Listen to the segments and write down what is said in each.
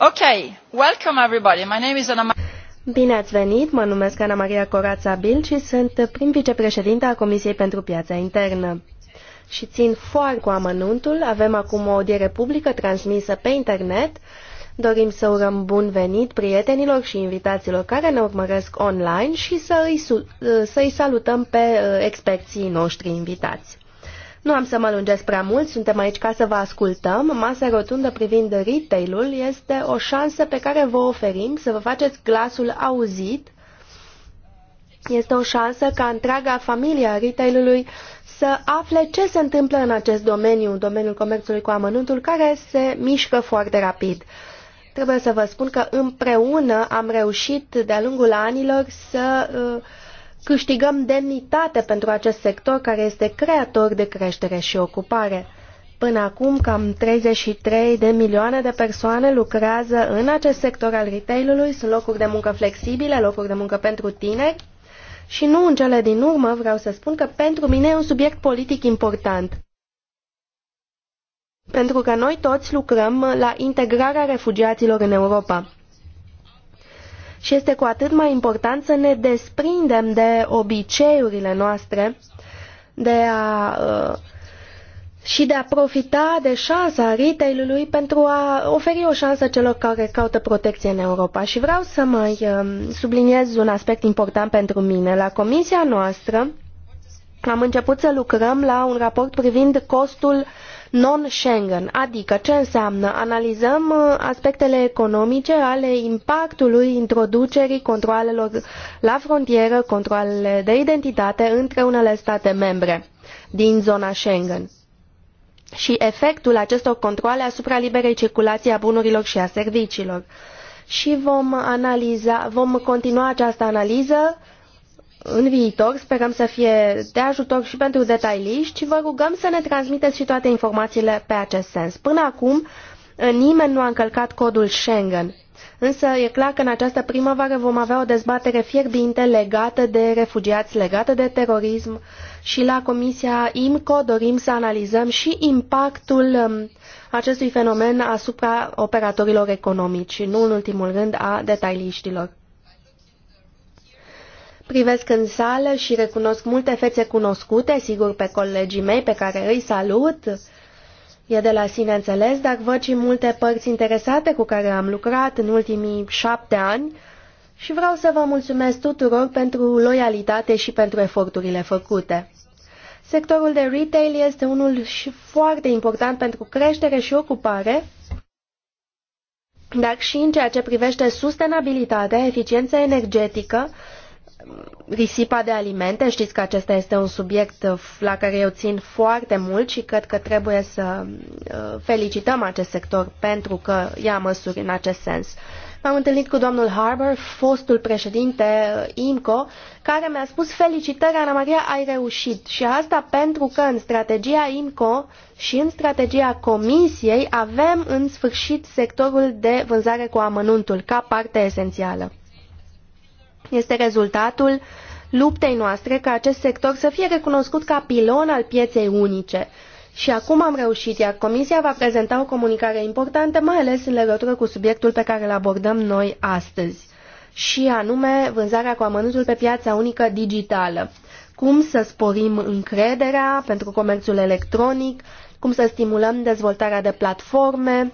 Okay, welcome everybody. My name is Anna Bine ați venit, mă numesc Ana Maria Corața Bil și sunt prim vicepreședinte a Comisiei pentru Piața Internă. Și țin foarte cu amănuntul, avem acum o audiere publică transmisă pe internet. Dorim să urăm bun venit prietenilor și invitaților care ne urmăresc online și să îi, să îi salutăm pe uh, experții noștri invitați. Nu am să mă lungesc prea mult, suntem aici ca să vă ascultăm. Masa rotundă privind retail-ul este o șansă pe care vă oferim să vă faceți glasul auzit. Este o șansă ca întreaga familie a retail-ului să afle ce se întâmplă în acest domeniu, domeniul comerțului cu amănuntul, care se mișcă foarte rapid. Trebuie să vă spun că împreună am reușit de-a lungul anilor să uh, câștigăm demnitate pentru acest sector care este creator de creștere și ocupare. Până acum, cam 33 de milioane de persoane lucrează în acest sector al retailului, sunt locuri de muncă flexibile, locuri de muncă pentru tineri și nu în cele din urmă vreau să spun că pentru mine e un subiect politic important. Pentru că noi toți lucrăm la integrarea refugiaților în Europa. Și este cu atât mai important să ne desprindem de obiceiurile noastre, de a uh, și de a profita de șansa retailului pentru a oferi o șansă celor care caută protecție în Europa. Și vreau să mai um, subliniez un aspect important pentru mine. La comisia noastră am început să lucrăm la un raport privind costul non-Schengen, adică ce înseamnă? Analizăm uh, aspectele economice ale impactului introducerii controalelor la frontieră, controalele de identitate între unele state membre din zona Schengen și efectul acestor controale asupra liberei circulații a bunurilor și a serviciilor. Și vom analiza, vom continua această analiză în viitor. Sperăm să fie de ajutor și pentru detaliști și vă rugăm să ne transmiteți și toate informațiile pe acest sens. Până acum, nimeni nu a încălcat codul Schengen. Însă e clar că în această primăvară vom avea o dezbatere fierbinte legată de refugiați, legată de terorism și la Comisia IMCO dorim să analizăm și impactul um, acestui fenomen asupra operatorilor economici, nu în ultimul rând a detailiștilor. Privesc în sală și recunosc multe fețe cunoscute, sigur, pe colegii mei pe care îi salut. E de la sine înțeles, dar văd și multe părți interesate cu care am lucrat în ultimii șapte ani și vreau să vă mulțumesc tuturor pentru loialitate și pentru eforturile făcute. Sectorul de retail este unul și foarte important pentru creștere și ocupare, dar și în ceea ce privește sustenabilitatea, eficiența energetică risipa de alimente. Știți că acesta este un subiect uh, la care eu țin foarte mult și cred că trebuie să uh, felicităm acest sector pentru că ia măsuri în acest sens. M-am întâlnit cu domnul Harbour, fostul președinte uh, IMCO, care mi-a spus felicitări, Ana Maria, ai reușit. Și asta pentru că în strategia IMCO și în strategia Comisiei avem în sfârșit sectorul de vânzare cu amănuntul ca parte esențială este rezultatul luptei noastre ca acest sector să fie recunoscut ca pilon al pieței unice. Și acum am reușit, iar Comisia va prezenta o comunicare importantă, mai ales în legătură cu subiectul pe care îl abordăm noi astăzi, și anume vânzarea cu amănuntul pe piața unică digitală. Cum să sporim încrederea pentru comerțul electronic, cum să stimulăm dezvoltarea de platforme,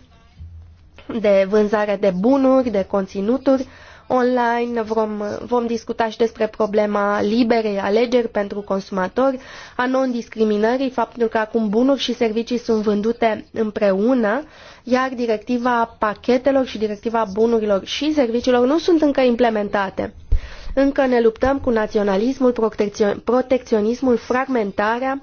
de vânzare de bunuri, de conținuturi, online, vom, vom discuta și despre problema liberei alegeri pentru consumatori, a non-discriminării, faptul că acum bunuri și servicii sunt vândute împreună, iar directiva pachetelor și directiva bunurilor și serviciilor nu sunt încă implementate. Încă ne luptăm cu naționalismul, protecționismul, fragmentarea.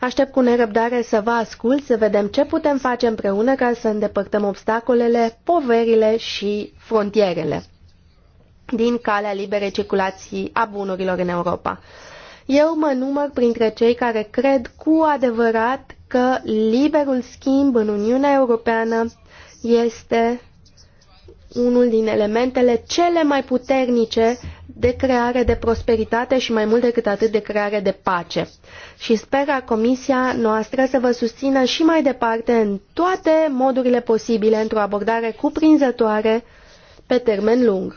Aștept cu nerăbdare să vă ascult, să vedem ce putem face împreună ca să îndepărtăm obstacolele, poverile și frontierele din calea liberei circulații a bunurilor în Europa. Eu mă număr printre cei care cred cu adevărat că liberul schimb în Uniunea Europeană este unul din elementele cele mai puternice de creare de prosperitate și mai mult decât atât de creare de pace. Și sper ca comisia noastră să vă susțină și mai departe în toate modurile posibile într-o abordare cuprinzătoare pe termen lung.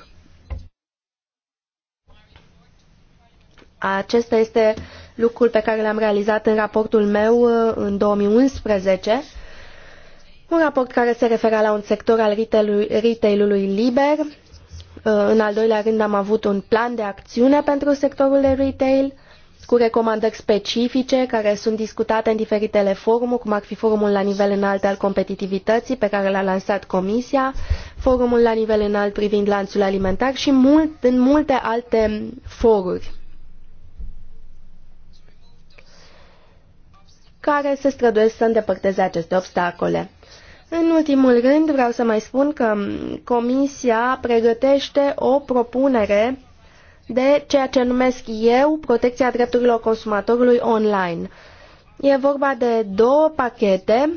Acesta este lucrul pe care l-am realizat în raportul meu uh, în 2011, un raport care se refera la un sector al retailului liber. Uh, în al doilea rând am avut un plan de acțiune pentru sectorul de retail cu recomandări specifice care sunt discutate în diferitele forumuri, cum ar fi forumul la nivel înalt al competitivității pe care l-a lansat Comisia, forumul la nivel înalt privind lanțul alimentar și mult, în multe alte foruri. care se străduiesc să îndepărteze aceste obstacole. În ultimul rând, vreau să mai spun că Comisia pregătește o propunere de ceea ce numesc eu protecția drepturilor consumatorului online. E vorba de două pachete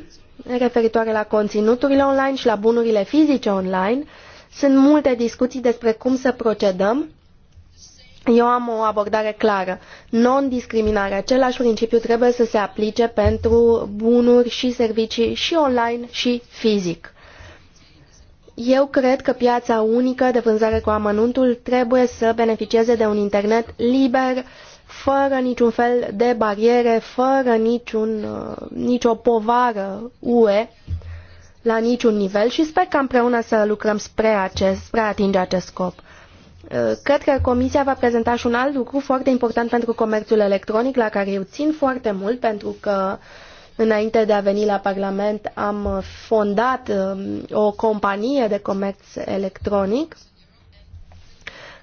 referitoare la conținuturile online și la bunurile fizice online. Sunt multe discuții despre cum să procedăm eu am o abordare clară. Non-discriminare, același principiu trebuie să se aplice pentru bunuri și servicii și online și fizic. Eu cred că piața unică de vânzare cu amănuntul trebuie să beneficieze de un internet liber, fără niciun fel de bariere, fără niciun, uh, nicio povară UE la niciun nivel și sper că împreună să lucrăm spre, acest, spre a atinge acest scop. Uh, cred că Comisia va prezenta și un alt lucru foarte important pentru comerțul electronic, la care eu țin foarte mult, pentru că înainte de a veni la Parlament am fondat um, o companie de comerț electronic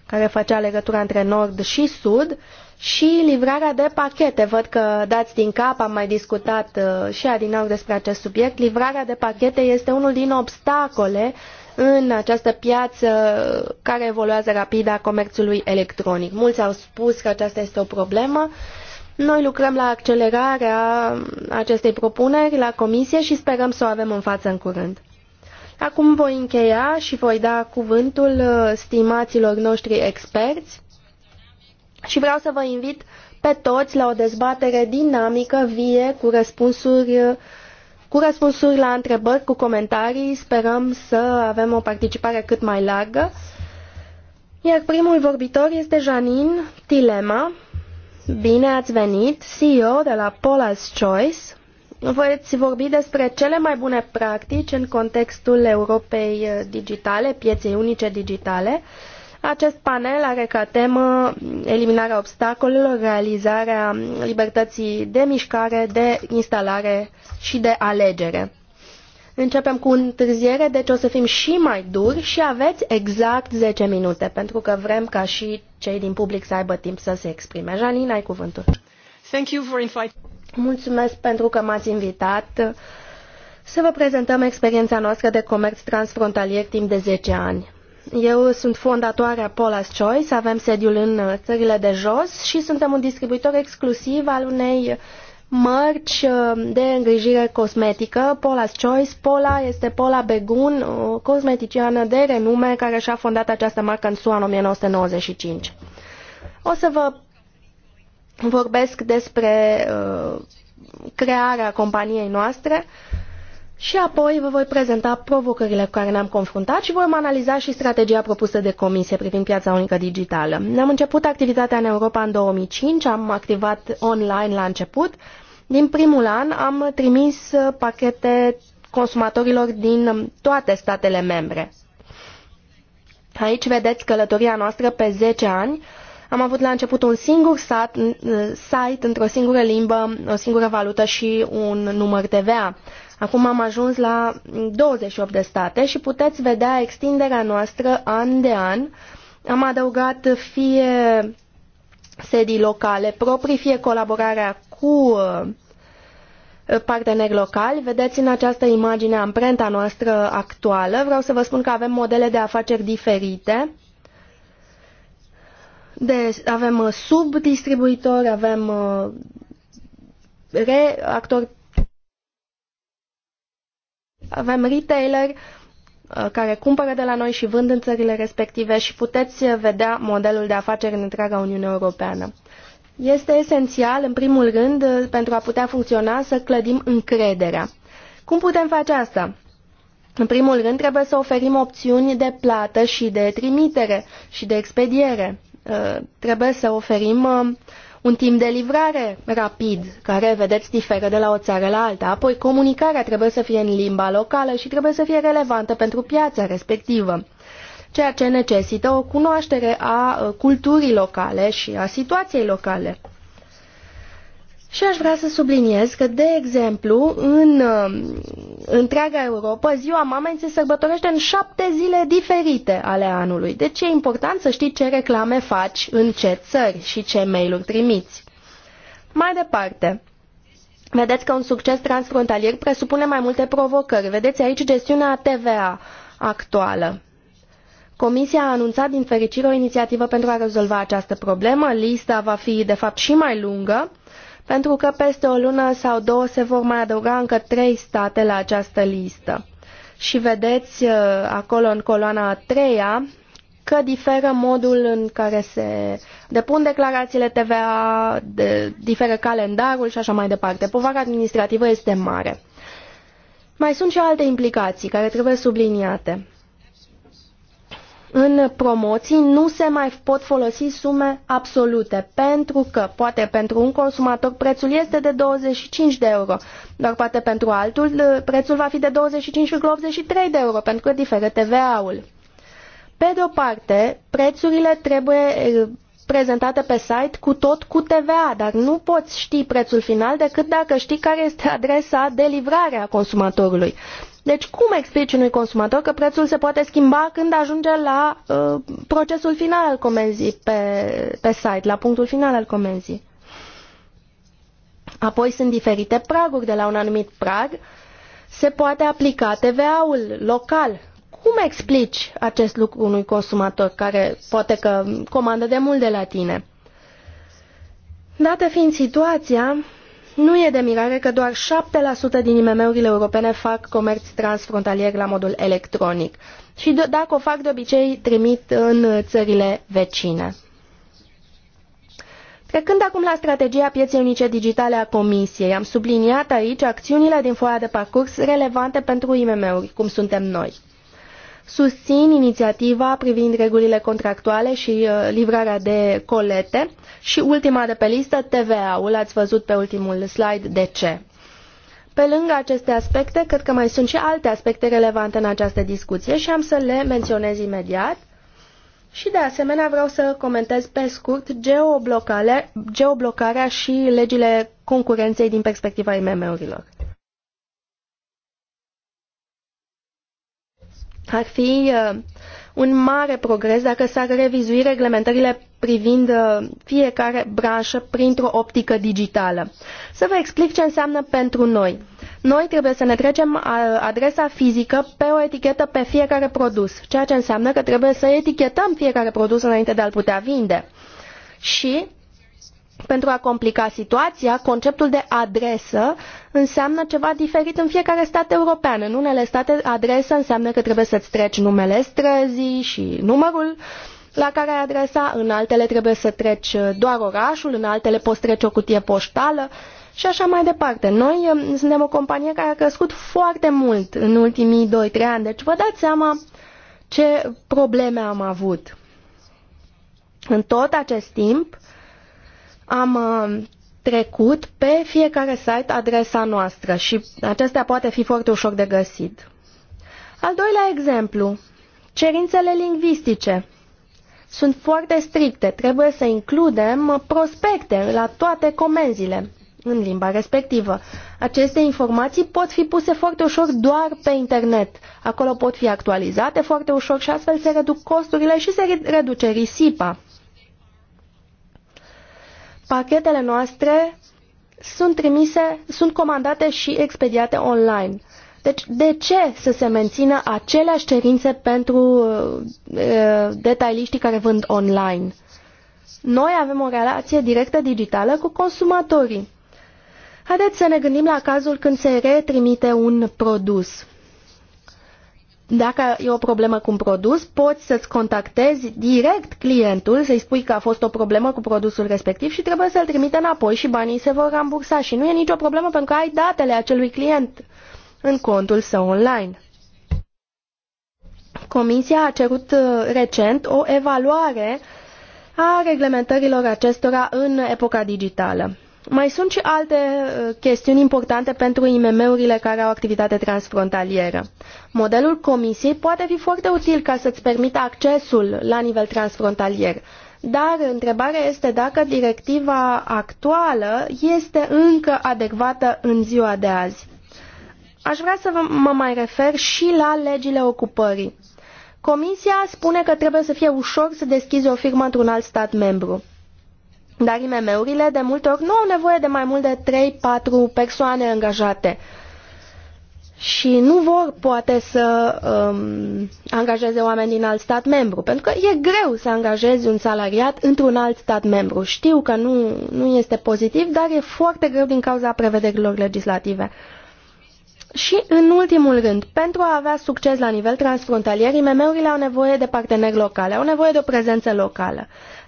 care făcea legătura între nord și sud și livrarea de pachete. Văd că dați din cap, am mai discutat uh, și adinaur despre acest subiect. Livrarea de pachete este unul din obstacole uh, în această piață care evoluează rapid a comerțului electronic. Mulți au spus că aceasta este o problemă. Noi lucrăm la accelerarea acestei propuneri la comisie și sperăm să o avem în față în curând. Acum voi încheia și voi da cuvântul uh, stimaților noștri experți și vreau să vă invit pe toți la o dezbatere dinamică, vie, cu răspunsuri uh, cu răspunsuri la întrebări, cu comentarii. Sperăm să avem o participare cât mai largă. Iar primul vorbitor este Janin Tilema. Bine ați venit, CEO de la Polar's Choice. Veți vorbi despre cele mai bune practici în contextul Europei eh, digitale, pieței unice digitale. Uh, acest panel are ca temă eliminarea obstacolelor, realizarea libertății de mișcare, de instalare și de alegere. Începem cu întârziere, deci o să fim și mai duri și aveți exact 10 minute, pentru că vrem ca și cei din public să aibă timp să se exprime. Janine, ai cuvântul. Thank you for Mulțumesc pentru că m-ați invitat să vă prezentăm experiența noastră de comerț transfrontalier timp de 10 ani. Eu sunt fondatoarea Paula's Choice, avem sediul în uh, țările de jos și suntem un distribuitor exclusiv al unei mărci uh, de îngrijire cosmetică, Paula's Choice. Paula este Paula Begun, o cosmeticiană de renume care și-a fondat această marcă în SUA în 1995. O să vă vorbesc despre uh, crearea companiei noastre. Uh, și apoi vă voi prezenta provocările cu care ne-am confruntat și vom analiza și strategia propusă de comisie privind piața unică digitală. Ne-am început activitatea în Europa în 2005, am activat online la început. Din primul an am trimis pachete consumatorilor din toate statele membre. Aici vedeți călătoria noastră pe 10 ani am avut la început un singur sat, uh, site într-o singură limbă, o singură valută și un număr TVA. Acum am ajuns la 28 de state și puteți vedea extinderea noastră an de an. Am adăugat fie sedii locale proprii, fie colaborarea cu uh, parteneri locali. Vedeți în această imagine amprenta noastră actuală. Vreau să vă spun că avem modele de afaceri diferite de, avem uh, subdistribuitori, avem uh, reactori, avem retaileri uh, care cumpără de la noi și vând în țările respective și puteți vedea modelul de afaceri în întreaga Uniune Europeană. Este esențial, în primul rând, pentru a putea funcționa, să clădim încrederea. Cum putem face asta? În primul rând, trebuie să oferim opțiuni de plată și de trimitere și de expediere. Uh, trebuie să oferim uh, un timp de livrare rapid, care, vedeți, diferă de la o țară la alta. Apoi, comunicarea trebuie să fie în limba locală și trebuie să fie relevantă pentru piața respectivă, ceea ce necesită o cunoaștere a uh, culturii locale și a situației locale. Și aș vrea să subliniez că, de exemplu, în uh, întreaga Europa, ziua mamei se sărbătorește în șapte zile diferite ale anului. Deci e important să știi ce reclame faci, în ce țări și ce mail-uri trimiți. Mai departe, vedeți că un succes transfrontalier presupune mai multe provocări. Vedeți aici gestiunea TVA actuală. Comisia a anunțat din fericire o inițiativă pentru a rezolva această problemă. Lista va fi, de fapt, și mai lungă pentru că peste o lună sau două se vor mai adăuga încă trei state la această listă. Și vedeți uh, acolo în coloana a treia că diferă modul în care se depun declarațiile TVA, de, diferă calendarul și așa mai departe. Povara administrativă este mare. Mai sunt și alte implicații care trebuie subliniate în promoții nu se mai pot folosi sume absolute, pentru că poate pentru un consumator prețul este de 25 de euro, dar poate pentru altul prețul va fi de 25,83 de euro, pentru că diferă TVA-ul. Pe de o parte, prețurile trebuie prezentate pe site cu tot cu TVA, dar nu poți ști prețul final decât dacă știi care este adresa de livrare a consumatorului. Deci cum explici unui consumator că prețul se poate schimba când ajunge la uh, procesul final al comenzii pe, pe site, la punctul final al comenzii? Apoi sunt diferite praguri de la un anumit prag. Se poate aplica TVA-ul local. Cum explici acest lucru unui consumator care poate că comandă de mult de la tine? Dată fiind situația, nu e de mirare că doar 7% din IMM-urile europene fac comerț transfrontalier la modul electronic și dacă o fac de obicei trimit în țările vecine. Trecând acum la strategia pieței unice digitale a Comisiei, am subliniat aici acțiunile din foaia de parcurs relevante pentru IMM-uri, cum suntem noi susțin inițiativa privind regulile contractuale și uh, livrarea de colete și ultima de pe listă, TVA-ul, ați văzut pe ultimul slide de ce. Pe lângă aceste aspecte, cred că mai sunt și alte aspecte relevante în această discuție și am să le menționez imediat. Și de asemenea vreau să comentez pe scurt geoblocarea și legile concurenței din perspectiva IMM-urilor. Ar fi uh, un mare progres dacă s-ar revizui reglementările privind uh, fiecare branșă printr-o optică digitală. Să vă explic ce înseamnă pentru noi. Noi trebuie să ne trecem uh, adresa fizică pe o etichetă pe fiecare produs, ceea ce înseamnă că trebuie să etichetăm fiecare produs înainte de a-l putea vinde. Și pentru a complica situația, conceptul de adresă înseamnă ceva diferit în fiecare stat european. În unele state, adresa înseamnă că trebuie să-ți treci numele străzii și numărul la care ai adresa, în altele trebuie să treci doar orașul, în altele poți trece o cutie poștală și așa mai departe. Noi suntem o companie care a crescut foarte mult în ultimii 2-3 ani, deci vă dați seama ce probleme am avut. În tot acest timp, am uh, trecut pe fiecare site adresa noastră și acestea poate fi foarte ușor de găsit. Al doilea exemplu, cerințele lingvistice. Sunt foarte stricte, trebuie să includem prospecte la toate comenzile în limba respectivă. Aceste informații pot fi puse foarte ușor doar pe internet. Acolo pot fi actualizate foarte ușor și astfel se reduc costurile și se reduce risipa. Pachetele noastre sunt trimise, sunt comandate și expediate online. Deci, de ce să se mențină aceleași cerințe pentru uh, uh, detailiștii care vând online? Noi avem o relație directă digitală cu consumatorii. Haideți să ne gândim la cazul când se retrimite un produs dacă e o problemă cu un produs, poți să-ți contactezi direct clientul, să-i spui că a fost o problemă cu produsul respectiv și trebuie să-l trimite înapoi și banii se vor rambursa și nu e nicio problemă pentru că ai datele acelui client în contul său online. Comisia a cerut uh, recent o evaluare a reglementărilor acestora în epoca digitală. Mai sunt și alte uh, chestiuni importante pentru IMM-urile care au activitate transfrontalieră. Modelul comisiei poate fi foarte util ca să-ți permită accesul la nivel transfrontalier, dar întrebarea este dacă directiva actuală este încă adecvată în ziua de azi. Aș vrea să mă mai refer și la legile ocupării. Comisia spune că trebuie să fie ușor să deschizi o firmă într-un alt stat membru. Dar IMM-urile de multe ori nu au nevoie de mai mult de 3-4 persoane angajate și nu vor poate să um, angajeze oameni din alt stat membru, pentru că e greu să angajezi un salariat într-un alt stat membru. Știu că nu, nu este pozitiv, dar e foarte greu din cauza prevederilor legislative. Și în ultimul rând, pentru a avea succes la nivel transfrontalier, IMM-urile au nevoie de parteneri locale, au nevoie de o prezență locală.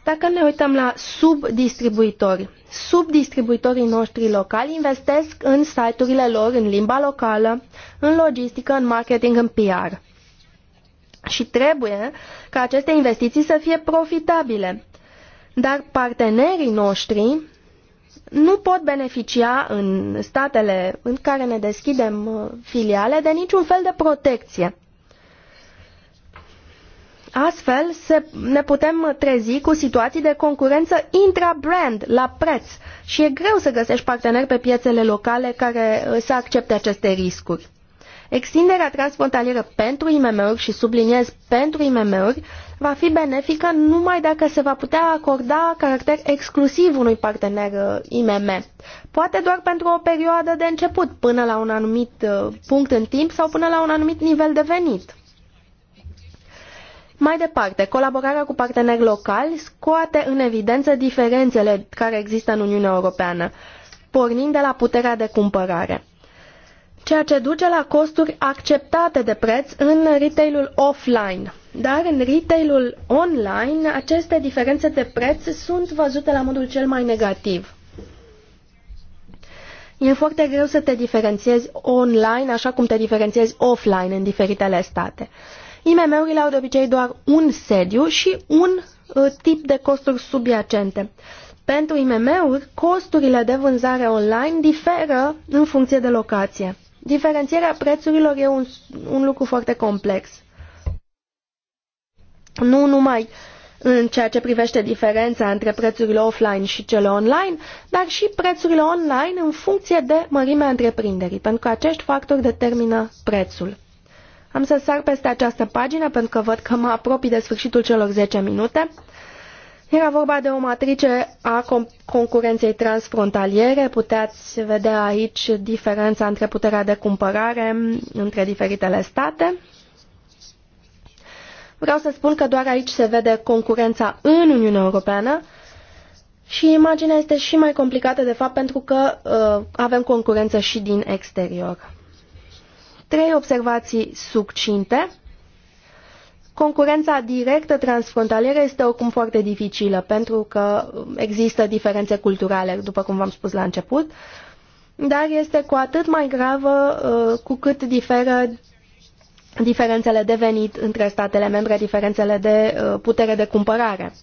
Dacă ne uităm la subdistribuitori, subdistribuitorii noștri locali investesc în site-urile lor, în limba locală, în logistică, în marketing, în PR. Și trebuie ca aceste investiții să fie profitabile. Dar partenerii noștri nu pot beneficia în statele în care ne deschidem uh, filiale de niciun fel de protecție. Astfel se, ne putem trezi cu situații de concurență intra-brand, la preț. Și e greu să găsești parteneri pe piețele locale care uh, să accepte aceste riscuri. Extinderea transfrontalieră pentru IMM-uri și subliniez pentru IMM-uri va fi benefică numai dacă se va putea acorda caracter exclusiv unui partener uh, IMM. Poate doar pentru o perioadă de început, până la un anumit uh, punct în timp sau până la un anumit nivel de venit. Mai departe, colaborarea cu parteneri locali scoate în evidență diferențele care există în Uniunea Europeană, pornind de la puterea de cumpărare ceea ce duce la costuri acceptate de preț în retailul offline. Dar în retailul online, aceste diferențe de preț sunt văzute la modul cel mai negativ. E foarte greu să te diferențiezi online așa cum te diferențiezi offline în diferitele state. IMM-urile au de obicei doar un sediu și un uh, tip de costuri subiacente. Pentru IMM-uri, costurile de vânzare online diferă în funcție de locație. Diferențierea prețurilor e un, un lucru foarte complex. Nu numai în ceea ce privește diferența între prețurile offline și cele online, dar și prețurile online în funcție de mărimea întreprinderii, pentru că acești factori determină prețul. Am să sar peste această pagină pentru că văd că mă apropii de sfârșitul celor 10 minute. Era vorba de o matrice a concurenței transfrontaliere. Puteți vedea aici diferența între puterea de cumpărare între diferitele state. Vreau să spun că doar aici se vede concurența în Uniunea Europeană și imaginea este și mai complicată de fapt pentru că uh, avem concurență și din exterior. Trei observații succinte. Concurența directă transfrontalieră este oricum foarte dificilă pentru că um, există diferențe culturale, după cum v-am spus la început, dar este cu atât mai gravă uh, cu cât diferă diferențele de venit între statele membre, diferențele de uh, putere de cumpărare.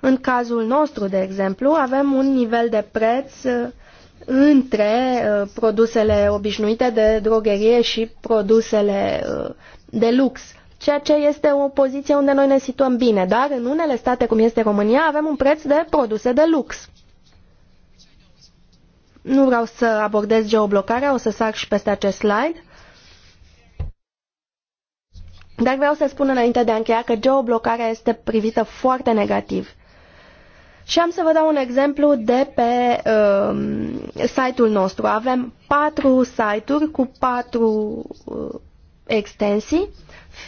În cazul nostru, de exemplu, avem un nivel de preț uh, între uh, produsele obișnuite de drogherie și produsele uh, de lux ceea ce este o poziție unde noi ne situăm bine, dar în unele state, cum este România, avem un preț de produse de lux. Nu vreau să abordez geoblocarea, o să sar și peste acest slide. Dar vreau să spun înainte de a încheia că geoblocarea este privită foarte negativ. Și am să vă dau un exemplu de pe um, site-ul nostru. Avem patru site-uri cu patru uh, extensii.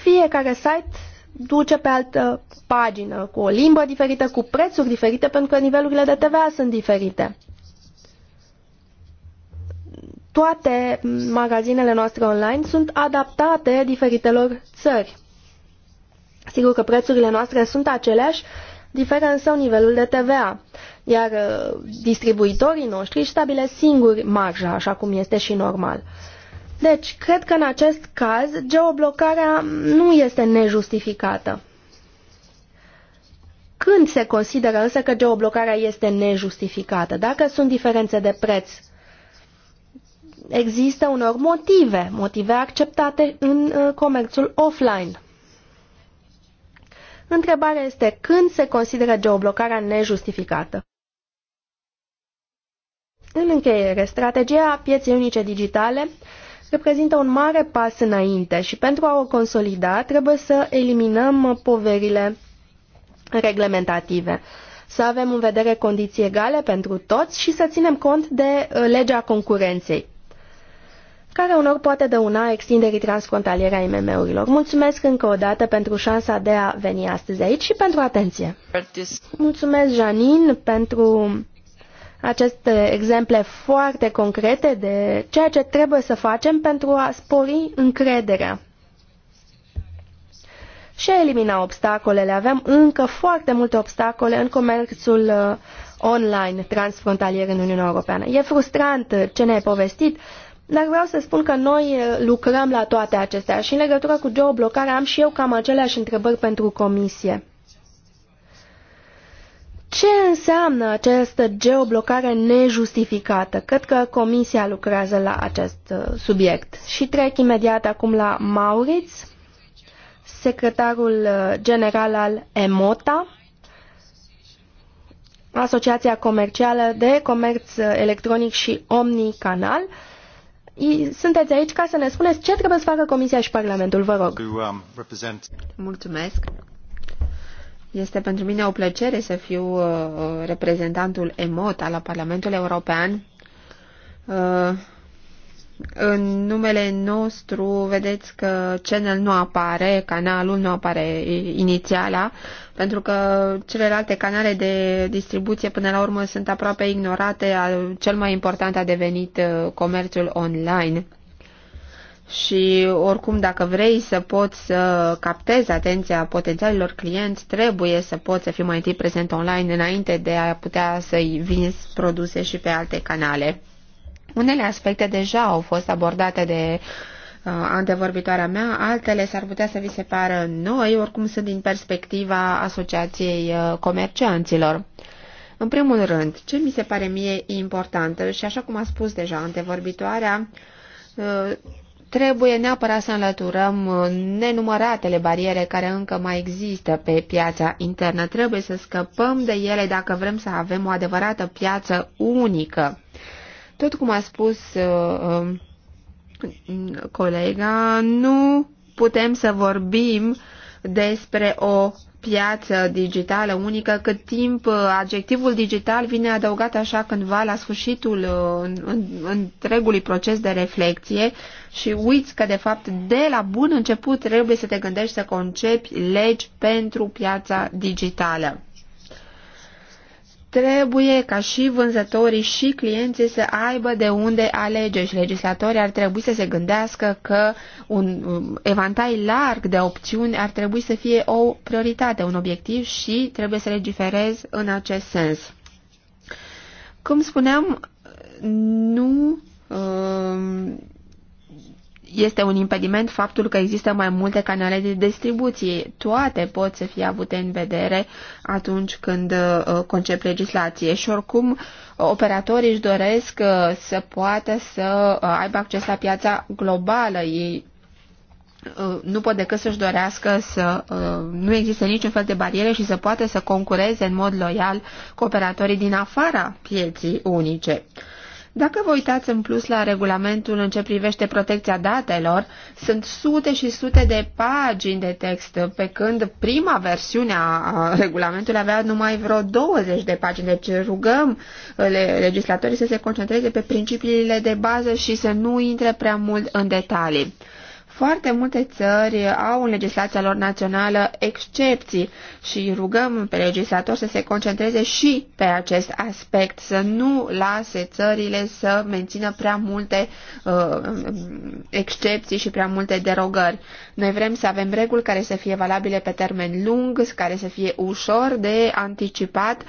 Fiecare site duce pe altă pagină, cu o limbă diferită, cu prețuri diferite, pentru că nivelurile de TVA sunt diferite. Toate magazinele noastre online sunt adaptate diferitelor țări. Sigur că prețurile noastre sunt aceleași, diferă însă nivelul de TVA, iar uh, distribuitorii noștri stabilesc singuri marja, așa cum este și normal. Deci, cred că în acest caz, geoblocarea nu este nejustificată. Când se consideră însă că geoblocarea este nejustificată? Dacă sunt diferențe de preț, există unor motive, motive acceptate în uh, comerțul offline. Întrebarea este când se consideră geoblocarea nejustificată. În încheiere, strategia pieței unice digitale reprezintă un mare pas înainte și pentru a o consolida trebuie să eliminăm poverile reglementative, să avem în vedere condiții egale pentru toți și să ținem cont de uh, legea concurenței care unor poate dăuna extinderii transfrontaliere a IMM-urilor. Mulțumesc încă o dată pentru șansa de a veni astăzi aici și pentru atenție. Mulțumesc, Janin, pentru aceste exemple foarte concrete de ceea ce trebuie să facem pentru a spori încrederea și a elimina obstacolele. Avem încă foarte multe obstacole în comerțul uh, online transfrontalier în Uniunea Europeană. E frustrant ce ne-ai povestit, dar vreau să spun că noi eh, lucrăm la toate acestea și în legătură cu geoblocarea am și eu cam aceleași întrebări pentru comisie. Ce înseamnă această geoblocare nejustificată? Cred că comisia lucrează la acest eh, subiect. Și trec imediat acum la Mauriț, secretarul eh, general al EMOTA, Asociația Comercială de Comerț Electronic și Omnicanal. Canal sunteți aici ca să ne spuneți ce trebuie să facă Comisia și Parlamentul, vă rog. Um, Mulțumesc. Este pentru mine o plăcere să fiu uh, reprezentantul EMOT al Parlamentului European. Uh, în numele nostru vedeți că channel nu apare, canalul nu apare inițiala, pentru că celelalte canale de distribuție până la urmă sunt aproape ignorate, cel mai important a devenit uh, comerțul online. Și oricum, dacă vrei să poți să captezi atenția potențialilor clienți, trebuie să poți să fii mai întâi prezent online înainte de a putea să-i vinzi produse și pe alte canale. Unele aspecte deja au fost abordate de uh, antevorbitoarea mea, altele s-ar putea să vi se pară noi, oricum sunt din perspectiva Asociației uh, Comercianților. În primul rând, ce mi se pare mie important și așa cum a spus deja antevorbitoarea, uh, trebuie neapărat să înlăturăm uh, nenumăratele bariere care încă mai există pe piața internă. Trebuie să scăpăm de ele dacă vrem să avem o adevărată piață unică tot cum a spus uh, uh, colega, nu putem să vorbim despre o piață digitală unică cât timp uh, adjectivul digital vine adăugat așa cândva la sfârșitul uh, în, în, întregului proces de reflexie și uiți că de fapt de la bun început trebuie să te gândești să concepi legi pentru piața digitală. Trebuie ca și vânzătorii și clienții să aibă de unde alege și legislatorii ar trebui să se gândească că un evantai larg de opțiuni ar trebui să fie o prioritate, un obiectiv și trebuie să legiferez în acest sens. Cum spuneam, nu um, este un impediment faptul că există mai multe canale de distribuție. Toate pot să fie avute în vedere atunci când uh, concep legislație și oricum operatorii își doresc uh, să poată să uh, aibă acces la piața globală. Ei nu pot decât să-și dorească să nu existe niciun fel de bariere și să poată să concureze în mod loial cu operatorii din afara pieții unice. Dacă vă uitați în plus la regulamentul în ce privește protecția datelor, sunt sute și sute de pagini de text, pe când prima versiune a regulamentului avea numai vreo 20 de pagini. Deci rugăm legislatorii să se concentreze pe principiile de bază și să nu intre prea mult în detalii. Foarte multe țări au în legislația lor națională excepții și rugăm pe legislator să se concentreze și pe acest aspect, să nu lase țările să mențină prea multe uh, excepții și prea multe derogări. Noi vrem să avem reguli care să fie valabile pe termen lung, care să fie ușor de anticipat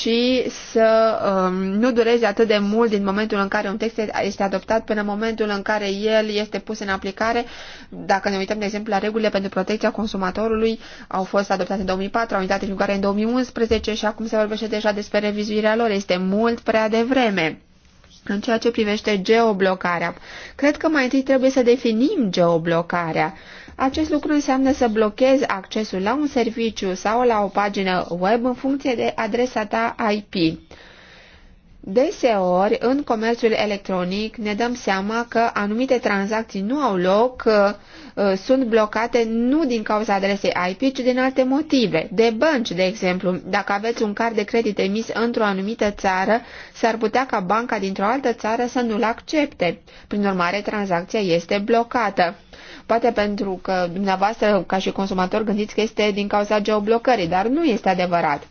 și să um, nu dureze atât de mult din momentul în care un text este adoptat până în momentul în care el este pus în aplicare dacă ne uităm, de exemplu, la regulile pentru protecția consumatorului, au fost adoptate în 2004, au intrat în vigoare în 2011 și acum se vorbește deja despre revizuirea lor. Este mult prea devreme. În ceea ce privește geoblocarea, cred că mai întâi trebuie să definim geoblocarea. Acest lucru înseamnă să blochezi accesul la un serviciu sau la o pagină web în funcție de adresa ta IP. Deseori, în comerțul electronic, ne dăm seama că anumite tranzacții nu au loc, uh, uh, sunt blocate nu din cauza adresei IP, ci din alte motive. De bănci, de exemplu, dacă aveți un card de credit emis într-o anumită țară, s-ar putea ca banca dintr-o altă țară să nu-l accepte. Prin urmare, tranzacția este blocată. Poate pentru că dumneavoastră, ca și consumator, gândiți că este din cauza geoblocării, dar nu este adevărat.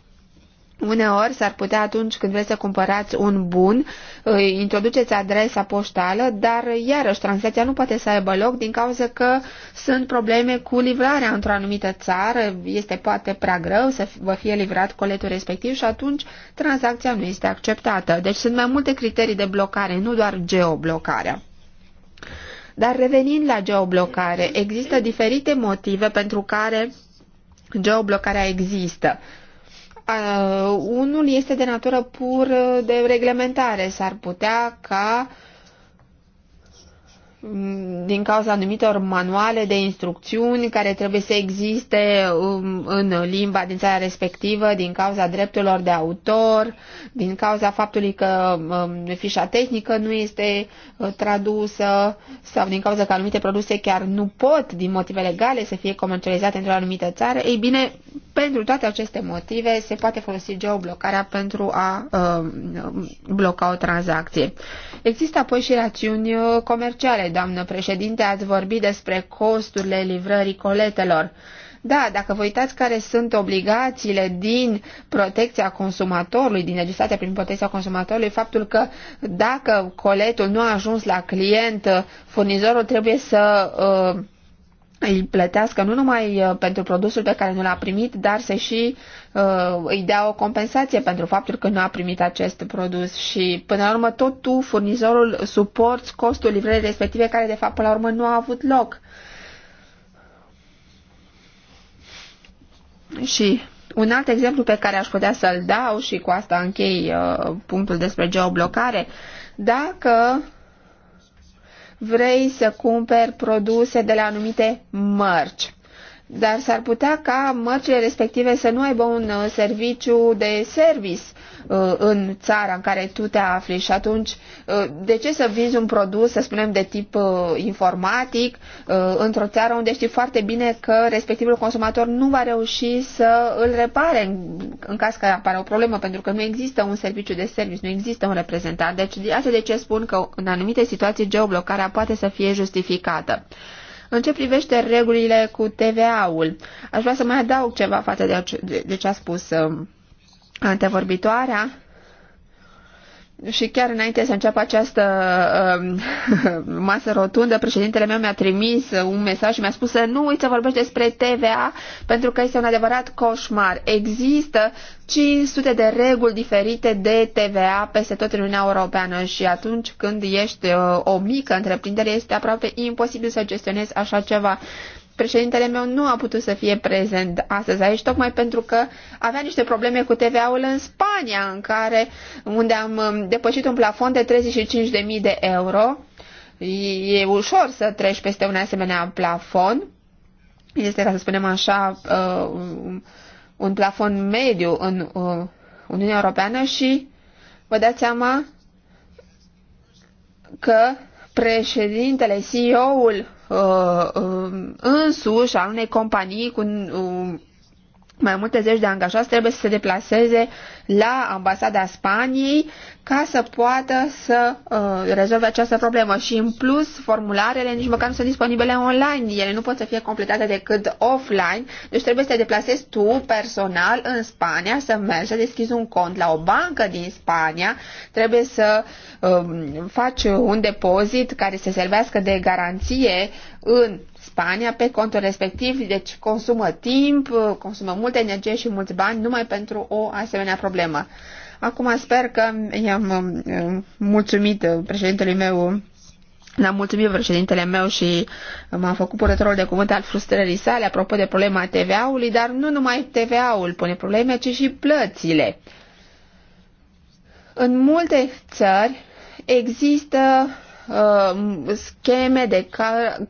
Uneori s-ar putea atunci când vreți să cumpărați un bun, introduceți adresa poștală, dar iarăși tranzacția nu poate să aibă loc din cauza că sunt probleme cu livrarea într-o anumită țară, este poate prea greu să vă fie livrat coletul respectiv și atunci tranzacția nu este acceptată. Deci sunt mai multe criterii de blocare, nu doar geoblocarea. Dar revenind la geoblocare, există diferite motive pentru care geoblocarea există. Uh, unul este de natură pur uh, de reglementare. S-ar putea ca mm, din cauza anumitor manuale de instrucțiuni care trebuie să existe um, în limba din țara respectivă, din cauza drepturilor de autor, din cauza faptului că um, fișa tehnică nu este uh, tradusă sau din cauza că anumite produse chiar nu pot, din motive legale, să fie comercializate într-o anumită țară, ei bine, pentru toate aceste motive se poate folosi geoblocarea pentru a uh, bloca o tranzacție. Există apoi și rațiuni uh, comerciale, doamnă președinte, ați vorbit despre costurile livrării coletelor. Da, dacă vă uitați care sunt obligațiile din protecția consumatorului, din legislația prin protecția consumatorului, faptul că dacă coletul nu a ajuns la client, uh, furnizorul trebuie să uh, îi plătească nu numai uh, pentru produsul pe care nu l-a primit, dar să și uh, îi dea o compensație pentru faptul că nu a primit acest produs și până la urmă tot tu, furnizorul, suporți costul livrării respective care de fapt până la urmă nu a avut loc. Și un alt exemplu pe care aș putea să-l dau și cu asta închei uh, punctul despre geoblocare, dacă uh, vrei să cumperi produse de la anumite mărci dar s-ar putea ca mărcile respective să nu aibă un uh, serviciu de service uh, în țara în care tu te afli și atunci uh, de ce să vinzi un produs, să spunem, de tip informatic într-o țară unde știi foarte bine că respectivul consumator nu va reuși să îl repare în caz că apare o problemă, pentru că nu există un serviciu de service, nu există un reprezentant. Deci asta de ce spun că în anumite situații geoblocarea poate să fie justificată. În ce privește regulile cu TVA-ul, aș vrea să mai adaug ceva față de ce a spus um, antevorbitoarea și chiar înainte să înceapă această uh, masă rotundă, președintele meu mi-a trimis un mesaj și mi-a spus să nu uiți să vorbești despre TVA pentru că este un adevărat coșmar. Există 500 de reguli diferite de TVA peste tot în Uniunea Europeană și atunci când ești uh, o mică întreprindere este aproape imposibil să gestionezi așa ceva președintele meu nu a putut să fie prezent astăzi aici, tocmai pentru că avea niște probleme cu TVA-ul în Spania, în care, unde am um, depășit un plafon de 35.000 de euro. E ușor să treci peste un asemenea plafon. Este, ca să spunem așa, uh, un plafon mediu în uh, Uniunea Europeană și vă dați seama că președintele, CEO-ul uh, uh, însuși al unei companii cu um, mai multe zeci de angajați trebuie să se deplaseze la ambasada Spaniei ca să poată să uh, rezolve această problemă. Și în plus, formularele nici măcar nu sunt disponibile online, ele nu pot să fie completate decât offline, deci trebuie să te deplasezi tu personal în Spania, să mergi să deschizi un cont la o bancă din Spania, trebuie să uh, faci un depozit care să servească de garanție în Spania pe contul respectiv, deci consumă timp, consumă multă energie și mulți bani numai pentru o asemenea problemă. Acum sper că i-am um, mulțumit uh, președintelui meu L-am mulțumit președintele meu și m-am făcut purătorul de cuvânt al frustrării sale apropo de problema TVA-ului, dar nu numai TVA-ul pune probleme, ci și plățile. În multe țări există Uh, scheme de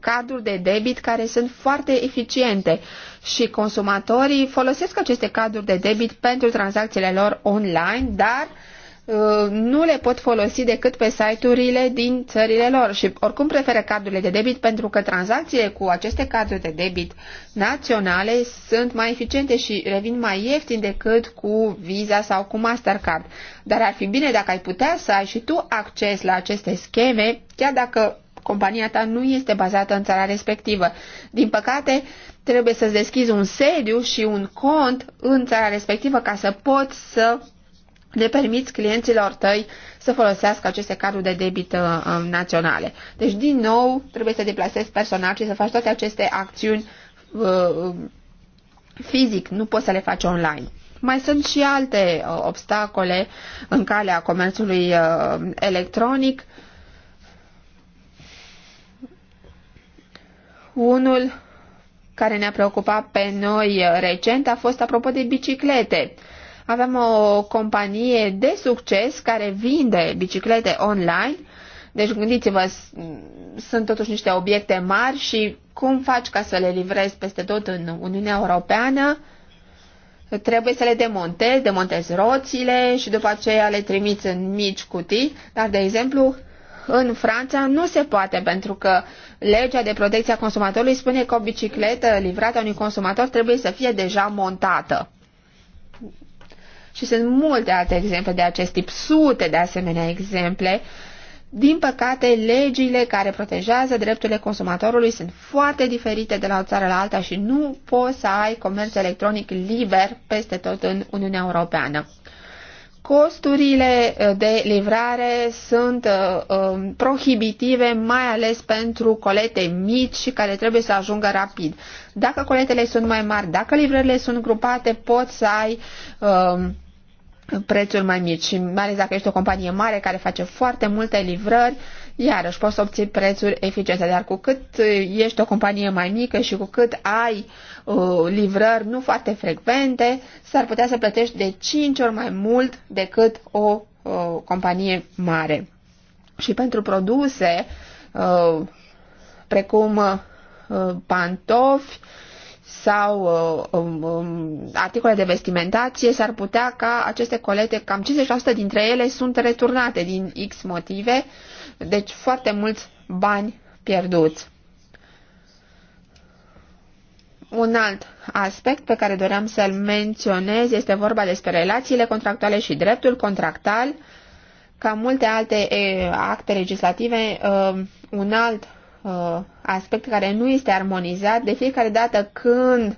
cadruri de debit care sunt foarte eficiente și consumatorii folosesc aceste cadruri de debit pentru tranzacțiile lor online, dar uh, Uh, nu le pot folosi decât pe site-urile din țările lor și oricum preferă cardurile de debit pentru că tranzacțiile cu aceste carduri de debit naționale sunt mai eficiente și revin mai ieftin decât cu Visa sau cu Mastercard. Dar ar fi bine dacă ai putea să ai și tu acces la aceste scheme, chiar dacă compania ta nu este bazată în țara respectivă. Din păcate, trebuie să-ți deschizi un sediu și un cont în țara respectivă ca să poți să le permiți clienților tăi să folosească aceste carduri de debit uh, um, naționale. Deci, din nou, trebuie să deplasezi personal și să faci toate aceste acțiuni uh, um, fizic, nu poți să le faci online. Mai sunt și alte uh, obstacole în calea comerțului uh, electronic. Unul care ne-a preocupat pe noi uh, recent a fost apropo de biciclete. Uh, avem o companie de succes care vinde biciclete online. Deci gândiți-vă, sunt totuși niște obiecte mari și cum faci ca să le livrezi peste tot în Uniunea Europeană? Trebuie să le demontezi, demontezi roțile și după aceea le trimiți în mici cutii, dar, de exemplu, în Franța nu se poate pentru că legea de protecție a consumatorului spune că o bicicletă livrată unui consumator trebuie să fie deja montată. Și sunt multe alte exemple de acest tip, sute de asemenea exemple. Din păcate, legile care protejează drepturile consumatorului sunt foarte diferite de la o țară la alta și nu poți să ai comerț electronic liber peste tot în Uniunea Europeană. Costurile uh, de livrare sunt uh, um, prohibitive, mai ales pentru colete mici și care trebuie să ajungă rapid. Dacă coletele sunt mai mari, dacă livrările sunt grupate, poți să ai uh, prețuri mai mici și mai ales dacă ești o companie mare care face foarte multe livrări, iarăși poți să obții prețuri eficiente, dar cu cât uh, ești o companie mai mică și cu cât ai uh, livrări nu foarte frecvente, s-ar putea să plătești de 5 ori mai mult decât o uh, companie mare. Și pentru produse uh, precum uh, pantofi, sau uh, um, um, articole de vestimentație, s-ar putea ca aceste colete, cam 50% dintre ele sunt returnate din X motive, deci foarte mulți bani pierduți. Un alt aspect pe care doream să-l menționez este vorba despre relațiile contractuale și dreptul contractal. Ca multe alte eh, acte legislative, eh, un alt Uh, aspect care nu este armonizat. De fiecare dată când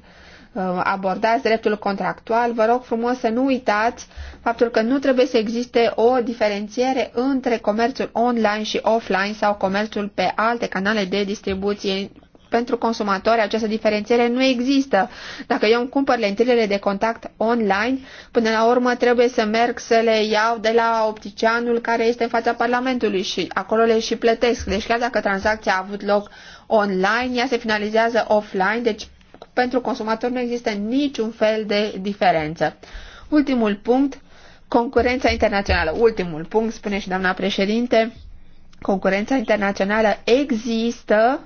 uh, abordați dreptul contractual, vă rog frumos să nu uitați faptul că nu trebuie să existe o diferențiere între comerțul online și offline sau comerțul pe alte canale de distribuție pentru consumatori această diferențiere nu există. Dacă eu îmi cumpăr lentilele de contact online, până la urmă trebuie să merg să le iau de la opticianul care este în fața Parlamentului și acolo le și plătesc. Deci chiar dacă tranzacția a avut loc online, ea se finalizează offline, deci pentru consumator nu există niciun fel de diferență. Ultimul punct, concurența internațională. Ultimul punct, spune și doamna președinte, concurența internațională există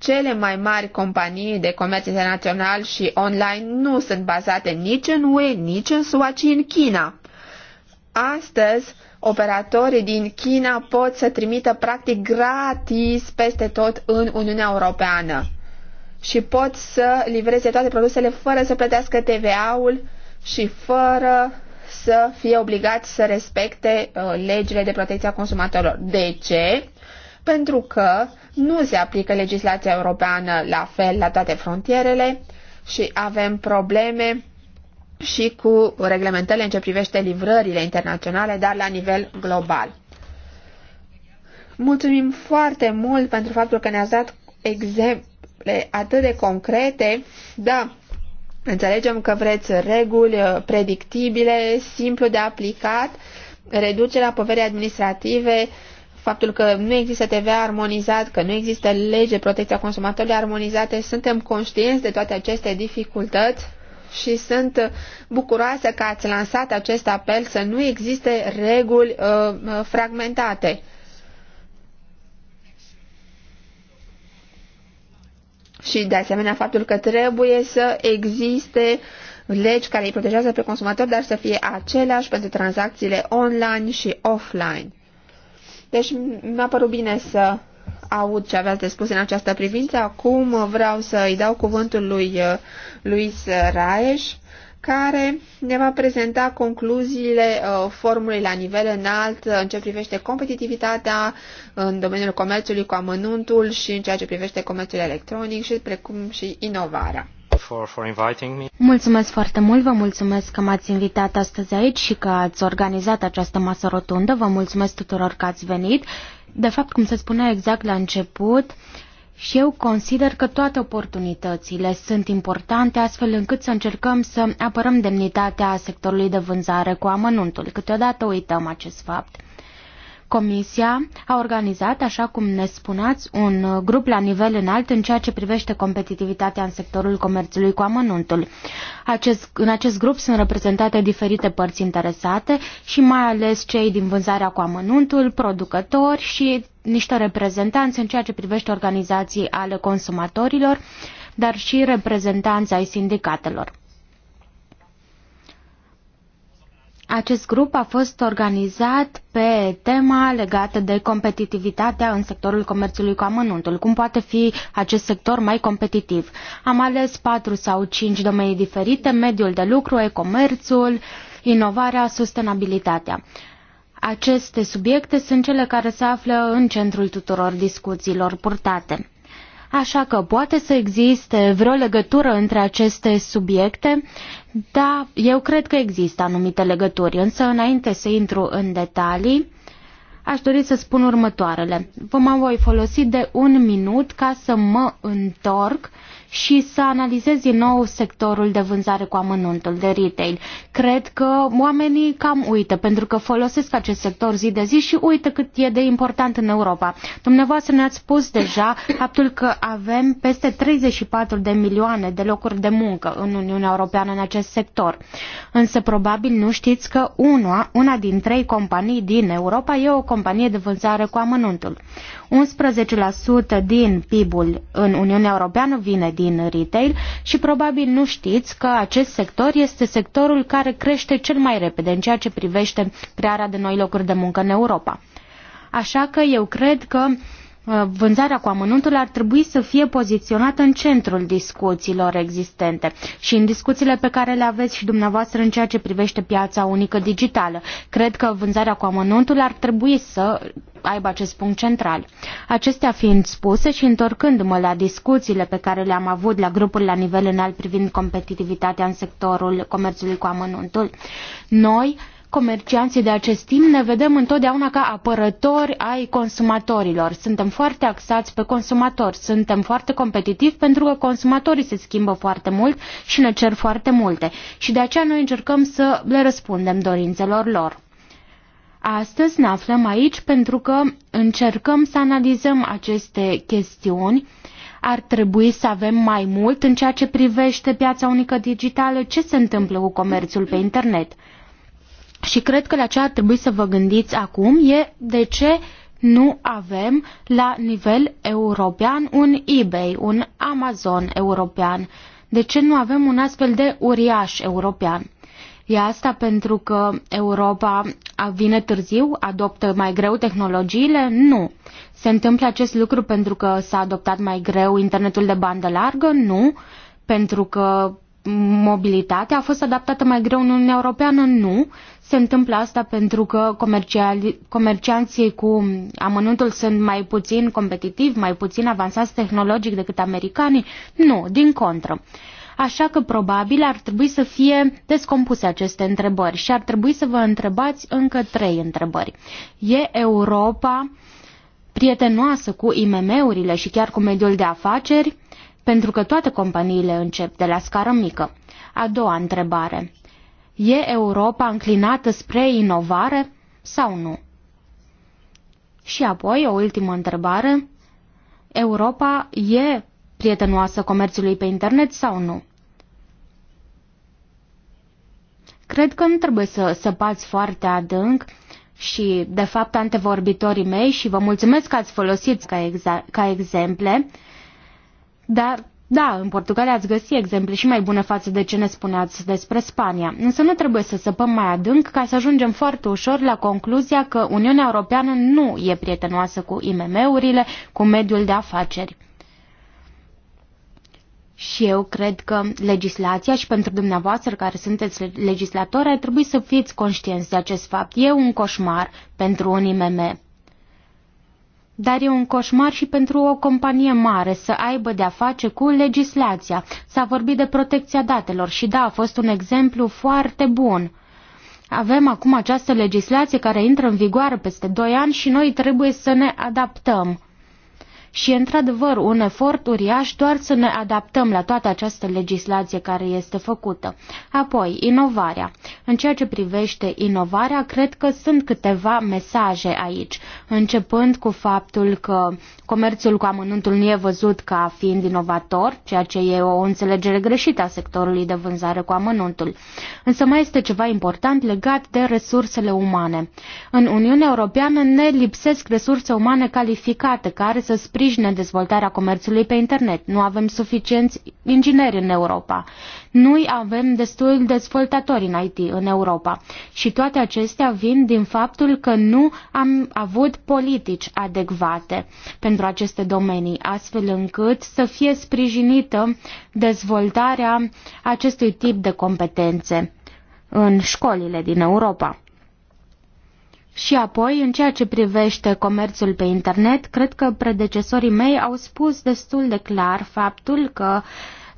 cele mai mari companii de comerț internațional și online nu sunt bazate nici în UE, nici în SUA, ci în China. Astăzi, operatorii din China pot să trimită practic gratis peste tot în Uniunea Europeană și pot să livreze toate produsele fără să plătească TVA-ul și fără să fie obligați să respecte uh, legile de protecție a consumatorilor. De ce? pentru că nu se aplică legislația europeană la fel la toate frontierele și avem probleme și cu reglementările în ce privește livrările internaționale, dar la nivel global. Mulțumim foarte mult pentru faptul că ne-ați dat exemple atât de concrete. Da, înțelegem că vreți reguli uh, predictibile, simplu de aplicat, reducerea poverii administrative, faptul că nu există TVA armonizat, că nu există lege protecția consumatorilor armonizate, suntem conștienți de toate aceste dificultăți și sunt bucuroasă că ați lansat acest apel să nu existe reguli uh, uh fragmentate. Și de asemenea faptul că trebuie să existe legi care îi protejează pe consumator, dar să fie aceleași pentru tranzacțiile online și offline. Deci mi-a părut bine să aud ce aveați de spus în această privință. Acum vreau să îi dau cuvântul lui uh, Luis Raeș, care ne va prezenta concluziile uh, formului la nivel înalt uh, în ce privește competitivitatea în domeniul comerțului cu amănuntul și în ceea ce privește comerțul electronic și precum și inovarea. Mulțumesc foarte mult, vă mulțumesc că m-ați invitat astăzi aici și că ați organizat această masă rotundă. Vă mulțumesc tuturor că ați venit. De fapt, cum se spunea exact la început, și eu consider că toate oportunitățile sunt importante astfel încât să încercăm să apărăm demnitatea sectorului de vânzare cu amănuntul. Câteodată uităm acest fapt. Comisia a organizat, așa cum ne spuneați, un uh, grup la nivel înalt în ceea ce privește competitivitatea în sectorul comerțului cu amănuntul. Acest, în acest grup sunt reprezentate diferite părți interesate și mai ales cei din vânzarea cu amănuntul, producători și niște reprezentanți în ceea ce privește organizații ale consumatorilor, dar și reprezentanți ai sindicatelor. Acest grup a fost organizat pe tema legată de competitivitatea în sectorul comerțului cu amănuntul. Cum poate fi acest sector mai competitiv? Am ales patru sau cinci domenii diferite, mediul de lucru, e-comerțul, inovarea, sustenabilitatea. Aceste subiecte sunt cele care se află în centrul tuturor discuțiilor purtate. Așa că poate să existe vreo legătură între aceste subiecte? dar eu cred că există anumite legături, însă înainte să intru în detalii, aș dori să spun următoarele. Vă mai voi folosi de un minut ca să mă întorc și să analizez din nou sectorul de vânzare cu amănuntul de retail. Cred că oamenii cam uită, pentru că folosesc acest sector zi de zi și uită cât e de important în Europa. Dumneavoastră ne-ați spus deja faptul că avem peste 34 de milioane de locuri de muncă în Uniunea Europeană în acest sector. Însă probabil nu știți că una, una din trei companii din Europa e o companie de vânzare cu amănuntul. 11% din PIB-ul în Uniunea Europeană vine din retail și probabil nu știți că acest sector este sectorul care crește cel mai repede în ceea ce privește crearea de noi locuri de muncă în Europa. Așa că eu cred că Uh, vânzarea cu amănuntul ar trebui să fie poziționată în centrul discuțiilor existente și în discuțiile pe care le aveți și dumneavoastră în ceea ce privește piața unică digitală. Cred că vânzarea cu amănuntul ar trebui să aibă acest punct central. Acestea fiind spuse și întorcându-mă la discuțiile pe care le-am avut la grupul la nivel înalt privind competitivitatea în sectorul comerțului cu amănuntul, noi comercianții de acest timp ne vedem întotdeauna ca apărători ai consumatorilor. Suntem foarte axați pe consumatori, suntem foarte competitivi pentru că consumatorii se schimbă foarte mult și ne cer foarte multe. Și de aceea noi încercăm să le răspundem dorințelor lor. Astăzi ne aflăm aici pentru că încercăm să analizăm aceste chestiuni ar trebui să avem mai mult în ceea ce privește piața unică digitală, ce se întâmplă cu comerțul pe internet. Și cred că la ce ar trebui să vă gândiți acum e de ce nu avem la nivel european un eBay, un Amazon european. De ce nu avem un astfel de uriaș european? E asta pentru că Europa vine târziu, adoptă mai greu tehnologiile? Nu. Se întâmplă acest lucru pentru că s-a adoptat mai greu internetul de bandă largă? Nu. Pentru că mobilitatea a fost adaptată mai greu în Uniunea Europeană? Nu. Se întâmplă asta pentru că comercianții cu amănuntul sunt mai puțin competitivi, mai puțin avansați tehnologic decât americanii? Nu, din contră așa că probabil ar trebui să fie descompuse aceste întrebări și ar trebui să vă întrebați încă trei întrebări. E Europa prietenoasă cu IMM-urile și chiar cu mediul de afaceri? pentru că toate companiile încep de la scară mică. A doua întrebare. E Europa înclinată spre inovare sau nu? Și apoi, o ultimă întrebare. Europa e prietenoasă comerțului pe internet sau nu? Cred că nu trebuie să săpați foarte adânc și, de fapt, antevorbitorii mei și vă mulțumesc că ați folosit ca, exa- ca exemple dar da, în Portugalia ați găsi exemple și mai bune față de ce ne spuneați despre Spania, însă nu trebuie să săpăm mai adânc ca să ajungem foarte ușor la concluzia că Uniunea Europeană nu e prietenoasă cu IMM-urile, cu mediul de afaceri. Și eu cred că legislația și pentru dumneavoastră care sunteți legislatori ar trebui să fiți conștienți de acest fapt. E un coșmar pentru un IMM. Dar e un coșmar și pentru o companie mare să aibă de-a face cu legislația. S-a vorbit de protecția datelor și da, a fost un exemplu foarte bun. Avem acum această legislație care intră în vigoare peste 2 ani și noi trebuie să ne adaptăm. Și e într-adevăr un efort uriaș doar să ne adaptăm la toată această legislație care este făcută. Apoi, inovarea. În ceea ce privește inovarea, cred că sunt câteva mesaje aici, începând cu faptul că comerțul cu amănuntul nu e văzut ca fiind inovator, ceea ce e o înțelegere greșită a sectorului de vânzare cu amănuntul. Însă mai este ceva important legat de resursele umane. În Uniunea Europeană ne lipsesc resurse umane calificate care să sprijină sprijine dezvoltarea comerțului pe internet. Nu avem suficienți ingineri în Europa. Nu avem destul dezvoltatori în IT în Europa. Și toate acestea vin din faptul că nu am avut politici adecvate pentru aceste domenii, astfel încât să fie sprijinită dezvoltarea acestui tip de competențe în școlile din Europa. Și apoi, în ceea ce privește comerțul pe internet, cred că predecesorii mei au spus destul de clar faptul că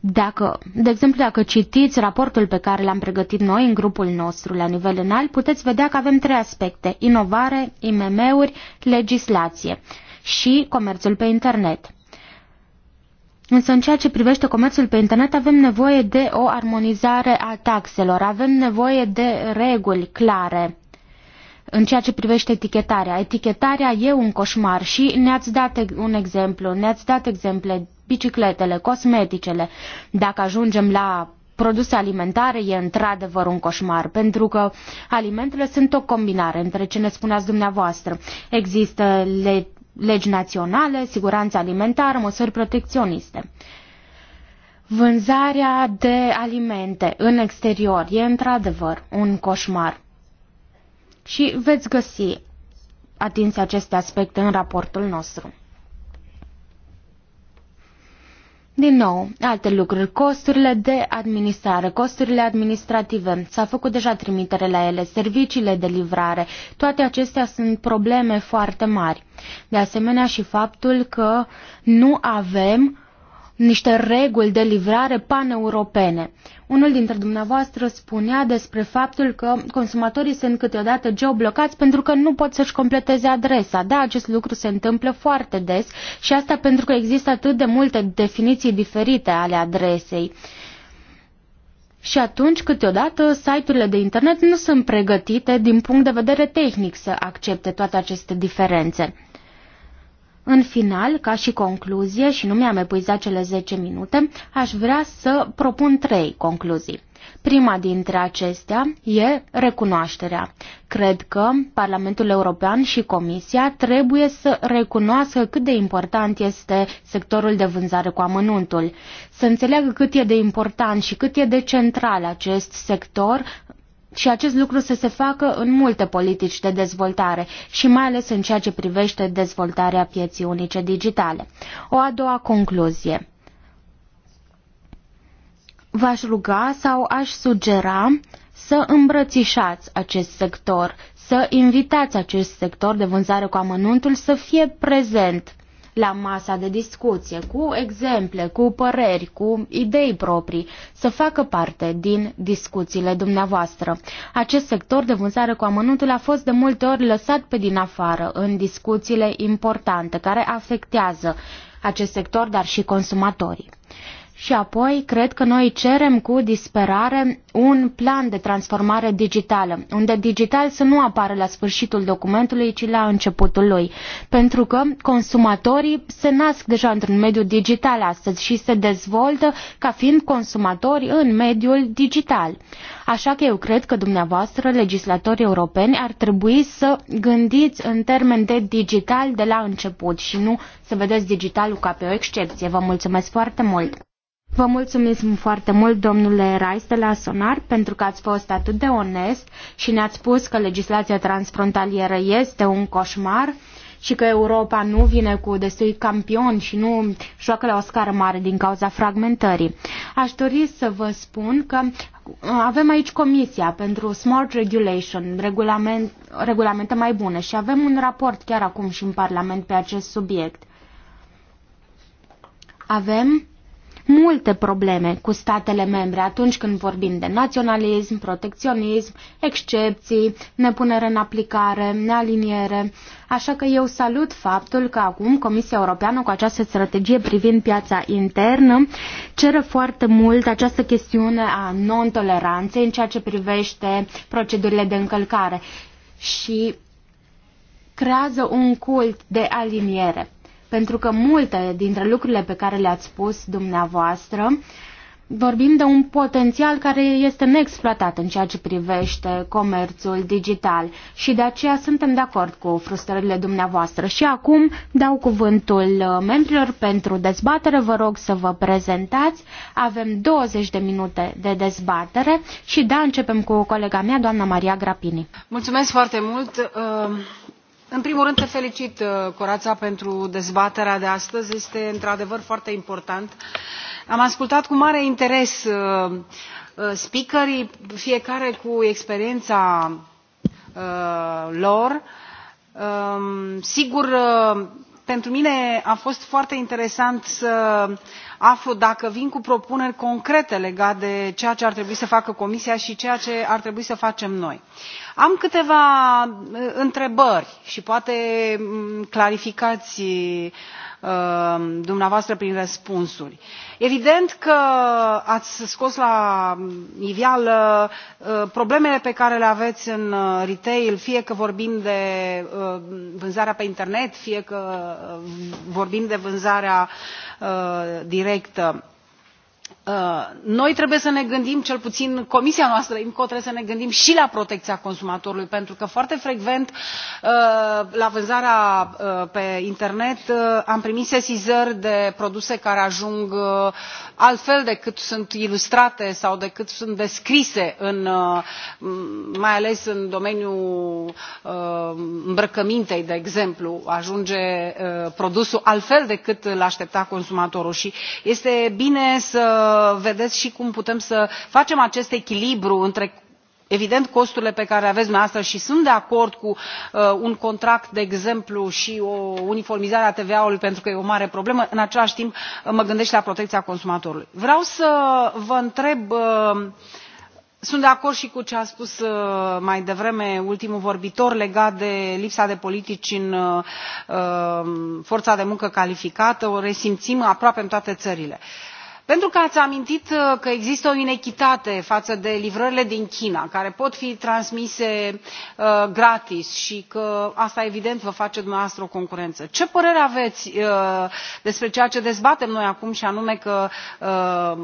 dacă, de exemplu, dacă citiți raportul pe care l-am pregătit noi în grupul nostru la nivel înalt, puteți vedea că avem trei aspecte, inovare, IMM-uri, legislație și comerțul pe internet. Însă în ceea ce privește comerțul pe internet avem nevoie de o armonizare a taxelor, avem nevoie de reguli clare în ceea ce privește etichetarea. Etichetarea e un coșmar și ne-ați dat un exemplu, ne-ați dat exemple, bicicletele, cosmeticele. Dacă ajungem la produse alimentare e într-adevăr un coșmar, pentru că alimentele sunt o combinare între ce ne spuneați dumneavoastră. Există le- legi naționale, siguranță alimentară, măsuri protecționiste. Vânzarea de alimente în exterior e într-adevăr un coșmar și veți găsi atins aceste aspecte în raportul nostru. Din nou, alte lucruri, costurile de administrare, costurile administrative, s-a făcut deja trimitere la ele, serviciile de livrare, toate acestea sunt probleme foarte mari. De asemenea și faptul că nu avem niște reguli de livrare paneuropene. Unul dintre dumneavoastră spunea despre faptul că consumatorii sunt câteodată geoblocați pentru că nu pot să-și completeze adresa. Da, acest lucru se întâmplă foarte des și asta pentru că există atât de multe definiții diferite ale adresei. Și atunci, câteodată, site-urile de internet nu sunt pregătite din punct de vedere tehnic să accepte toate aceste diferențe. În final, ca și concluzie, și nu mi-am epuizat cele 10 minute, aș vrea să propun trei concluzii. Prima dintre acestea e recunoașterea. Cred că Parlamentul European și Comisia trebuie să recunoască cât de important este sectorul de vânzare cu amănuntul, să înțeleagă cât e de important și cât e de central acest sector și acest lucru să se facă în multe politici de dezvoltare și mai ales în ceea ce privește dezvoltarea pieții unice digitale. O a doua concluzie. V-aș ruga sau aș sugera să îmbrățișați acest sector, să invitați acest sector de vânzare cu amănuntul să fie prezent la masa de discuție, cu exemple, cu păreri, cu idei proprii, să facă parte din discuțiile dumneavoastră. Acest sector de vânzare cu amănuntul a fost de multe ori lăsat pe din afară în discuțiile importante care afectează acest sector, dar și consumatorii. Și apoi, cred că noi cerem cu disperare un plan de transformare digitală, unde digital să nu apară la sfârșitul documentului, ci la începutul lui. Pentru că consumatorii se nasc deja într-un mediu digital astăzi și se dezvoltă ca fiind consumatori în mediul digital. Așa că eu cred că dumneavoastră, legislatorii europeni, ar trebui să gândiți în termen de digital de la început și nu să vedeți digitalul ca pe o excepție. Vă mulțumesc foarte mult! Vă mulțumim foarte mult, domnule Rais de la Sonar, pentru că ați fost atât de onest și ne-ați spus că legislația transfrontalieră este un coșmar și că Europa nu vine cu destui campioni și nu joacă la o scară mare din cauza fragmentării. Aș dori să vă spun că uh, avem aici Comisia pentru Smart Regulation, regulament, regulamente mai bune și avem un raport chiar acum și în Parlament pe acest subiect. Avem multe probleme cu statele membre atunci când vorbim de naționalism, protecționism, excepții, nepunere în aplicare, nealiniere. Așa că eu salut faptul că acum Comisia Europeană cu această strategie privind piața internă cere foarte mult această chestiune a non-toleranței în ceea ce privește procedurile de încălcare și creează un cult de aliniere pentru că multe dintre lucrurile pe care le-ați spus dumneavoastră vorbim de un potențial care este neexploatat în ceea ce privește comerțul digital și de aceea suntem de acord cu frustrările dumneavoastră. Și acum dau cuvântul uh, membrilor pentru dezbatere. Vă rog să vă prezentați. Avem 20 de minute de dezbatere și da, începem cu colega mea, doamna Maria Grapini. Mulțumesc foarte mult. Uh, în primul rând te felicit uh, corazza pentru dezbaterea de astăzi este într adevăr foarte important. am ascultat cu mare interes uh, uh, speakerii fiecare cu experiența lor. Um, sigur pentru mine a fost foarte interesant să aflu dacă vin cu propuneri concrete legate de ceea ce ar trebui să facă comisia și ceea ce ar trebui să facem noi am câteva uh, întrebări și poate mm, clarificați uh, dumneavoastră prin răspunsuri. evident că ați scos la iveală uh, problemele pe care le aveți în retail fie că vorbim de vânzarea pe internet fie că vorbim de vânzarea directă Uh, noi trebuie să ne gândim cel puțin comisia noastră imco trebuie să ne gândim și la protecția consumatorului pentru că foarte frecvent uh, la vânzarea uh, pe internet am primit sesizări de produse care ajung altfel decât sunt ilustrate sau decât sunt descrise mai ales în domeniul îmbrăcămintei de exemplu ajunge produsul altfel decât îl aștepta consumatorul și este bine să vedeți și cum putem să facem acest echilibru între evident costurile pe care le aveți dumneavoastră și sunt de acord cu uh, un contract de exemplu și o uniformizare a tva ului pentru că e o mare problemă în același timp uh, mă gândesc și la protecția consumatorului. vreau să vă întreb uh, sunt de acord și cu ce a spus mai devreme ultimul vorbitor legat de lipsa de politici în forța de muncă calificată o resimțim aproape în toate țările pentru că ați amintit uh, că există o inechitate față de livrările din china care pot fi transmise uh, gratis și că asta evident vă face dumneavoastră o concurență ce părere aveți uh, despre ceea ce dezbatem noi acum și anume că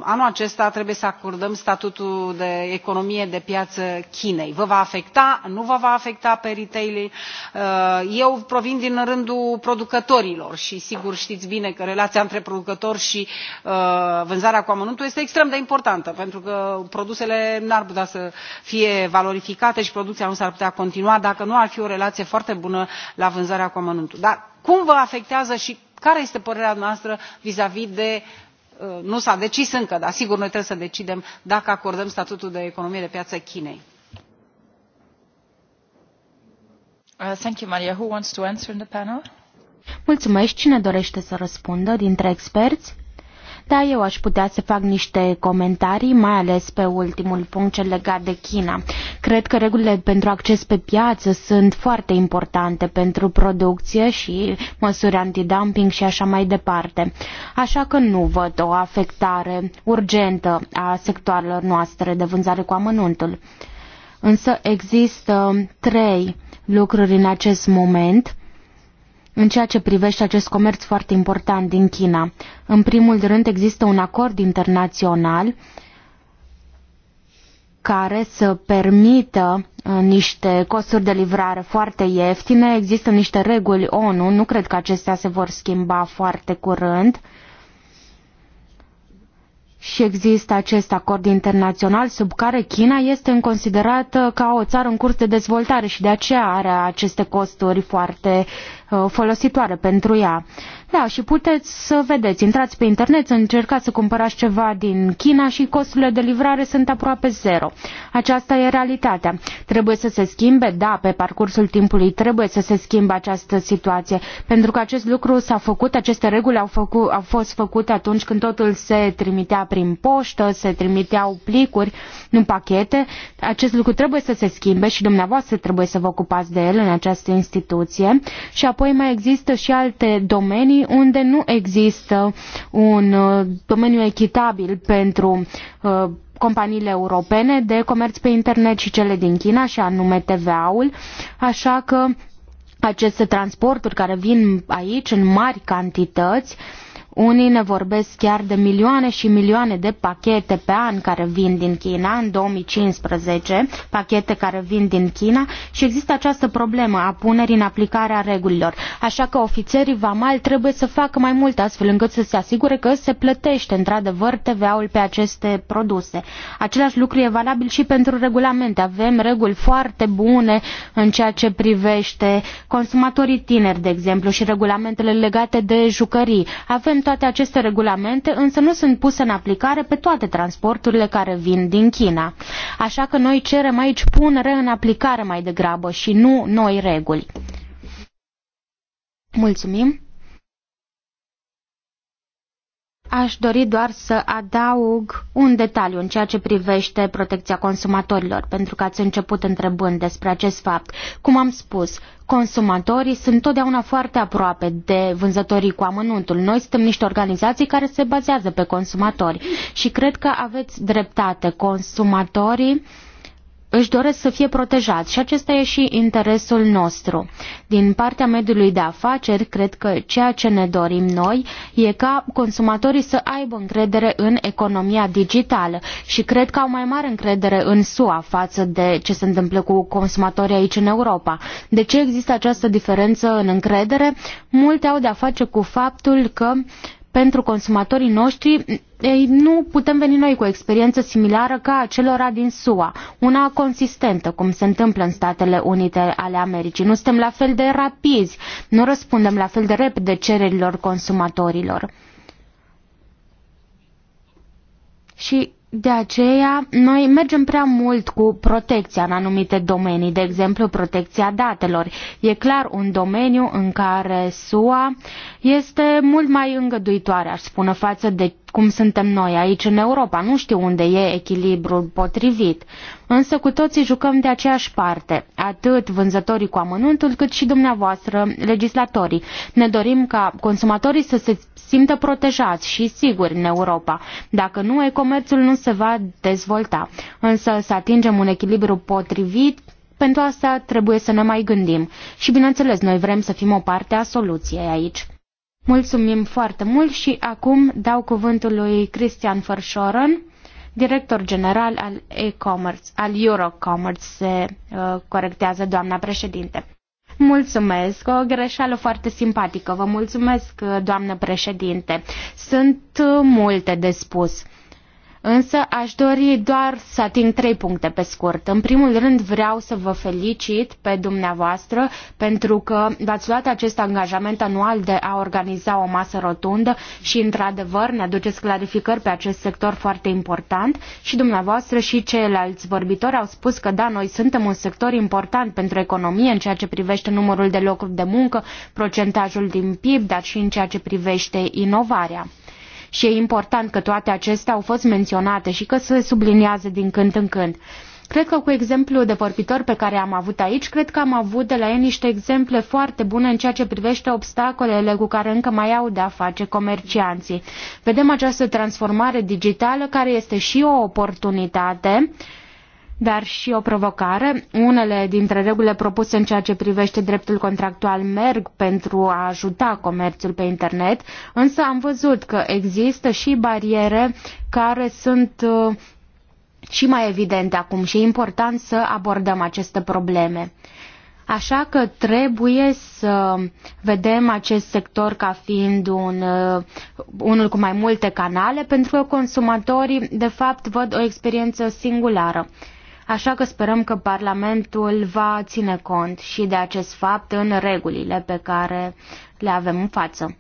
anul acesta trebuie să acordăm statutul de economie de piață chinei vă va afecta nu vă va afecta pe retail eu provin din rândul producătorilor și sigur știți bine că relația între producător și vânzarea cu amănuntul este extrem de importantă pentru că produsele nu ar putea să fie valorificate și producția nu s ar putea continua dacă nu ar fi o relație foarte bună la vânzarea cu amănuntul. dar cum vă afectează și care este părerea noastră vizavi de uh, nu s a decis încă dar sigur noi trebuie să decidem dacă acordăm statutul de economie de piață chinei. Uh, thank you, Maria. Who wants to answer in the panel? Mulțumesc. Cine dorește să răspundă dintre experți? Da, eu aș putea să fac niște comentarii, mai ales pe ultimul punct cel legat de China. Cred că regulile pentru acces pe piață sunt foarte importante pentru producție și măsuri antidumping și așa mai departe. Așa că nu văd o afectare urgentă a sectoarelor noastre de vânzare cu amănuntul. Însă există trei lucruri în acest moment în ceea ce privește acest comerț foarte important din China. În primul rând există un acord internațional care să permită uh, niște costuri de livrare foarte ieftine, există niște reguli ONU, nu cred că acestea se vor schimba foarte curând. Și există acest acord internațional sub care China este considerată ca o țară în curs de dezvoltare și de aceea are aceste costuri foarte Uh, folositoare pentru ea. Da, și puteți să vedeți, intrați pe internet, să încercați să cumpărați ceva din China și costurile de livrare sunt aproape zero. Aceasta e realitatea. Trebuie să se schimbe, da, pe parcursul timpului trebuie să se schimbe această situație, pentru că acest lucru s-a făcut, aceste reguli au, făcut, au fost făcute atunci când totul se trimitea prin poștă, se trimiteau plicuri, nu pachete. Acest lucru trebuie să se schimbe și dumneavoastră trebuie să vă ocupați de el în această instituție și apoi Apoi mai există și alte domenii unde nu există un uh, domeniu echitabil pentru uh, companiile europene de comerț pe internet și cele din China, și anume TVA-ul, așa că aceste transporturi care vin aici în mari cantități uh, unii ne vorbesc chiar de milioane și milioane de pachete pe an care vin din China în 2015, pachete care vin din China și există această problemă a punerii în aplicare a regulilor. Așa că ofițerii VAMAL trebuie să facă mai mult astfel încât să se asigure că se plătește într-adevăr TVA-ul pe aceste produse. Același lucru e valabil și pentru regulamente. Avem reguli foarte bune în ceea ce privește consumatorii tineri, de exemplu, și regulamentele legate de jucării. Avem toate aceste regulamente însă nu sunt puse în aplicare pe toate transporturile care vin din China. Așa că noi cerem aici punere în aplicare mai degrabă și nu noi reguli. Mulțumim! Aș dori doar să adaug un detaliu în ceea ce privește protecția consumatorilor, pentru că ați început întrebând despre acest fapt. Cum am spus, consumatorii sunt totdeauna foarte aproape de vânzătorii cu amănuntul. Noi suntem niște organizații care se bazează pe consumatori și cred că aveți dreptate. Consumatorii uh, își doresc să fie protejați și acesta e și interesul nostru. Din partea mediului de afaceri, cred că ceea ce ne dorim noi e ca consumatorii să aibă încredere în economia digitală și cred că au mai mare încredere în SUA față de ce se întâmplă cu consumatorii aici în Europa. De ce există această diferență în încredere? Multe au de-a face cu faptul că uh, pentru consumatorii noștri, ei, nu putem veni noi cu o experiență similară ca acelora din SUA, una consistentă, cum se întâmplă în Statele Unite ale Americii. Nu suntem la fel de rapizi, nu răspundem la fel de repede cererilor consumatorilor. Și de aceea, noi mergem prea mult cu protecția în anumite domenii, de exemplu protecția datelor. E clar un domeniu în care SUA este mult mai îngăduitoare, aș spune, față de cum suntem noi aici în Europa. Nu știu unde e echilibrul potrivit. Însă cu toții jucăm de aceeași parte, atât vânzătorii cu amănuntul, cât și dumneavoastră, legislatorii. Ne dorim ca consumatorii să se simtă protejați și siguri în Europa. Dacă nu, e-comerțul nu se va dezvolta. Însă să atingem un echilibru potrivit, pentru asta trebuie să ne mai gândim. Și bineînțeles, noi vrem să fim o parte a soluției aici. Mulțumim foarte mult și acum dau cuvântul lui Cristian Fărșoran, director general al e-commerce, al Eurocommerce, se uh, corectează doamna președinte. Mulțumesc, o greșeală foarte simpatică. Vă mulțumesc, uh, doamnă președinte. Sunt uh, multe de spus. Însă aș dori doar să ating trei puncte pe scurt. În primul rând vreau să vă felicit pe dumneavoastră pentru că v-ați luat acest angajament anual de a organiza o masă rotundă și într-adevăr ne aduceți clarificări pe acest sector foarte important și dumneavoastră și ceilalți vorbitori au spus că da, noi suntem un sector important pentru economie în ceea ce privește numărul de locuri de muncă, procentajul din PIB, dar și în ceea ce privește inovarea și e important că toate acestea au fost menționate și că se subliniază din când în când. Cred că cu exemplul de vorbitor pe care am avut aici, cred că am avut de la ei niște exemple foarte bune în ceea ce privește obstacolele cu care încă mai au de-a face comercianții. Vedem această transformare digitală care este și o oportunitate uh, dar și o provocare. Unele dintre regulile propuse în ceea ce privește dreptul contractual merg pentru a ajuta comerțul pe internet, însă am văzut că există și bariere care sunt uh, și mai evidente acum și e important să abordăm aceste probleme. Așa că trebuie să vedem acest sector ca fiind un, uh, unul cu mai multe canale, pentru că consumatorii, de fapt, văd o experiență singulară. Așa că sperăm că Parlamentul va ține cont și de acest fapt în regulile pe care le avem în față.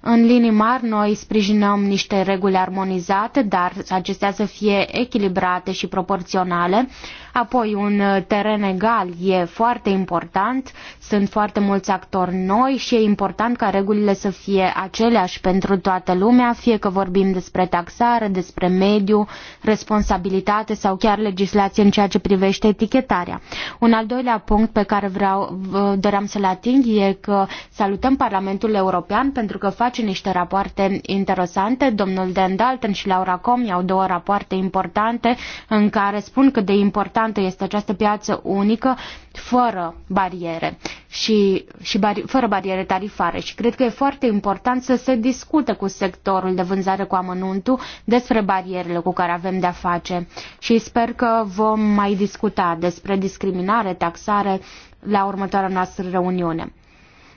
În linii mari, noi sprijinăm niște reguli armonizate, dar acestea să fie echilibrate și proporționale, Apoi, un uh, teren egal e foarte important, sunt foarte mulți actori noi și e important ca regulile să fie aceleași pentru toată lumea, fie că vorbim despre taxare, despre mediu, responsabilitate sau chiar legislație în ceea ce privește etichetarea. Un al doilea punct pe care vreau, doream să-l ating e că salutăm Parlamentul European pentru că face niște rapoarte interesante. Domnul Dan Dalton și Laura Comi au două rapoarte importante în care spun că de important importantă este această piață unică fără bariere și, și bari, fără bariere tarifare și cred că e foarte important să se discute cu sectorul de vânzare cu amănuntul despre barierele cu care avem de-a face și sper că vom mai discuta despre discriminare, taxare la următoarea noastră reuniune.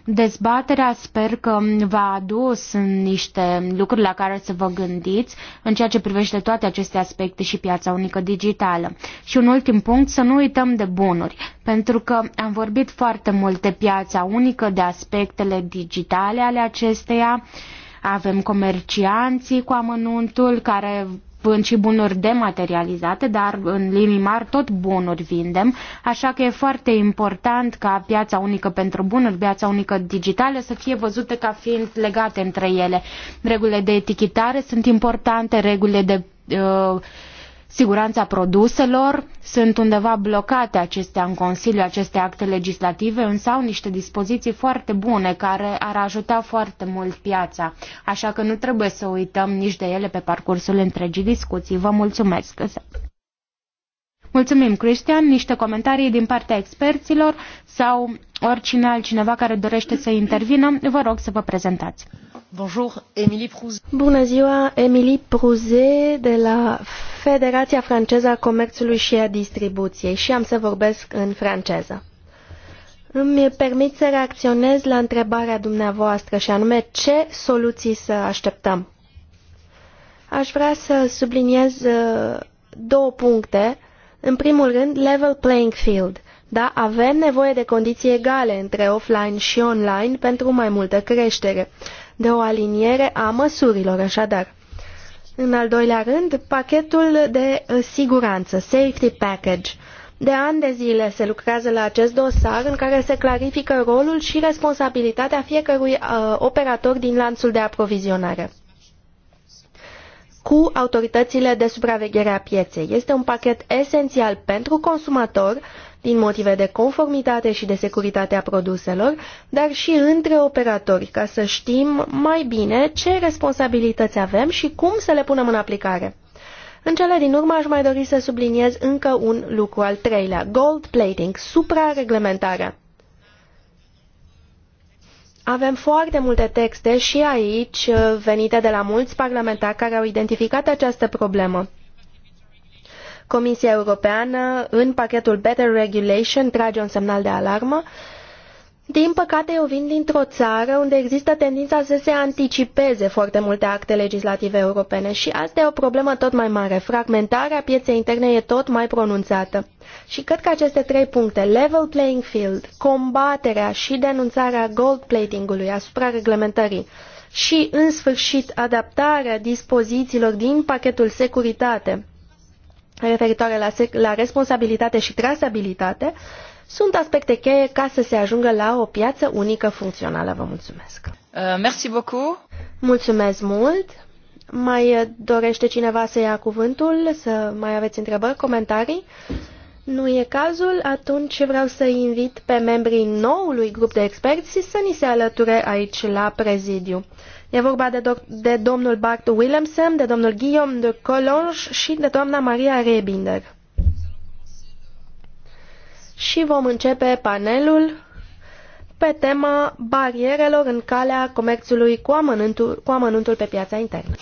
Dezbaterea sper că v-a adus niște lucruri la care să vă gândiți în ceea ce privește toate aceste aspecte și piața unică digitală. Și un ultim punct, să nu uităm de bunuri, pentru că am vorbit foarte mult de piața unică, de aspectele digitale ale acesteia, avem comercianții cu amănuntul care vând și bunuri dematerializate, dar în linii mari tot bunuri vindem, așa că e foarte important ca piața unică pentru bunuri, piața unică digitală să fie văzute ca fiind legate între ele. Regulile de etichetare sunt importante, regulile de uh, siguranța produselor. Sunt undeva blocate acestea în Consiliu, aceste acte legislative, însă au niște dispoziții foarte bune care ar ajuta foarte mult piața. Așa că nu trebuie să uităm nici de ele pe parcursul întregii discuții. Vă mulțumesc! Mulțumim, Cristian. Niște comentarii din partea experților sau oricine altcineva care dorește să intervină, vă rog să vă prezentați. Bonjour, Emilie Prouze. Bună ziua, Emilie Prouze de la Federația Franceză a Comerțului și a Distribuției și am să vorbesc în franceză. Îmi permit să reacționez la întrebarea dumneavoastră și anume ce soluții să așteptăm. Aș vrea să subliniez uh, două puncte în primul rând, level playing field. Da, avem nevoie de condiții egale între offline și online pentru mai multă creștere, de o aliniere a măsurilor așadar. În al doilea rând, pachetul de uh, siguranță, safety package. De ani de zile se lucrează la acest dosar în care se clarifică rolul și responsabilitatea fiecărui uh, operator din lanțul de aprovizionare cu autoritățile de supraveghere a pieței. Este un pachet esențial pentru consumator din motive de conformitate și de securitate a produselor, dar și între operatori, ca să știm mai bine ce responsabilități avem și cum să le punem în aplicare. În cele din urmă aș mai dori să subliniez încă un lucru al treilea, gold plating, suprareglementarea. Avem foarte multe texte și aici uh, venite de la mulți parlamentari care au identificat această problemă. Comisia Europeană, în pachetul Better Regulation, trage un semnal de alarmă uh, din păcate, eu vin dintr-o țară unde există tendința să se anticipeze foarte multe acte legislative europene și asta e o problemă tot mai mare. Fragmentarea pieței interne e tot mai pronunțată. Și cred că aceste trei puncte, level playing field, combaterea și denunțarea gold plating-ului asupra reglementării și, în sfârșit, adaptarea dispozițiilor din pachetul securitate referitoare la, sec la responsabilitate și trasabilitate, uh, sunt aspecte cheie ca să se ajungă la o piață unică funcțională. Vă mulțumesc! Uh, merci beaucoup! Mulțumesc mult! Mai dorește cineva să ia cuvântul, să mai aveți întrebări, comentarii? Nu e cazul, atunci vreau să invit pe membrii noului grup de experți să ni se alăture aici la prezidiu. E vorba de, doc- de domnul Bart Willemsen, de domnul Guillaume de Colonge și de doamna Maria Rebinder și vom începe panelul pe tema barierelor în calea comerțului cu amănuntul, cu amănuntul pe piața internă.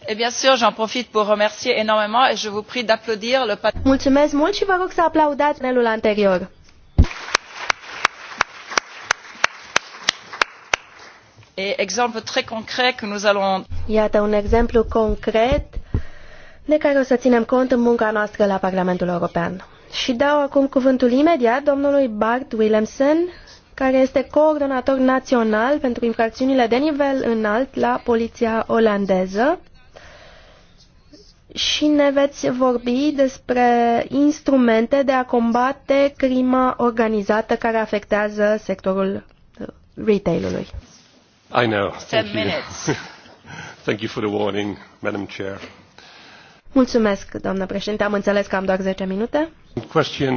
Et eh bien sûr, j'en profite pour remercier énormément et je vous prie d'applaudir le panel. Mulțumesc mult și vă rog să aplaudați panelul anterior. Et exemple très concret que nous allons Iată un exemplu concret de care o să ținem cont în munca noastră la Parlamentul European. Și dau acum cuvântul imediat domnului Bart Willemsen, care este coordonator național pentru infracțiunile de nivel înalt la poliția olandeză. Și ne veți vorbi despre instrumente de a combate crima organizată care afectează sectorul uh, retailului. I know. Thank you. Thank you for the warning, Madam Chair. Mulțumesc, doamnă președinte. Am înțeles că am doar 10 minute. Question.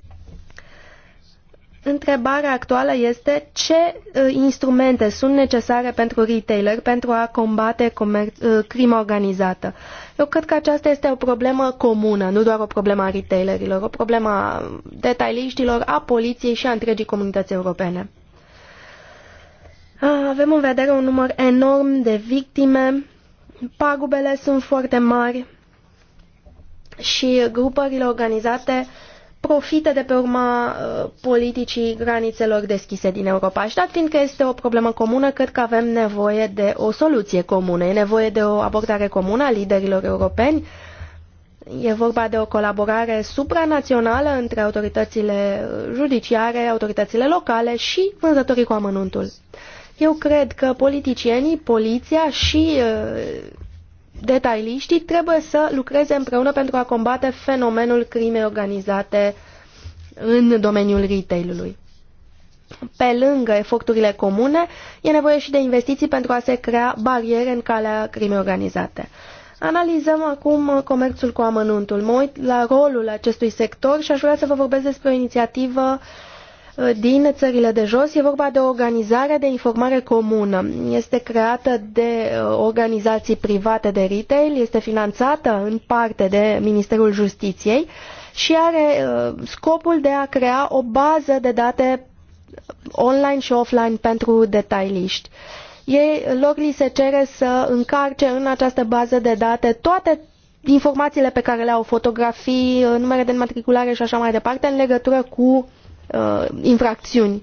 Întrebarea actuală este ce uh, instrumente sunt necesare pentru retailer pentru a combate uh, crima organizată. Eu cred că aceasta este o problemă comună, nu doar o problemă a retailerilor, o problemă a detailiștilor, a poliției și a întregii comunități europene. Ah, avem în vedere un număr enorm de victime, pagubele sunt foarte mari, și grupările organizate profită de pe urma uh, politicii granițelor deschise din Europa. Și dat fiindcă este o problemă comună, cred că avem nevoie de o soluție comună. E nevoie de o abordare comună a liderilor europeni. E vorba de o colaborare supranațională între autoritățile judiciare, autoritățile locale și vânzătorii cu amănuntul. Eu cred că politicienii, poliția și uh, detailiștii trebuie să lucreze împreună pentru a combate fenomenul crimei organizate în domeniul retailului. Pe lângă eforturile comune, e nevoie și de investiții pentru a se crea bariere în calea crimei organizate. Analizăm acum comerțul cu amănuntul. Mă uit la rolul acestui sector și aș vrea să vă vorbesc despre o inițiativă uh, din țările de jos. E vorba de o organizare de informare comună. Este creată de uh, organizații private de retail, este finanțată în parte de Ministerul Justiției și are uh, scopul de a crea o bază de date online și offline pentru detailiști. Ei, lor li se cere să încarce în această bază de date toate informațiile pe care le au, fotografii, uh, numere de înmatriculare și așa mai departe, în legătură cu uh, infracțiuni.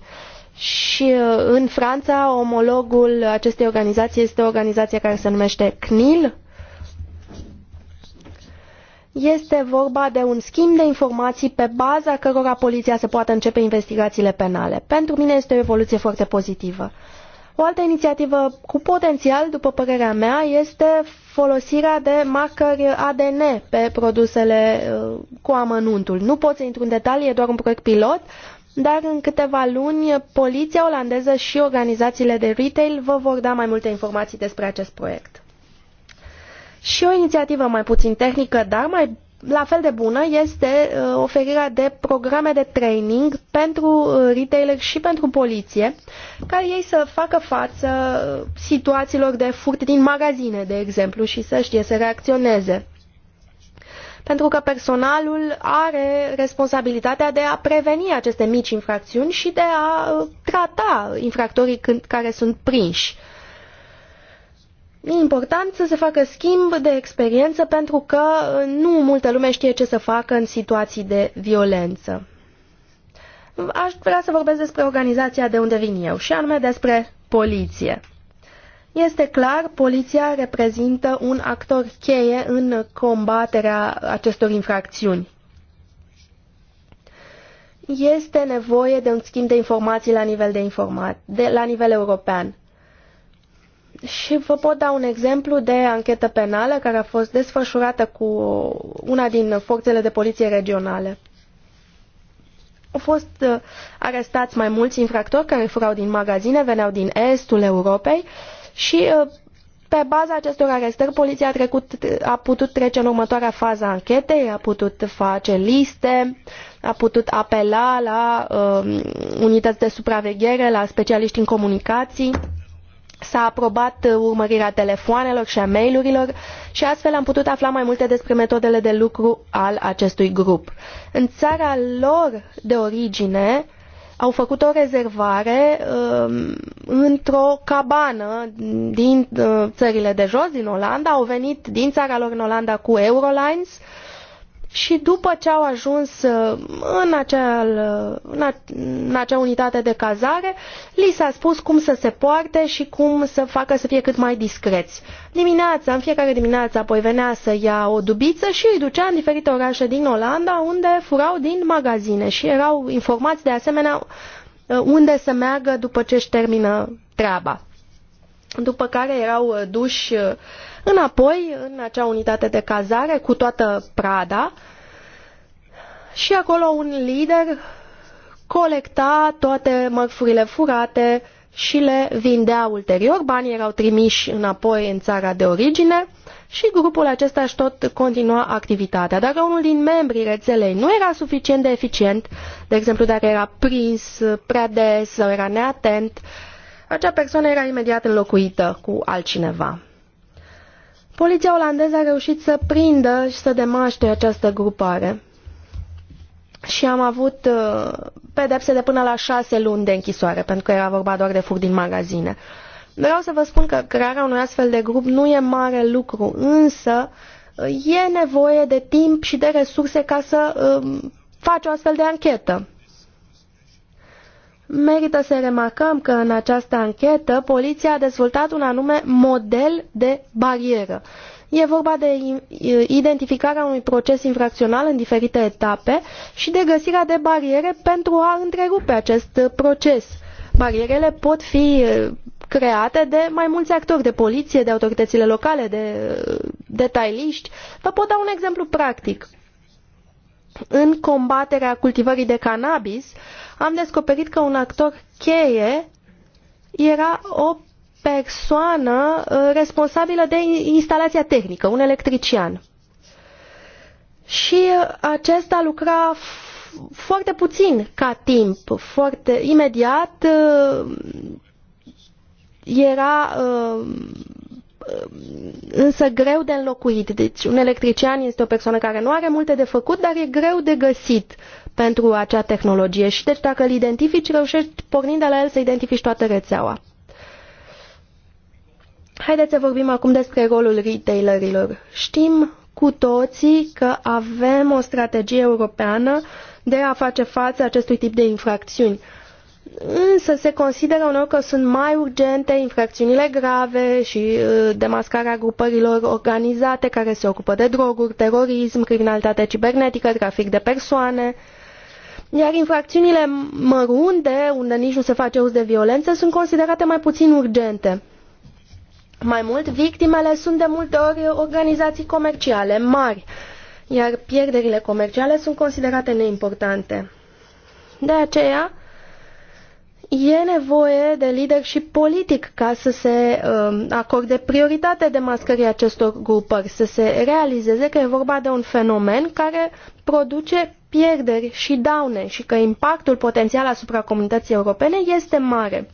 Și uh, în Franța, omologul acestei organizații este o organizație care se numește CNIL. Este vorba de un schimb de informații pe baza cărora poliția se poate începe investigațiile penale. Pentru mine este o evoluție foarte pozitivă. O altă inițiativă cu potențial, după părerea mea, este folosirea de marcări ADN pe produsele uh, cu amănuntul. Nu pot să intru în detalii, e doar un proiect pilot, dar în câteva luni poliția olandeză și organizațiile de retail vă vor da mai multe informații despre acest proiect. Și o inițiativă mai puțin tehnică, dar mai la fel de bună este uh, oferirea de programe de training pentru uh, retailer și pentru poliție, care ei să facă față uh, situațiilor de furt din magazine, de exemplu, și să știe să reacționeze pentru că personalul are responsabilitatea de a preveni aceste mici infracțiuni și de a uh, trata infractorii când, care sunt prinși. E important să se facă schimb de experiență pentru că uh, nu multă lume știe ce să facă în situații de violență. Aș vrea să vorbesc despre organizația de unde vin eu și anume despre poliție. Este clar, poliția reprezintă un actor cheie în combaterea acestor infracțiuni. Este nevoie de un schimb de informații la nivel, de informa de, la nivel european. Și vă pot da un exemplu de anchetă penală care a fost desfășurată cu una din forțele de poliție regionale. Au fost uh, arestați mai mulți infractori care furau din magazine, veneau din estul Europei și uh, pe baza acestor arestări, poliția a, trecut, a putut trece în următoarea fază a anchetei, a putut face liste, a putut apela la uh, unități de supraveghere, la specialiști în comunicații, s-a aprobat uh, urmărirea telefoanelor și a mailurilor și astfel am putut afla mai multe despre metodele de lucru al acestui grup. În țara lor de origine, au făcut o rezervare uh, într-o cabană din uh, țările de jos, din Olanda, au venit din țara lor în Olanda cu Eurolines, uh, și după ce au ajuns uh, în, acel, uh, în acea unitate de cazare, li s-a spus cum să se poarte și cum să facă să fie cât mai discreți. Dimineața, în fiecare dimineață, apoi venea să ia o dubiță și îi ducea în diferite orașe din Olanda unde furau din magazine și erau informați de asemenea uh, unde să meargă după ce își termină treaba după care erau uh, duși uh, înapoi în acea unitate de cazare cu toată prada și acolo un lider colecta toate mărfurile furate și le vindea ulterior. Banii erau trimiși înapoi în țara de origine și grupul acesta își tot continua activitatea. Dacă unul din membrii rețelei nu era suficient de eficient, de exemplu dacă era prins prea des sau era neatent, acea persoană era imediat înlocuită cu altcineva. Poliția olandeză a reușit să prindă și să demaște această grupare și am avut uh, pedepse de până la șase luni de închisoare, pentru că era vorba doar de furt din magazine. Vreau să vă spun că crearea unui astfel de grup nu e mare lucru, însă uh, e nevoie de timp și de resurse ca să um, faci o astfel de anchetă. Merită să remarcăm că în această anchetă poliția a dezvoltat un anume model de barieră. E vorba de identificarea unui proces infracțional în diferite etape și de găsirea de bariere pentru a întrerupe acest proces. Barierele pot fi eh, create de mai mulți actori, de poliție, de autoritățile locale, de detailiști. Vă pot da un exemplu practic. În combaterea cultivării de cannabis, am descoperit că un actor cheie era o persoană uh, responsabilă de instalația tehnică, un electrician. Și uh, acesta lucra foarte puțin ca timp, foarte imediat uh, era însă greu de înlocuit. Deci un electrician este o persoană care nu are multe de făcut, dar e greu de găsit pentru acea tehnologie și deci dacă îl identifici, reușești pornind de la el să identifici toată rețeaua. Haideți să vorbim acum despre rolul retailerilor. Știm cu toții că avem o strategie europeană de a face față acestui tip de infracțiuni. Însă se consideră uneori că sunt mai urgente infracțiunile grave și uh, demascarea grupărilor organizate care se ocupă de droguri, terorism, criminalitate cibernetică, trafic de persoane, uh, iar infracțiunile mărunte, unde nici nu se face uz de violență, sunt considerate mai puțin urgente. Mai mult, victimele sunt de multe ori organizații comerciale mari, iar pierderile comerciale sunt considerate neimportante. De aceea, e nevoie de leadership politic ca să se uh, acorde prioritate mascării acestor grupări, să se realizeze că e vorba de un fenomen care produce pierderi și daune și că impactul potențial asupra comunității europene este mare.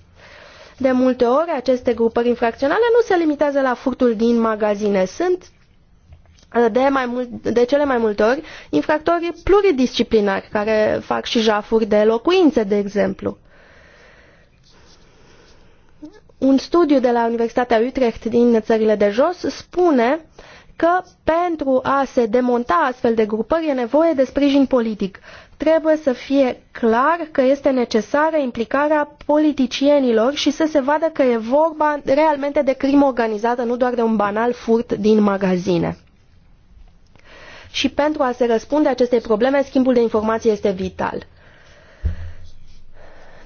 De multe ori, aceste grupări infracționale nu se limitează la furtul din magazine. Sunt uh, de, mai mult, de cele mai multe ori infractori pluridisciplinari care fac și jafuri de locuințe, de exemplu. Un studiu de la Universitatea Utrecht din țările de jos spune că pentru a se demonta astfel de grupări e nevoie de sprijin politic. Trebuie să fie clar că este necesară implicarea politicienilor și să se vadă că e vorba realmente de crimă organizată, nu doar de un banal furt din magazine. Și pentru a se răspunde acestei probleme, schimbul de informații este vital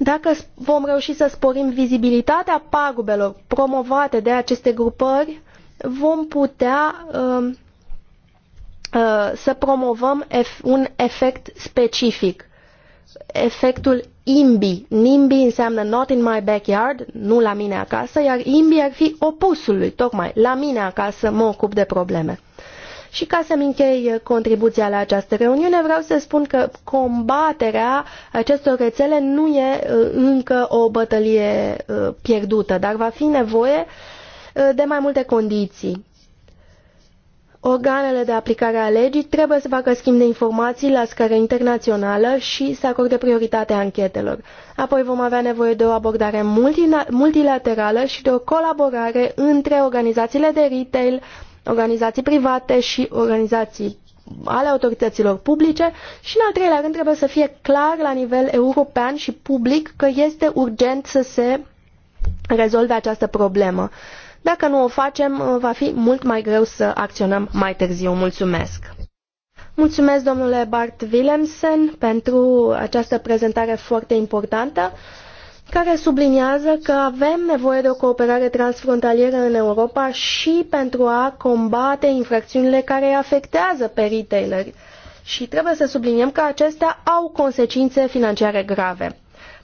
dacă vom reuși să sporim vizibilitatea pagubelor promovate de aceste grupări, vom putea uh, uh, să promovăm ef un efect specific. Efectul IMBI. NIMBI înseamnă not in my backyard, nu la mine acasă, iar IMBI ar fi opusul lui, tocmai la mine acasă mă ocup de probleme. Și ca să-mi închei uh, contribuția la această reuniune, vreau să spun că combaterea acestor rețele nu e uh, încă o bătălie uh, pierdută, dar va fi nevoie uh, Uh, de mai multe condiții. Organele de aplicare a legii trebuie să facă schimb de informații la scară internațională și să acorde prioritate anchetelor. Apoi vom avea nevoie de o abordare multilaterală și de o colaborare între organizațiile de retail, organizații private și organizații ale autorităților publice și, în al treilea rând, trebuie să fie clar la nivel european și public că este urgent să se rezolve această problemă. Uh, dacă nu o facem, uh, va fi mult mai greu să acționăm mai târziu. Mulțumesc! Mulțumesc, domnule Bart Willemsen, pentru această prezentare foarte importantă, care subliniază că avem nevoie de o cooperare transfrontalieră în Europa și pentru a combate infracțiunile care afectează pe retaileri. Și trebuie să subliniem că acestea au consecințe financiare grave.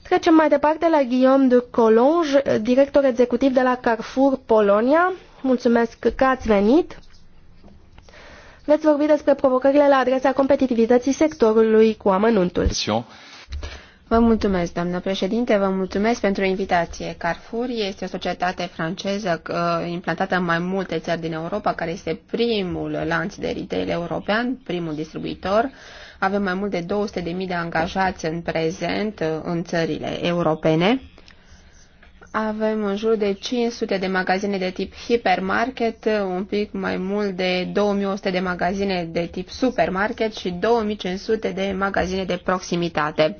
Trecem mai departe la Guillaume de Colonge, director executiv de la Carrefour Polonia. Mulțumesc că ați venit. Veți vorbi despre provocările la adresa competitivității sectorului cu amănuntul. Vă mulțumesc, doamnă președinte, vă mulțumesc pentru invitație. Carrefour este o societate franceză implantată în mai multe țări din Europa, care este primul lanț de retail european, primul distribuitor avem mai mult de 200.000 de angajați în prezent uh, în țările europene. Avem în jur de 500 de magazine de tip hipermarket, uh, un pic mai mult de 2100 de magazine de tip supermarket și 2500 de magazine de proximitate.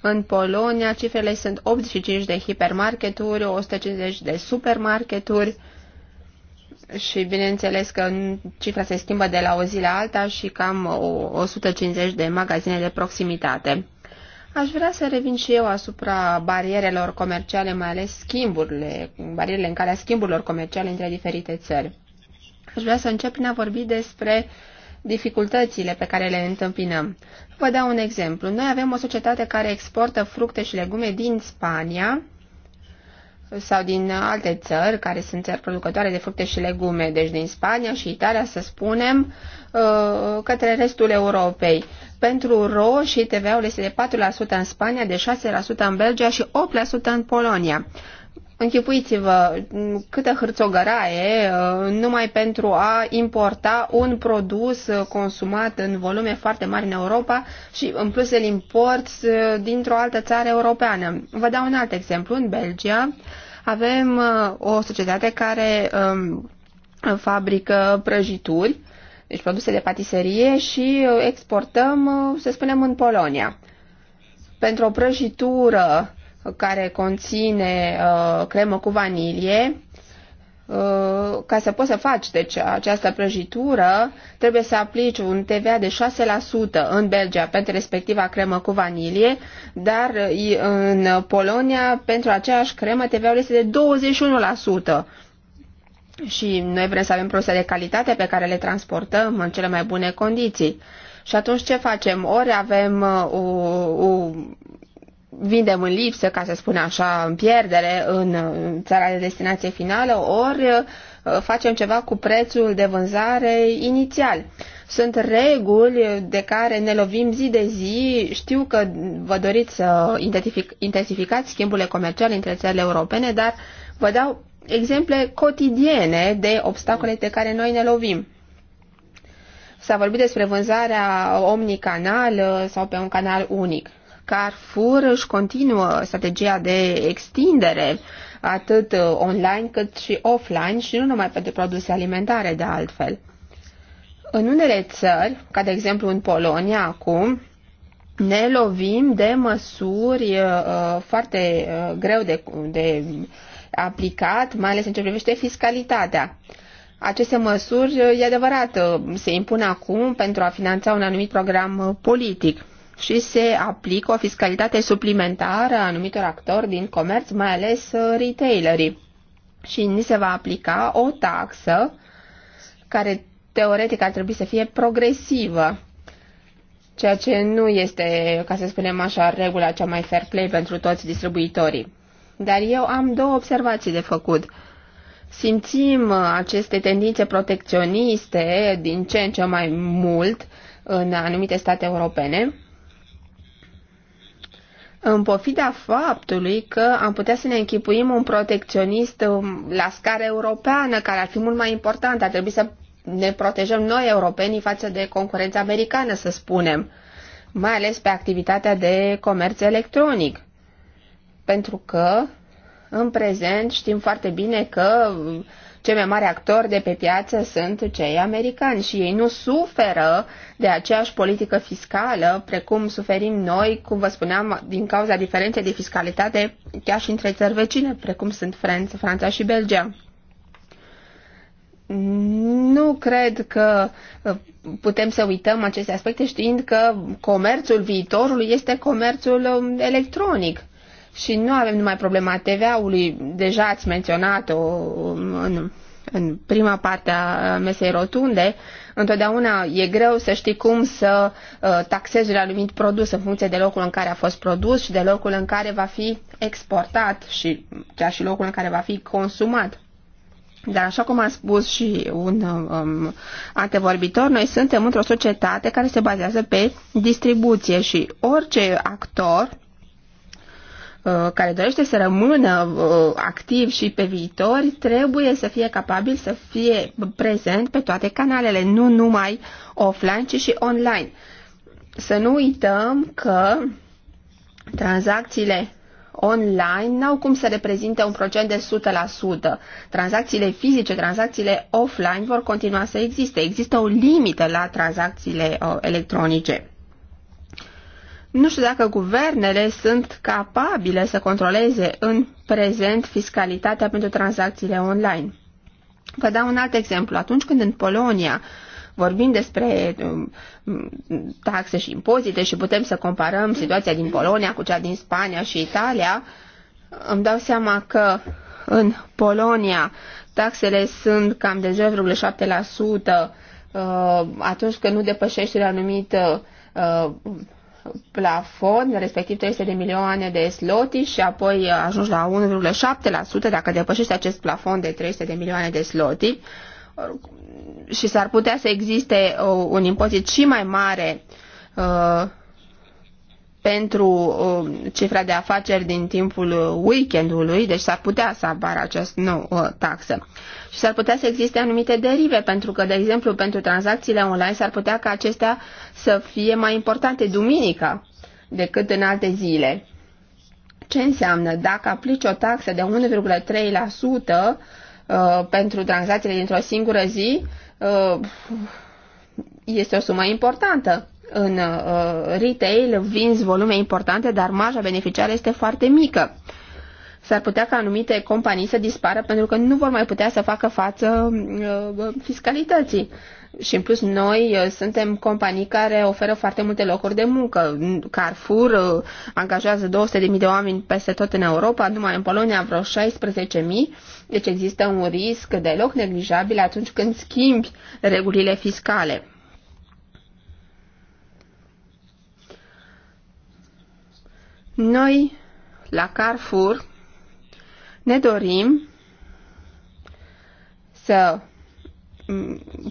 În Polonia, cifrele sunt 85 de hipermarketuri, 150 de supermarketuri, și bineînțeles că cifra se schimbă de la o zi la alta și cam 150 de magazine de proximitate. Aș vrea să revin și eu asupra barierelor comerciale, mai ales schimburile, barierele în calea schimburilor comerciale între diferite țări. Aș vrea să încep prin a vorbi despre dificultățile pe care le întâmpinăm. Vă dau un exemplu. Noi avem o societate care exportă fructe și legume din Spania sau din alte țări care sunt țări producătoare de fructe și legume, deci din Spania și Italia, să spunem, uh, către restul Europei. Pentru roșii TVA-ul este de 4% în Spania, de 6% în Belgia și 8% în Polonia. Închipuiți-vă câtă hârțogăraie uh, numai pentru a importa un produs uh, consumat în volume foarte mari în Europa și în plus îl import uh, dintr-o altă țară europeană. Vă dau un alt exemplu. În Belgia avem o societate care um, fabrică prăjituri, deci produse de patiserie și exportăm, să spunem, în Polonia. Pentru o prăjitură care conține uh, cremă cu vanilie, uh, ca să poți să faci deci, această prăjitură, trebuie să aplici un TVA de 6% în Belgia pentru respectiva cremă cu vanilie, dar în Polonia pentru aceeași cremă TVA-ul este de 21% și noi vrem să avem produse de calitate pe care le transportăm în cele mai bune condiții. Și atunci ce facem? Ori avem o, uh, o vindem în lipsă, ca să spun așa, în pierdere în țara de destinație finală, ori uh, facem ceva cu prețul de vânzare inițial. Sunt reguli de care ne lovim zi de zi. Știu că vă doriți să intensificați schimburile comerciale între țările europene, dar vă dau exemple cotidiene de obstacole de care noi ne lovim. S-a vorbit despre vânzarea omnicanal sau pe un canal unic. Carrefour își continuă strategia de extindere atât uh, online cât și offline și nu numai pentru produse alimentare de altfel. În unele țări, ca de exemplu în Polonia acum, ne lovim de măsuri uh, uh foarte uh, greu de, de aplicat, mai ales în ce privește fiscalitatea. Aceste măsuri, uh, e adevărat, se impun acum pentru a finanța un anumit program politic și se aplică o fiscalitate suplimentară a anumitor actori din comerț, mai ales uh, retailerii. Și ni se va aplica o taxă care teoretic ar trebui să fie progresivă, ceea ce nu este, ca să spunem așa, regula cea mai fair play pentru toți distribuitorii. Dar eu am două observații de făcut. Simțim uh, aceste tendințe protecționiste din ce în ce mai mult în anumite state europene, în pofida faptului că am putea să ne închipuim un protecționist um, la scară europeană, care ar fi mult mai important, ar trebui să ne protejăm noi europenii față de concurența americană, să spunem, mai ales pe activitatea de comerț electronic. Pentru că, în prezent, știm foarte bine că cei mai mari actori de pe piață sunt cei americani și ei nu suferă de aceeași politică fiscală precum suferim noi, cum vă spuneam, din cauza diferenței de fiscalitate chiar și între țări vecine, precum sunt Franța, Franța și Belgia. Nu cred că uh, putem să uităm aceste aspecte știind că comerțul viitorului este comerțul um, electronic și nu avem numai problema TVA-ului, deja ați menționat-o um, în, în prima parte a mesei rotunde, întotdeauna e greu să știi cum să uh, taxezi un anumit produs în funcție de locul în care a fost produs și de locul în care va fi exportat și chiar și locul în care va fi consumat. Dar așa cum a spus și un um, antevorbitor, noi suntem într-o societate care se bazează pe distribuție și orice actor Uh, care dorește să rămână uh, activ și pe viitor trebuie să fie capabil să fie prezent pe toate canalele, nu numai offline, ci și online. Să nu uităm că tranzacțiile online n-au cum să reprezinte un procent de 100%. Tranzacțiile fizice, tranzacțiile offline vor continua să existe. Există o limită la tranzacțiile uh, electronice. Nu știu dacă guvernele sunt capabile să controleze în prezent fiscalitatea pentru tranzacțiile online. Vă dau un alt exemplu. Atunci când în Polonia vorbim despre um, taxe și impozite și putem să comparăm situația din Polonia cu cea din Spania și Italia, îmi dau seama că în Polonia taxele sunt cam de 0,7% uh, atunci când nu depășește un anumit uh, plafon, respectiv 300 de milioane de sloti și apoi uh, ajungi la 1,7% dacă depășești acest plafon de 300 de milioane de sloti și s-ar putea să existe uh, un impozit și mai mare uh, pentru uh, cifra de afaceri din timpul uh, weekendului, deci s-ar putea să apară acest nou uh, taxă. Și s-ar putea să existe anumite derive, pentru că, de exemplu, pentru tranzacțiile online s-ar putea ca acestea să fie mai importante duminica decât în alte zile. Ce înseamnă dacă aplici o taxă de 1,3% pentru tranzacțiile dintr-o singură zi, este o sumă importantă în uh, retail vinzi volume importante, dar marja beneficiară este foarte mică. S-ar putea ca anumite companii să dispară pentru că nu vor mai putea să facă față uh, fiscalității. Și în plus noi uh, suntem companii care oferă foarte multe locuri de muncă. Carrefour uh, angajează 200.000 de oameni peste tot în Europa, numai în Polonia vreo 16.000. Deci există un risc deloc neglijabil atunci când schimbi regulile fiscale. Noi, la Carrefour, ne dorim să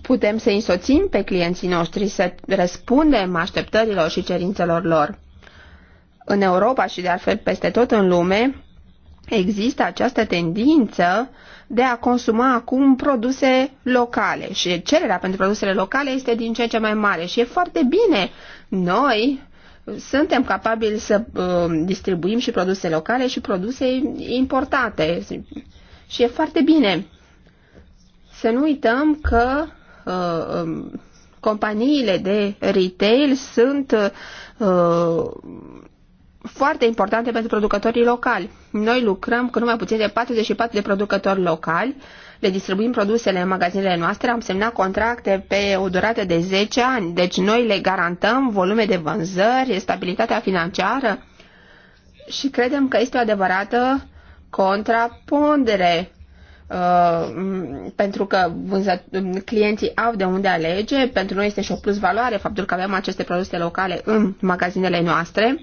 putem să însoțim pe clienții noștri, să răspundem așteptărilor și cerințelor lor. În Europa și de altfel peste tot în lume există această tendință de a consuma acum produse locale și cererea pentru produsele locale este din ce în ce mai mare și e foarte bine. Noi suntem capabili să uh, distribuim și produse locale și produse importate. Și e foarte bine. Să nu uităm că uh, um, companiile de retail sunt uh, foarte importante pentru producătorii locali. Noi lucrăm cu numai puțin de 44 de producători locali le distribuim produsele în magazinele noastre, am semnat contracte pe o durată de 10 ani, deci noi le garantăm volume de vânzări, stabilitatea financiară și credem că este o adevărată contrapondere Uh, pentru că vânză, clienții au de unde alege, pentru noi este și o plus valoare faptul că avem aceste produse locale în magazinele noastre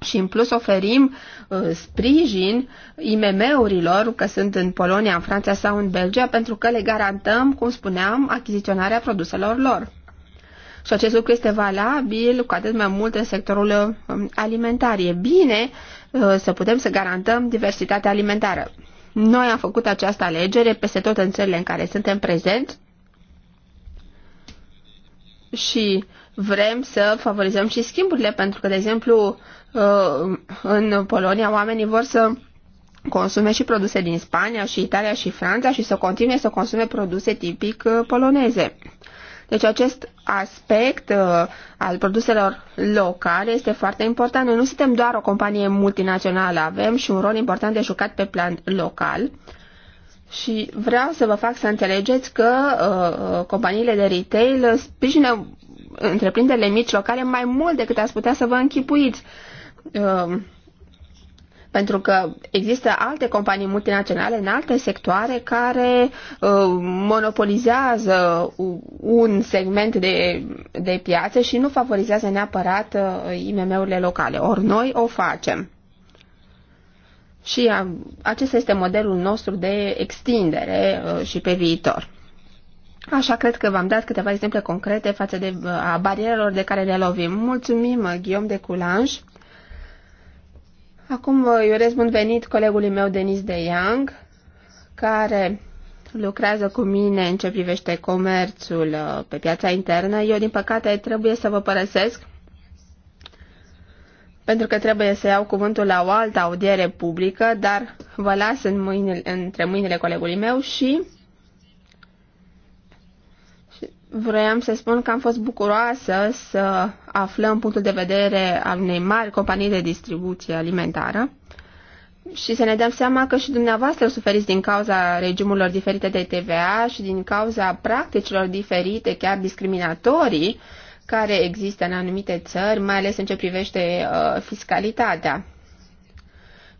și în plus oferim uh, sprijin IMM-urilor, că sunt în Polonia, în Franța sau în Belgia, pentru că le garantăm, cum spuneam, achiziționarea produselor lor. Și acest lucru este valabil cu atât mai mult în sectorul um, alimentar. E bine uh, să putem să garantăm diversitatea alimentară. Noi am făcut această alegere peste tot în țările în care suntem prezenți și vrem să favorizăm și schimburile, pentru că, de exemplu, Uh, în Polonia oamenii vor să consume și produse din Spania și Italia și Franța și să continue să consume produse tipic uh, poloneze. Deci acest aspect uh, al produselor locale este foarte important. Noi nu suntem doar o companie multinațională, avem și un rol important de jucat pe plan local. Și vreau să vă fac să înțelegeți că uh, companiile de retail sprijină întreprinderile mici locale mai mult decât ați putea să vă închipuiți. Uh, Um, pentru că există alte companii multinaționale în alte sectoare care um, monopolizează un segment de, de piață și nu favorizează neapărat uh, IMM-urile locale. Ori noi o facem. Și acesta este modelul nostru de extindere uh, și pe viitor. Așa cred că v-am dat câteva exemple concrete față de a uh, barierelor de care le lovim. Mulțumim, Ghiom de Culanj. Acum îi urez bun venit colegului meu, Denis de Young, care lucrează cu mine în ce privește comerțul uh, pe piața internă. Eu, din păcate, trebuie să vă părăsesc pentru că trebuie să iau cuvântul la o altă audiere publică, dar vă las în mâinile, între mâinile colegului meu și Vroiam să spun că am fost bucuroasă să aflăm punctul de vedere al unei mari companii de distribuție alimentară și să ne dăm seama că și dumneavoastră suferiți din cauza regimurilor diferite de TVA și din cauza practicilor diferite, chiar discriminatorii, care există în anumite țări, mai ales în ce privește uh, fiscalitatea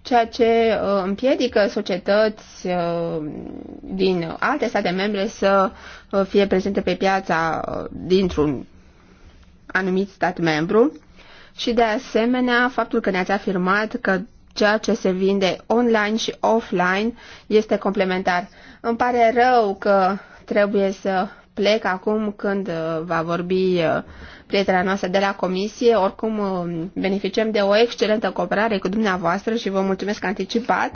ceea ce uh, împiedică societăți uh, din alte state membre să uh, fie prezente pe piața dintr-un anumit stat membru și de asemenea faptul că ne-ați afirmat că ceea ce se vinde online și offline este complementar. Îmi pare rău că trebuie să plec acum când va vorbi prietena noastră de la comisie. Oricum, uh, beneficiem de o excelentă cooperare cu dumneavoastră și vă mulțumesc anticipat.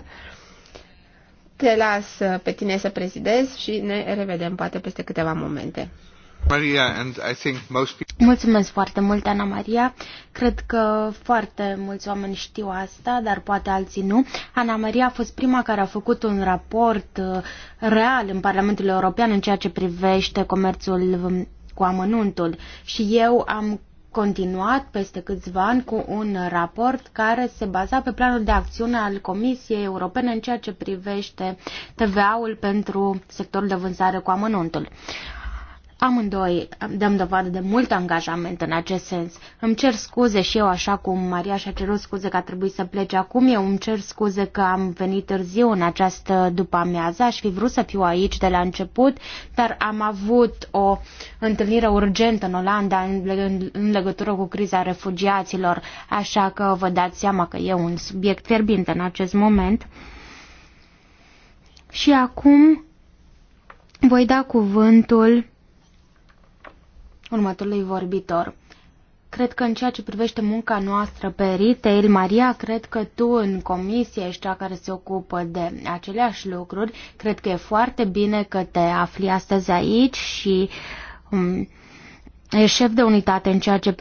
Te las uh, pe tine să prezidezi și ne revedem poate peste câteva momente. Maria, and I think most people... Mulțumesc foarte mult, Ana Maria. Cred că foarte mulți oameni știu asta, dar poate alții nu. Ana Maria a fost prima care a făcut un raport uh, real în Parlamentul European în ceea ce privește comerțul um, cu amănuntul și eu am continuat peste câțiva ani cu un raport care se baza pe planul de acțiune al Comisiei Europene în ceea ce privește TVA-ul pentru sectorul de vânzare cu amănuntul. Amândoi dăm dovadă de mult angajament în acest sens. Îmi cer scuze și eu, așa cum Maria și-a cerut scuze că a trebuit să plece acum, eu îmi cer scuze că am venit târziu în această după-amiază, aș fi vrut să fiu aici de la început, dar am avut o întâlnire urgentă în Olanda în, legătură cu criza refugiaților, așa că vă dați seama că e un subiect fierbinte în acest moment. Și acum voi da cuvântul următorului vorbitor. Cred că în ceea ce privește munca noastră pe retail, Maria, cred că tu în comisie ești cea care se ocupă de aceleași lucruri. Cred că e foarte bine că te afli astăzi aici și um, e șef de unitate în ceea ce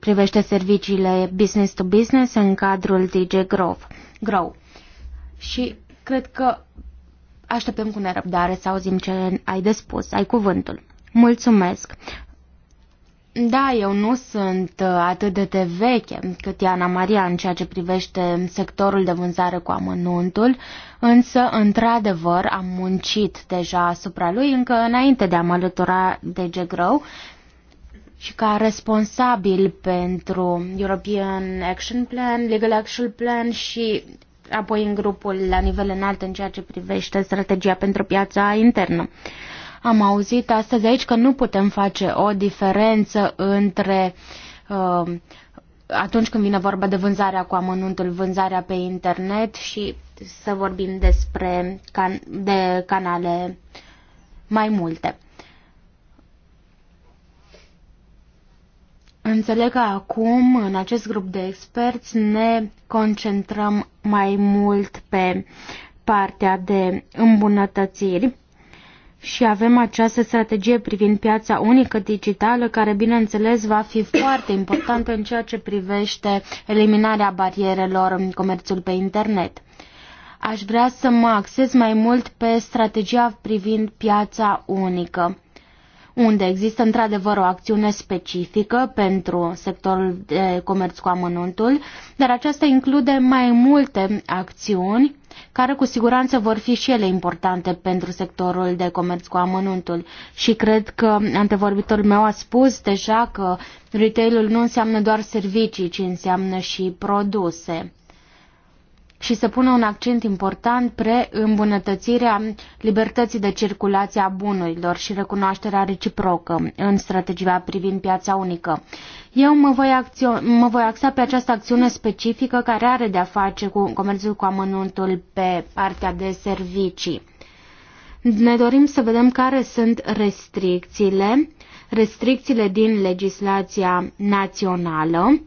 privește serviciile business to business în cadrul DJ Growth. Grow. Și cred că așteptăm cu nerăbdare să auzim ce ai de spus. Ai cuvântul. Mulțumesc. Da, eu nu sunt uh, atât de, de veche cât Iana Maria în ceea ce privește sectorul de vânzare cu amănuntul, însă, într-adevăr, am muncit deja asupra lui încă înainte de a mă alătura de Grow și ca responsabil pentru European Action Plan, Legal Action Plan și apoi în grupul la nivel înalt în ceea ce privește strategia pentru piața internă. Uh, am auzit astăzi aici că nu putem face o diferență între uh, atunci când vine vorba de vânzarea cu amănuntul, vânzarea pe internet și să vorbim despre can- de canale mai multe. Înțeleg că acum, în acest grup de experți, ne concentrăm mai mult pe partea de îmbunătățiri și avem această strategie privind piața unică digitală, care, bineînțeles, va fi foarte importantă în ceea ce privește eliminarea barierelor în comerțul pe internet. Aș vrea să mă axez mai mult pe strategia privind piața unică unde există într-adevăr o acțiune specifică pentru sectorul de comerț cu amănuntul, dar aceasta include mai multe acțiuni care cu siguranță vor fi și ele importante pentru sectorul de comerț cu amănuntul. Și cred că antevorbitorul meu a spus deja că retailul nu înseamnă doar servicii, ci înseamnă și produse și să pună un accent important pre îmbunătățirea libertății de circulație a bunurilor și recunoașterea reciprocă în strategia privind piața unică. Eu mă voi, acțio- mă voi axa pe această acțiune specifică care are de-a face cu comerțul cu amănuntul pe partea de servicii. Ne dorim să vedem care sunt restricțiile, restricțiile din legislația națională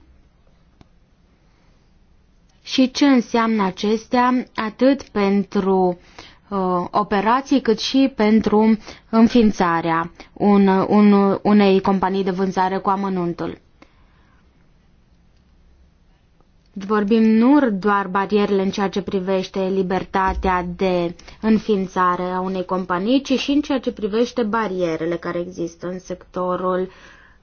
și ce înseamnă acestea atât pentru uh, operații cât și pentru înființarea un, un, unei companii de vânzare cu amănuntul. Vorbim nu doar barierele în ceea ce privește libertatea de înființare a unei companii, ci și în ceea ce privește barierele care există în sectorul uh,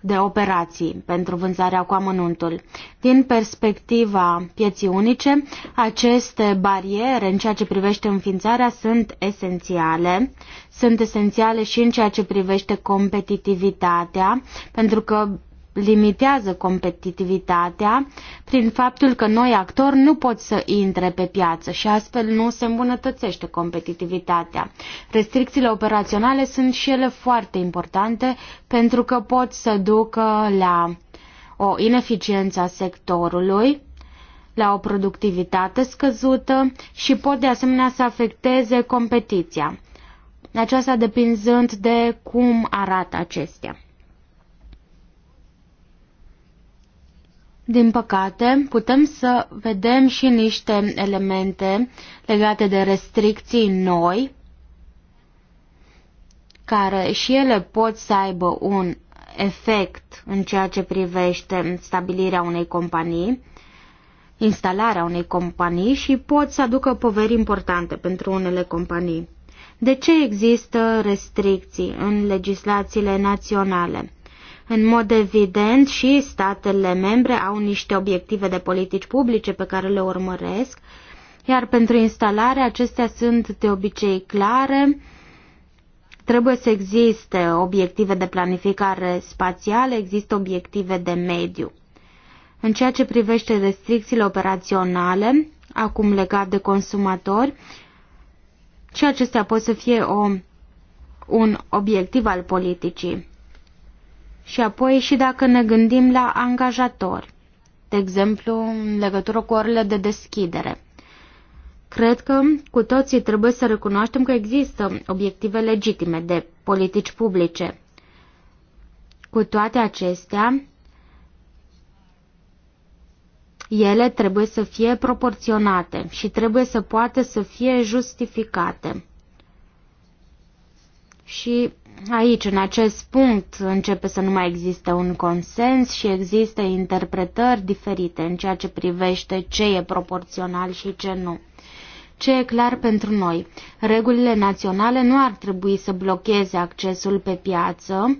de operații pentru vânzarea cu amănuntul. Din perspectiva pieții unice, aceste bariere în ceea ce privește înființarea sunt esențiale. Sunt esențiale și în ceea ce privește competitivitatea, pentru că limitează competitivitatea prin faptul că noi actori nu pot să intre pe piață și astfel nu se îmbunătățește competitivitatea. Restricțiile operaționale sunt și ele foarte importante pentru că pot să ducă la o ineficiență a sectorului, la o productivitate scăzută și pot de asemenea să afecteze competiția. Aceasta depinzând de cum arată acestea. Din păcate, putem să vedem și niște elemente legate de restricții noi, care și ele pot să aibă un efect în ceea ce privește stabilirea unei companii, instalarea unei companii și pot să aducă poveri importante pentru unele companii. De ce există restricții în legislațiile naționale? În mod evident și statele membre au niște obiective de politici publice pe care le urmăresc, iar pentru instalare acestea sunt de obicei clare, trebuie să existe obiective de planificare spațială, există obiective de mediu. În ceea ce privește restricțiile operaționale, acum legat de consumatori, și acestea pot să fie o, un obiectiv al politicii și apoi și dacă ne gândim la angajatori, de exemplu în legătură cu orele de deschidere. Cred că cu toții trebuie să recunoaștem că există obiective legitime de politici publice. Cu toate acestea, ele trebuie să fie proporționate și trebuie să poată să fie justificate. Și aici, în acest punct, începe să nu mai existe un consens și există interpretări diferite în ceea ce privește ce e proporțional și ce nu. Ce e clar pentru noi, regulile naționale nu ar trebui să blocheze accesul pe piață,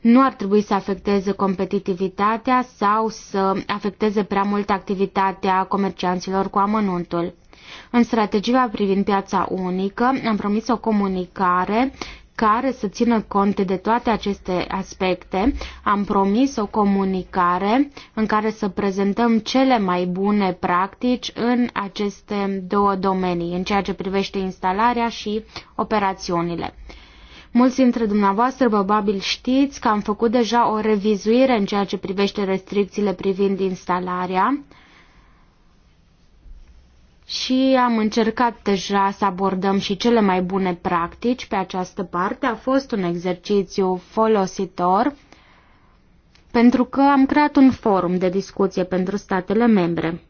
nu ar trebui să afecteze competitivitatea sau să afecteze prea mult activitatea comercianților cu amănuntul. În strategia privind piața unică am promis o comunicare care să țină cont de toate aceste aspecte. Am promis o comunicare în care să prezentăm cele mai bune practici în aceste două domenii, în ceea ce privește instalarea și operațiunile. Mulți dintre dumneavoastră probabil știți că am făcut deja o revizuire în ceea ce privește restricțiile privind instalarea și am încercat deja să abordăm și cele mai bune practici pe această parte. A fost un exercițiu folositor pentru că am creat un forum de discuție pentru statele membre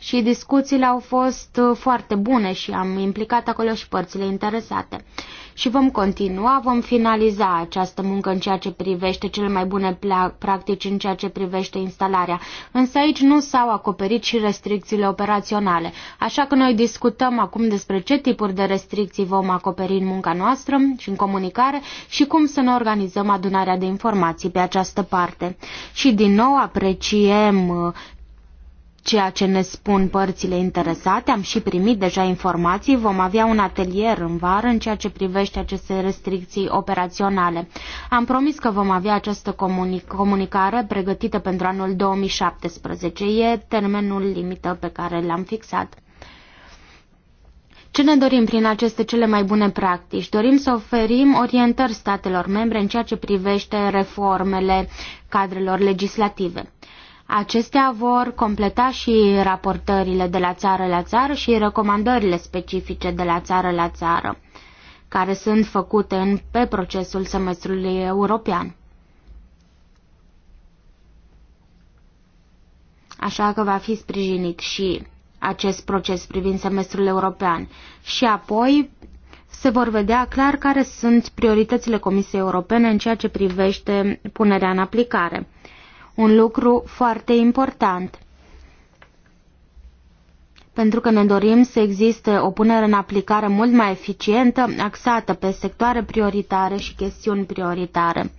și discuțiile au fost uh, foarte bune și am implicat acolo și părțile interesate. Și vom continua, vom finaliza această muncă în ceea ce privește cele mai bune practici în ceea ce privește instalarea. Însă aici nu s-au acoperit și restricțiile operaționale, așa că noi discutăm acum despre ce tipuri de restricții vom acoperi în munca noastră și în comunicare și cum să ne organizăm adunarea de informații pe această parte. Și din nou apreciem uh, ceea ce ne spun părțile interesate. Am și primit deja informații, vom avea un atelier în vară în ceea ce privește aceste restricții operaționale. Am promis că vom avea această comunic comunicare pregătită pentru anul 2017. E termenul limită pe care l-am fixat. Ce ne dorim prin aceste cele mai bune practici? Dorim să oferim orientări statelor membre în ceea ce privește reformele cadrelor legislative. Acestea vor completa și raportările de la țară la țară și recomandările specifice de la țară la țară, care sunt făcute în, pe procesul semestrului european. Așa că va fi sprijinit și acest proces privind semestrul european și apoi se vor vedea clar care sunt prioritățile Comisiei Europene în ceea ce privește punerea în aplicare un lucru foarte important. Pentru că ne dorim să existe o punere în aplicare mult mai eficientă, axată pe sectoare prioritare și chestiuni prioritare.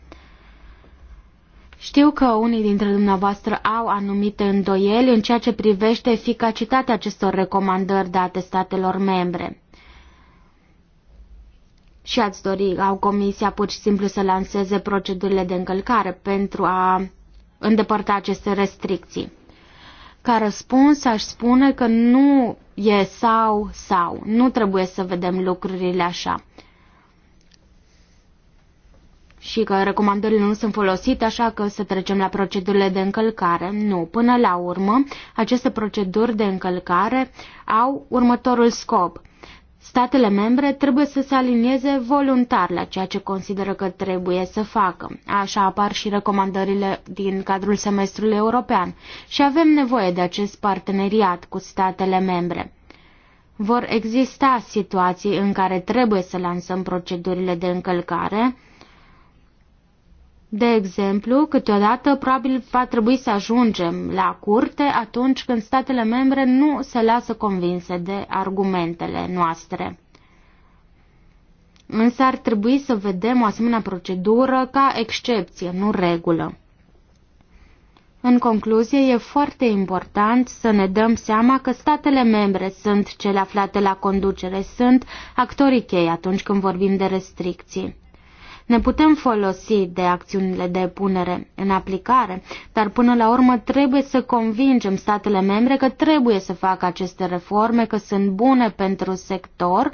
Știu că unii dintre dumneavoastră au anumite îndoieli în ceea ce privește eficacitatea acestor recomandări date statelor membre. Și ați dori, au comisia pur și simplu să lanseze procedurile de încălcare pentru a îndepărta aceste restricții. Ca răspuns aș spune că nu e sau sau, nu trebuie să vedem lucrurile așa. Și că recomandările nu sunt folosite, așa că să trecem la procedurile de încălcare. Nu, până la urmă, aceste proceduri de încălcare au următorul scop – Statele membre trebuie să se alinieze voluntar la ceea ce consideră că trebuie să facă. Așa apar și recomandările din cadrul semestrului european și avem nevoie de acest parteneriat cu statele membre. Vor exista situații în care trebuie să lansăm procedurile de încălcare, de exemplu, câteodată probabil va trebui să ajungem la curte atunci când statele membre nu se lasă convinse de argumentele noastre. Însă ar trebui să vedem o asemenea procedură ca excepție, nu regulă. În concluzie, e foarte important să ne dăm seama că statele membre sunt cele aflate la conducere, sunt actorii chei atunci când vorbim de restricții. Ne putem folosi de acțiunile de punere în aplicare, dar până la urmă trebuie să convingem statele membre că trebuie să facă aceste reforme, că sunt bune pentru sector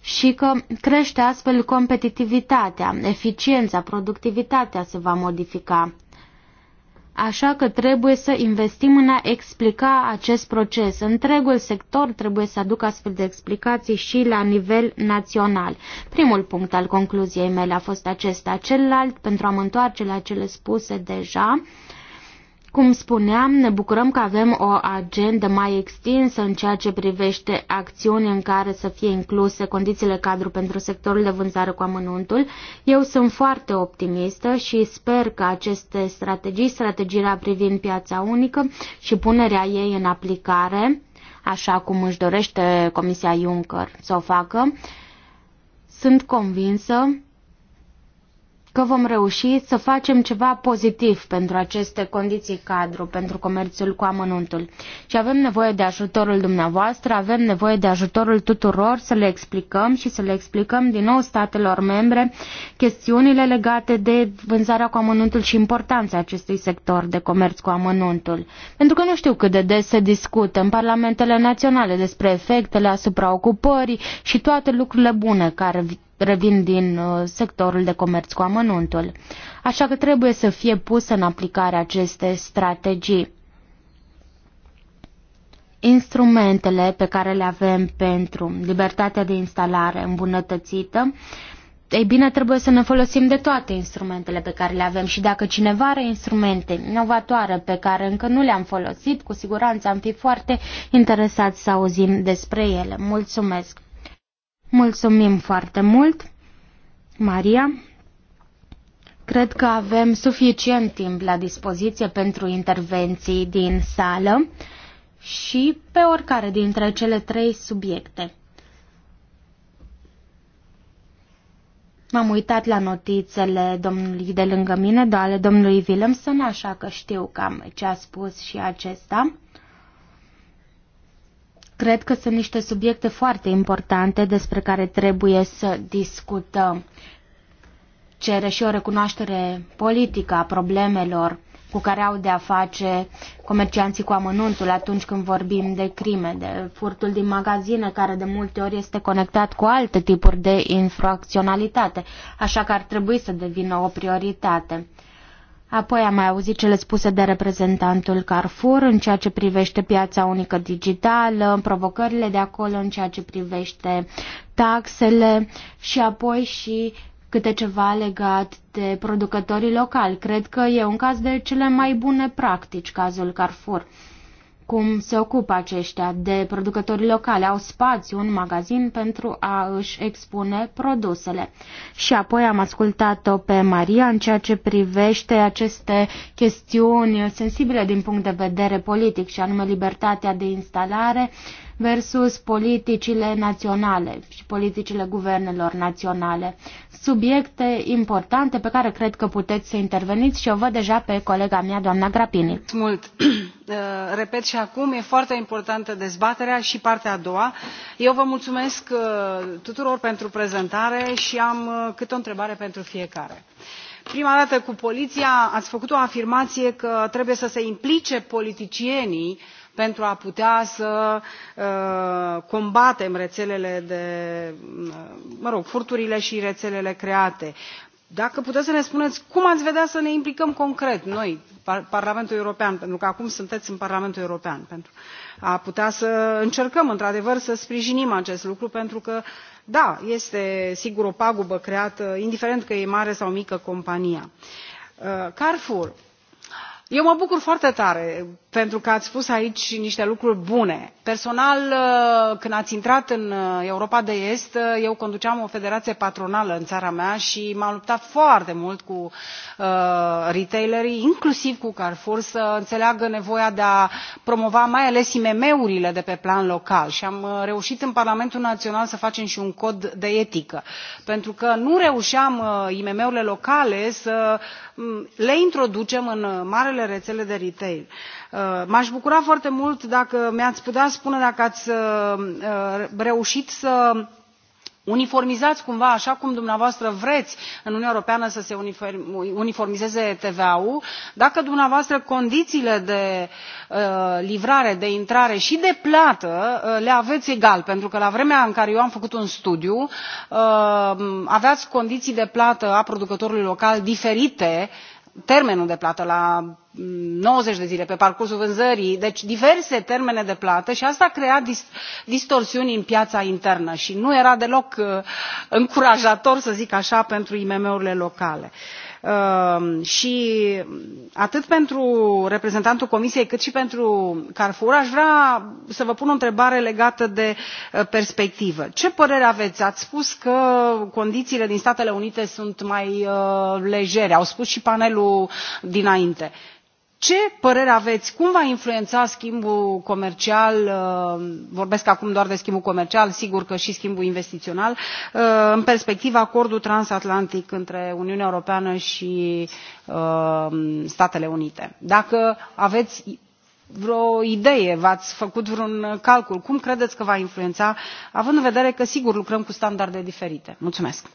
și că crește astfel competitivitatea, eficiența, productivitatea se va modifica Așa că trebuie să investim în a explica acest proces. Întregul sector trebuie să aducă astfel de explicații și la nivel național. Primul punct al concluziei mele a fost acesta. Celălalt, pentru a mă întoarce la cele spuse deja, uh, cum spuneam, ne bucurăm că avem o agendă mai extinsă în ceea ce privește acțiuni în care să fie incluse condițiile cadru pentru sectorul de vânzare cu amănuntul. Eu sunt foarte optimistă și sper că aceste strategii, strategia privind piața unică și punerea ei în aplicare, așa cum își dorește Comisia Juncker să o facă, sunt convinsă că vom reuși să facem ceva pozitiv pentru aceste condiții cadru, pentru comerțul cu amănuntul. Și avem nevoie de ajutorul dumneavoastră, avem nevoie de ajutorul tuturor să le explicăm și să le explicăm din nou statelor membre chestiunile legate de vânzarea cu amănuntul și importanța acestui sector de comerț cu amănuntul. Pentru că nu știu cât de des se discută în parlamentele naționale despre efectele asupra ocupării și toate lucrurile bune care revin din uh, sectorul de comerț cu amănuntul. Așa că trebuie să fie pusă în aplicare aceste strategii. Instrumentele pe care le avem pentru libertatea de instalare îmbunătățită ei bine, trebuie să ne folosim de toate instrumentele pe care le avem și dacă cineva are instrumente inovatoare pe care încă nu le-am folosit, cu siguranță am fi foarte interesat să auzim despre ele. Mulțumesc! Mulțumim foarte mult, Maria. Cred că avem suficient timp la dispoziție pentru intervenții din sală și pe oricare dintre cele trei subiecte. M-am uitat la notițele domnului de lângă mine, ale domnului Willemson, așa că știu cam ce a spus și acesta. Cred că sunt niște subiecte foarte importante despre care trebuie să discutăm. Cere și o recunoaștere politică a problemelor cu care au de a face comercianții cu amănuntul atunci când vorbim de crime, de furtul din magazine, care de multe ori este conectat cu alte tipuri de infracționalitate, așa că ar trebui să devină o prioritate. Apoi am mai auzit cele spuse de reprezentantul Carrefour în ceea ce privește piața unică digitală, provocările de acolo în ceea ce privește taxele și apoi și câte ceva legat de producătorii locali. Cred că e un caz de cele mai bune practici, cazul Carrefour. Cum se ocupă aceștia de producători locale, au spațiu, un magazin pentru a își expune produsele. Și apoi am ascultat-o pe Maria în ceea ce privește aceste chestiuni sensibile din punct de vedere politic, și anume libertatea de instalare, versus politicile naționale și politicile guvernelor naționale. Subiecte importante pe care cred că puteți să interveniți și o văd deja pe colega mea, doamna Grapini. Mult. Uh, repet și acum, e foarte importantă dezbaterea și partea a doua. Eu vă mulțumesc uh, tuturor pentru prezentare și am uh, câte o întrebare pentru fiecare prima dată cu poliția ați făcut o afirmație că trebuie să se implice politicienii pentru a putea să uh, combatem rețelele de uh, mă rog furturile și rețelele create dacă puteți să ne spuneți cum ați vedea să ne implicăm concret noi parlamentul european pentru că acum sunteți în parlamentul european pentru a putea să încercăm într adevăr să sprijinim acest lucru pentru că da este sigur o pagubă creată indiferent că e mare sau mică compania. Uh, carrefour eu mă bucur foarte tare pentru că ați spus aici niște lucruri bune. personal uh, când ați intrat în uh, europa de est uh, eu conduceam o federație patronală în țara mea și m am luptat foarte mult cu uh, retailerii inclusiv cu carrefour să înțeleagă nevoia de a promova mai ales imm urile de pe plan local și am reușit în parlamentul național să facem și un cod de etică pentru că nu reușeam imm urile locale să mm, le introducem în marele marile rețele de retail. Uh, m-aș bucura foarte mult dacă mi ați putea spune dacă ați uh, uh, reușit să uniformizați cumva așa cum dumneavoastră vreți în uniunea europeană să se uniformizeze tva ul dacă dumneavoastră condițiile de uh, livrare de intrare și de plată uh, le aveți egal pentru că la vremea în care eu am făcut un studiu uh, aveați condiții de plată a producătorului local diferite față termenul de plată la mm, nouăzeci de zile pe parcursul vânzării deci diverse termene de plată și asta a creat distorsiuni în piața internă și nu era deloc uh, încurajator să zic așa pentru imm urile locale. Ehm, și atât pentru reprezentantul comisiei cât și pentru carrefour aș vrea să vă pun o întrebare legată de perspectivă ce părere aveți ați spus că condițiile din statele unite sunt mai legere au spus și panelul dinainte ce părere aveți cum va influența schimbul comercial uh, vorbesc acum doar de schimbul comercial sigur că și schimbul investițional uh, în perspectivă acordul transatlantic între uniunea europeană și uh, statele unite dacă aveți vreo idee v ați făcut vreun calcul cum credeți că va influența având în vedere că sigur lucrăm cu standarde diferite? mulțumesc.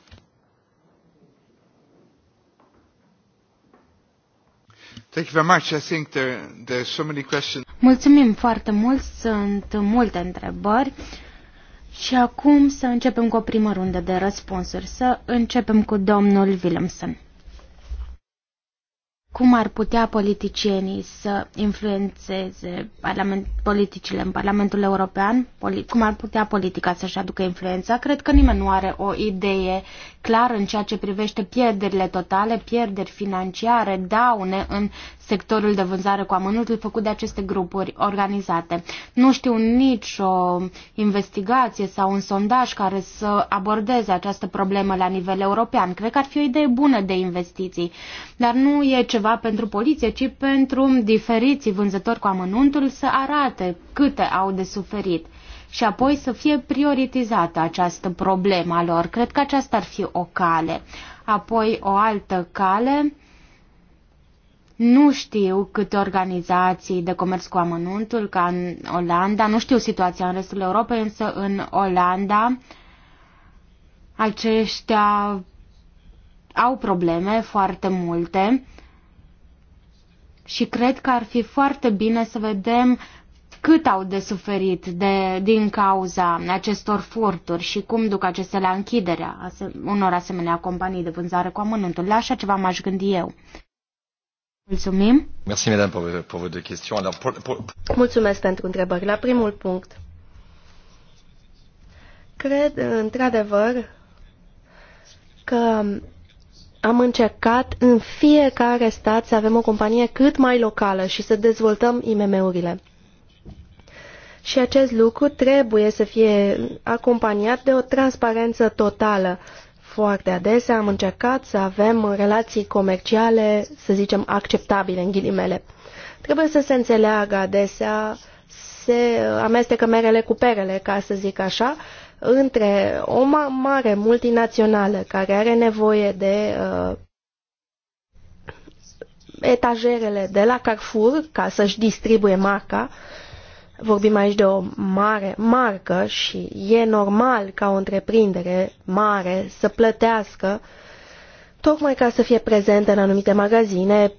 Thank you very much. I think there, there are so many questions. Mulțumim foarte mult, sunt multe întrebări. Și acum să începem cu o primă rundă de răspunsuri. Să începem cu domnul Willemsen cum ar putea politicienii să influențeze parlament, politicile în Parlamentul European, poli, cum ar putea politica să-și aducă influența. Cred că nimeni nu are o idee clară în ceea ce privește pierderile totale, pierderi financiare, daune în sectorul de vânzare cu amănuntul făcut de aceste grupuri organizate. Nu știu nicio investigație sau un sondaj care să abordeze această problemă la nivel european. Cred că ar fi o idee bună de investiții, dar nu e ceva pentru poliție, ci pentru diferiții vânzători cu amănuntul să arate câte au de suferit și apoi să fie prioritizată această problemă a lor. Cred că aceasta ar fi o cale. Apoi o altă cale nu știu câte organizații de comerț cu amănuntul ca în Olanda, nu știu situația în restul Europei, însă în Olanda aceștia au probleme foarte multe și cred că ar fi foarte bine să vedem cât au de suferit de, din cauza acestor furturi și cum duc acestea la închiderea unor asemenea companii de vânzare cu amănuntul. La așa ceva m-aș gândi eu. Mulțumim. Merci, madame, pour, pour vos deux questions. Alors, pour, pour... Mulțumesc pentru întrebări. La primul punct, cred într-adevăr că am încercat în fiecare stat să avem o companie cât mai locală și să dezvoltăm IMM-urile. Și acest lucru trebuie să fie acompaniat de o transparență totală foarte adesea am încercat să avem relații comerciale, să zicem, acceptabile, în ghilimele. Trebuie să se înțeleagă adesea, se amestecă merele cu perele, ca să zic așa, între o ma mare multinațională care are nevoie de uh, etajerele de la Carrefour ca să-și distribuie marca Vorbim aici de o mare marcă și e normal ca o întreprindere mare să plătească tocmai ca să fie prezentă în anumite magazine,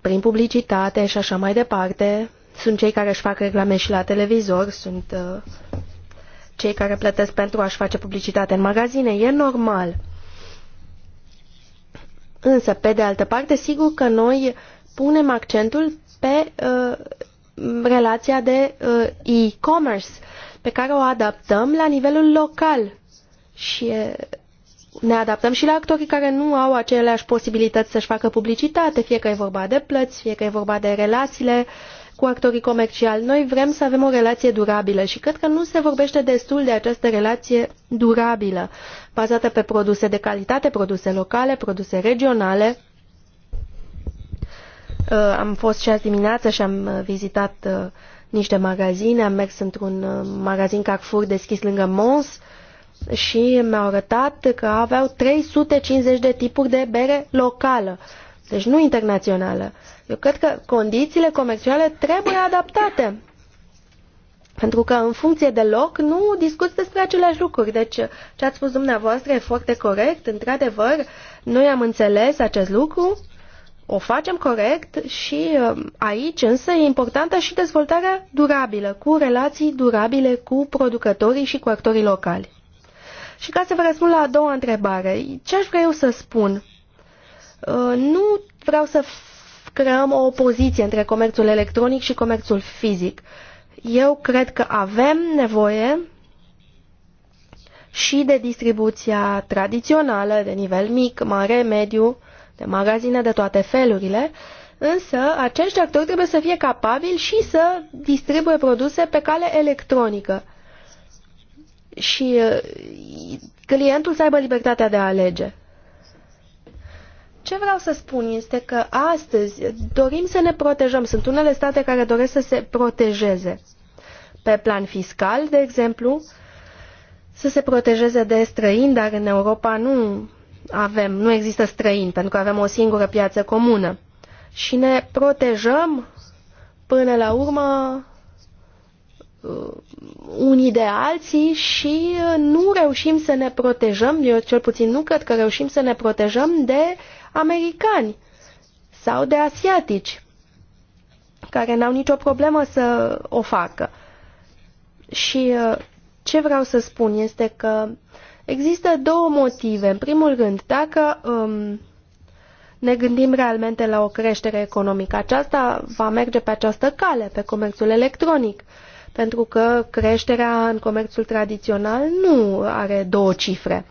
prin publicitate și așa mai departe. Sunt cei care își fac reclame și la televizor, sunt uh, cei care plătesc pentru a-și face publicitate în magazine. E normal. Însă, pe de altă parte, sigur că noi punem accentul pe uh, relația de uh, e-commerce pe care o adaptăm la nivelul local și uh, ne adaptăm și la actorii care nu au aceleași posibilități să-și facă publicitate, fie că e vorba de plăți, fie că e vorba de relațiile cu actorii comerciali. Noi vrem să avem o relație durabilă și cred că nu se vorbește destul de această relație durabilă, bazată pe produse de calitate, produse locale, produse regionale, Uh, am fost și azi dimineață și am uh, vizitat uh, niște magazine, am mers într-un magazin Carrefour deschis lângă Mons și mi-au arătat că aveau 350 de tipuri de bere locală, deci nu internațională. Eu cred că condițiile comerciale trebuie adaptate. Pentru că în funcție de loc nu discuți despre aceleași lucruri. Deci ce ați spus dumneavoastră e foarte corect, într-adevăr, noi am înțeles acest lucru o facem corect și uh, aici însă e importantă și dezvoltarea durabilă, cu relații durabile cu producătorii și cu actorii locali. Și ca să vă răspund la a doua întrebare, ce aș vrea eu să spun? Uh, nu vreau să creăm o opoziție între comerțul electronic și comerțul fizic. Eu cred că avem nevoie și de distribuția tradițională, de nivel mic, mare, mediu, de magazine de toate felurile, însă acești actori trebuie să fie capabili și să distribuie produse pe cale electronică și uh, clientul să aibă libertatea de a alege. Ce vreau să spun este că astăzi dorim să ne protejăm. Sunt unele state care doresc să se protejeze. Pe plan fiscal, de exemplu, să se protejeze de străini, dar în Europa nu avem, nu există străini, pentru că avem o singură piață comună. Și ne protejăm până la urmă uh, unii de alții și uh, nu reușim să ne protejăm, eu cel puțin nu cred că reușim să ne protejăm de americani sau de asiatici care n-au nicio problemă să o facă. Și uh, ce vreau să spun este că Există două motive. În primul rând, dacă um, ne gândim realmente la o creștere economică, aceasta va merge pe această cale, pe comerțul electronic, pentru că creșterea în comerțul tradițional nu are două cifre.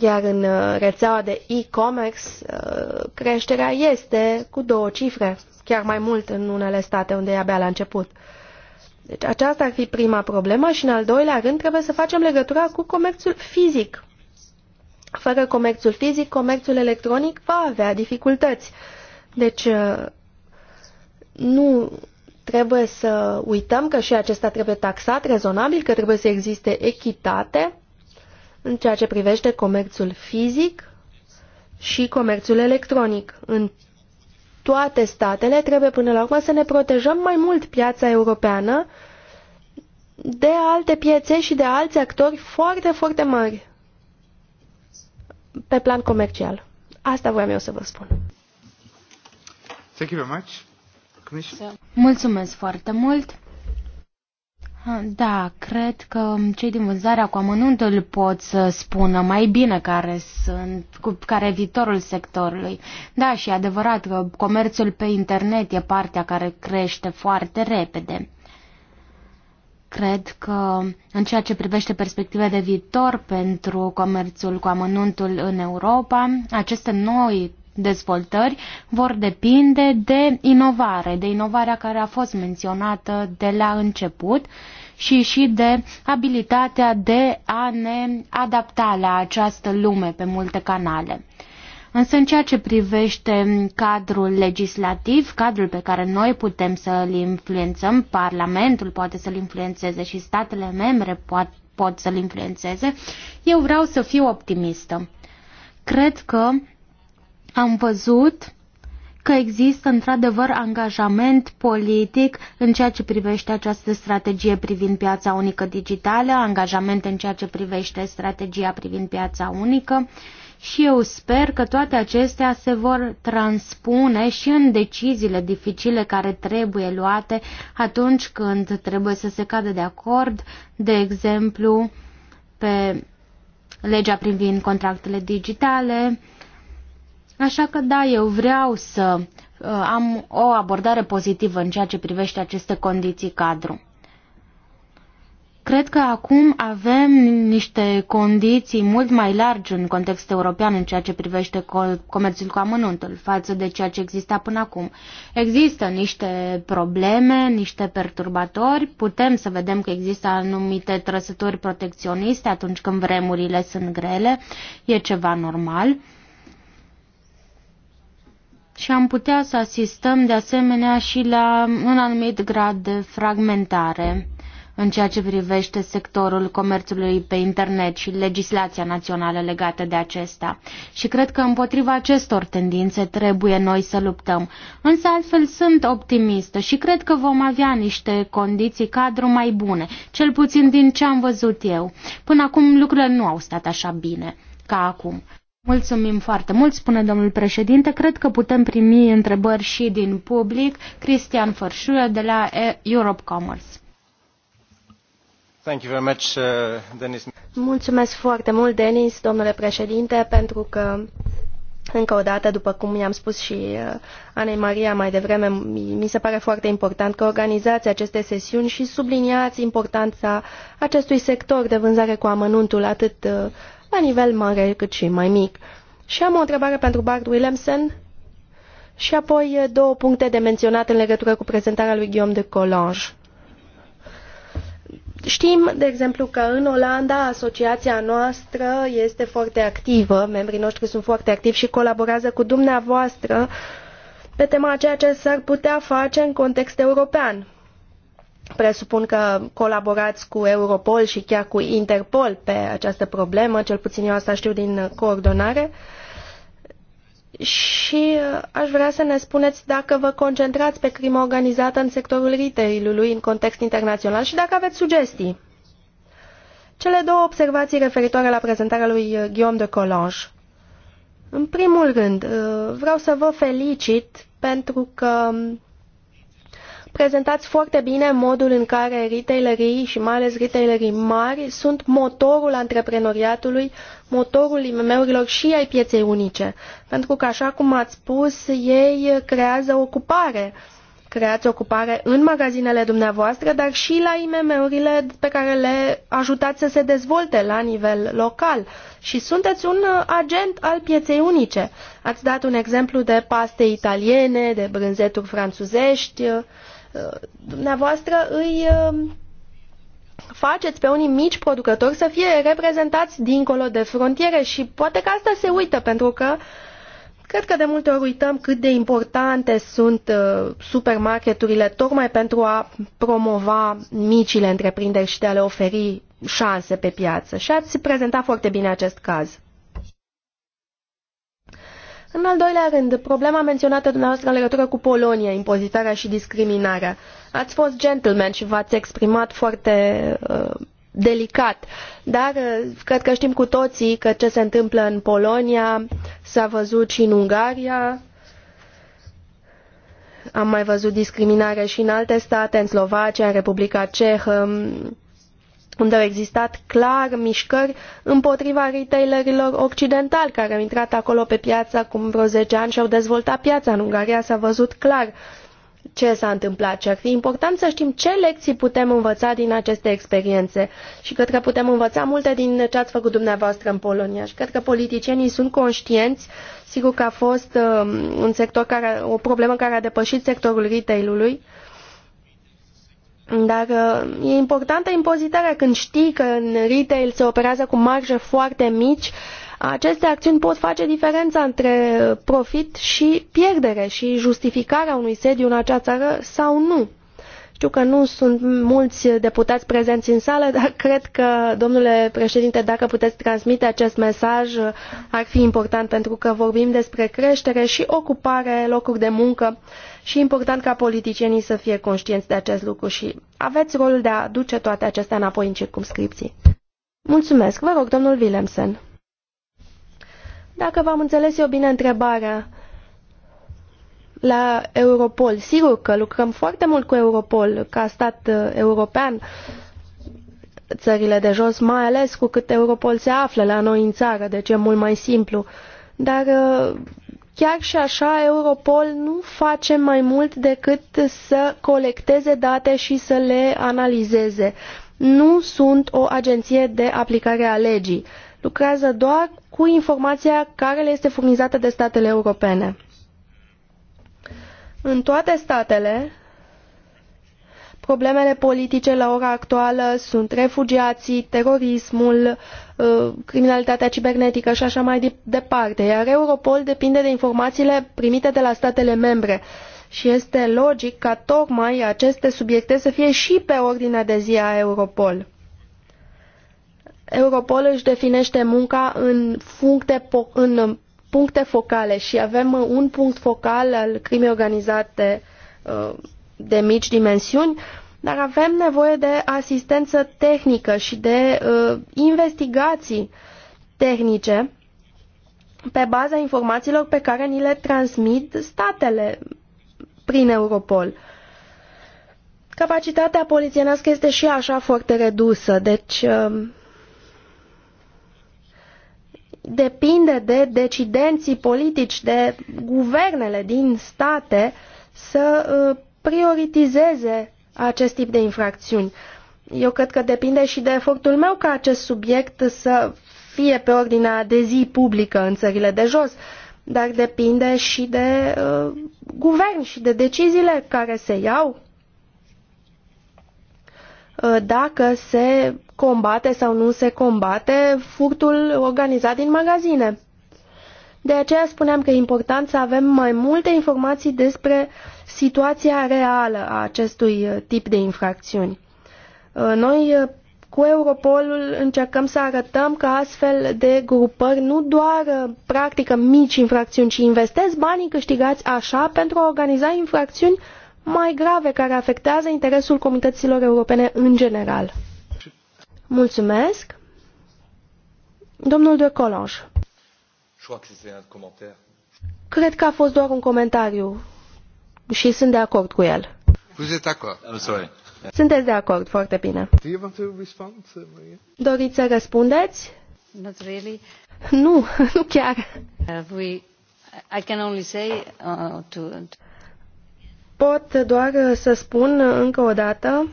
Iar în uh, rețeaua de e-commerce, uh, creșterea este cu două cifre, chiar mai mult în unele state unde e abia la început. Uh, deci aceasta ar fi prima problemă și în al doilea rând trebuie să facem legătura cu comerțul fizic. Fără comerțul fizic, comerțul electronic va avea dificultăți. Deci uh, nu trebuie să uităm că și acesta trebuie taxat rezonabil, că trebuie să existe echitate în ceea ce privește comerțul fizic și comerțul electronic. În toate statele, trebuie până la urmă să ne protejăm mai mult piața europeană de alte piețe și de alți actori foarte, foarte mari pe plan comercial. Asta voiam eu să vă spun. Thank you very much. Mulțumesc foarte mult. Da, cred că cei din vânzarea cu amănuntul pot să spună mai bine care sunt, cu care e viitorul sectorului. Da, și e adevărat că comerțul pe internet e partea care crește foarte repede. Cred că în ceea ce privește perspectiva de viitor pentru comerțul cu amănuntul în Europa, aceste noi dezvoltări vor depinde de inovare, de inovarea care a fost menționată de la început și și de abilitatea de a ne adapta la această lume pe multe canale. Însă în ceea ce privește cadrul legislativ, cadrul pe care noi putem să-l influențăm, Parlamentul poate să-l influențeze și statele membre pot, pot să-l influențeze, eu vreau să fiu optimistă. Cred că am văzut că există într-adevăr angajament politic în ceea ce privește această strategie privind piața unică digitală, angajament în ceea ce privește strategia privind piața unică și eu sper că toate acestea se vor transpune și în deciziile dificile care trebuie luate atunci când trebuie să se cadă de acord, de exemplu, pe legea privind contractele digitale, Așa că da, eu vreau să uh, am o abordare pozitivă în ceea ce privește aceste condiții cadru. Cred că acum avem niște condiții mult mai largi în context european în ceea ce privește comerțul cu amănuntul față de ceea ce exista până acum. Există niște probleme, niște perturbatori, putem să vedem că există anumite trăsături protecționiste atunci când vremurile sunt grele, e ceva normal și am putea să asistăm de asemenea și la un anumit grad de fragmentare în ceea ce privește sectorul comerțului pe internet și legislația națională legată de acesta. Și cred că împotriva acestor tendințe trebuie noi să luptăm. Însă altfel sunt optimistă și cred că vom avea niște condiții cadru mai bune, cel puțin din ce am văzut eu. Până acum lucrurile nu au stat așa bine ca acum. Mulțumim foarte mult, spune domnul președinte. Cred că putem primi întrebări și din public. Cristian Fărșură de la Europe Commerce. Thank you very much, uh, Denis. Mulțumesc foarte mult, Denis, domnule președinte, pentru că încă o dată, după cum i-am spus și uh, Anei Maria mai devreme, mi se pare foarte important că organizați aceste sesiuni și subliniați importanța acestui sector de vânzare cu amănuntul atât uh, la nivel mare cât și mai mic. Și am o întrebare pentru Bart Willemsen și apoi eh, două puncte de menționat în legătură cu prezentarea lui Guillaume de Colange. Știm, de exemplu, că în Olanda asociația noastră este foarte activă, membrii noștri sunt foarte activi și colaborează cu dumneavoastră pe tema ceea ce s-ar putea face în context european presupun că colaborați cu Europol și chiar cu Interpol pe această problemă, cel puțin eu asta știu din coordonare. Și uh, aș vrea să ne spuneți dacă vă concentrați pe crimă organizată în sectorul retailului în context internațional și dacă aveți sugestii. Cele două observații referitoare la prezentarea lui uh, Guillaume de Colange. În primul rând, uh, vreau să vă felicit pentru că um, prezentați foarte bine modul în care retailerii și mai ales retailerii mari sunt motorul antreprenoriatului, motorul IMM-urilor și ai pieței unice. Pentru că, așa cum ați spus, ei creează ocupare. Creați ocupare în magazinele dumneavoastră, dar și la IMM-urile pe care le ajutați să se dezvolte la nivel local. Și sunteți un agent al pieței unice. Ați dat un exemplu de paste italiene, de brânzeturi franțuzești, dumneavoastră îi uh, faceți pe unii mici producători să fie reprezentați dincolo de frontiere și poate că asta se uită pentru că cred că de multe ori uităm cât de importante sunt uh, supermarketurile tocmai pentru a promova micile întreprinderi și de a le oferi șanse pe piață. Și ați prezentat foarte bine acest caz. În al doilea rând, problema menționată dumneavoastră în legătură cu Polonia, impozitarea și discriminarea. Ați fost gentleman și v-ați exprimat foarte uh, delicat, dar uh, cred că știm cu toții că ce se întâmplă în Polonia s-a văzut și în Ungaria, am mai văzut discriminare și în alte state, în Slovacia, în Republica Cehă, unde au existat clar mișcări împotriva retailerilor occidentali care au intrat acolo pe piață acum vreo 10 ani și au dezvoltat piața. În Ungaria s-a văzut clar ce s-a întâmplat și ar fi important să știm ce lecții putem învăța din aceste experiențe și cred că putem învăța multe din ce ați făcut dumneavoastră în Polonia și cred că politicienii sunt conștienți Sigur că a fost um, un sector care, o problemă care a depășit sectorul retailului uh, dar uh, e importantă impozitarea când știi că în retail se operează cu marje foarte mici. Aceste acțiuni pot face diferența între uh, profit și pierdere și justificarea unui sediu în acea țară sau nu. Știu că nu sunt mulți deputați prezenți în sală, dar cred că, domnule președinte, dacă puteți transmite acest mesaj, uh, ar fi important pentru că vorbim despre creștere și ocupare, locuri de muncă și e important ca politicienii să fie conștienți de acest lucru și aveți rolul de a duce toate acestea înapoi în circumscripții. Mulțumesc, vă rog, domnul Willemsen. Dacă v-am înțeles eu bine întrebarea la Europol, sigur că lucrăm foarte mult cu Europol ca stat uh, european, țările de jos, mai ales cu cât Europol se află la noi în țară, deci e mult mai simplu. Dar uh, Chiar și așa, Europol nu face mai mult decât să colecteze date și să le analizeze. Nu sunt o agenție de aplicare a legii. Lucrează doar cu informația care le este furnizată de statele europene. În toate statele, Problemele politice la ora actuală sunt refugiații, terorismul, uh, criminalitatea cibernetică și așa mai departe, iar Europol depinde de informațiile primite de la statele membre și este logic ca tocmai aceste subiecte să fie și pe ordinea de zi a Europol. Europol își definește munca în, în puncte focale și avem un punct focal al crimei organizate uh, de mici dimensiuni, dar avem nevoie de asistență tehnică și de uh, investigații tehnice pe baza informațiilor pe care ni le transmit statele prin Europol. Capacitatea polițienească este și așa foarte redusă, deci uh, depinde de decidenții politici, de guvernele din state să uh, prioritizeze acest tip de infracțiuni. Eu cred că depinde și de efortul meu ca acest subiect să fie pe ordinea de zi publică în țările de jos, dar depinde și de uh, guvern și de deciziile care se iau uh, dacă se combate sau nu se combate furtul organizat din magazine. De aceea spuneam că e important să avem mai multe informații despre situația reală a acestui uh, tip de infracțiuni. Uh, noi uh, cu Europolul încercăm să arătăm că astfel de grupări nu doar practică mici infracțiuni, ci investesc banii câștigați așa pentru a organiza infracțiuni mai grave care afectează interesul comunităților europene în general. Mulțumesc. Domnul de Colange. Cred că a fost doar un comentariu și sunt de acord cu el. Sunteți de acord, foarte bine. Uh, Doriți să răspundeți? Not really. Nu, nu chiar. Uh, we, I can only say, uh, to... Pot doar uh, să spun uh, încă o dată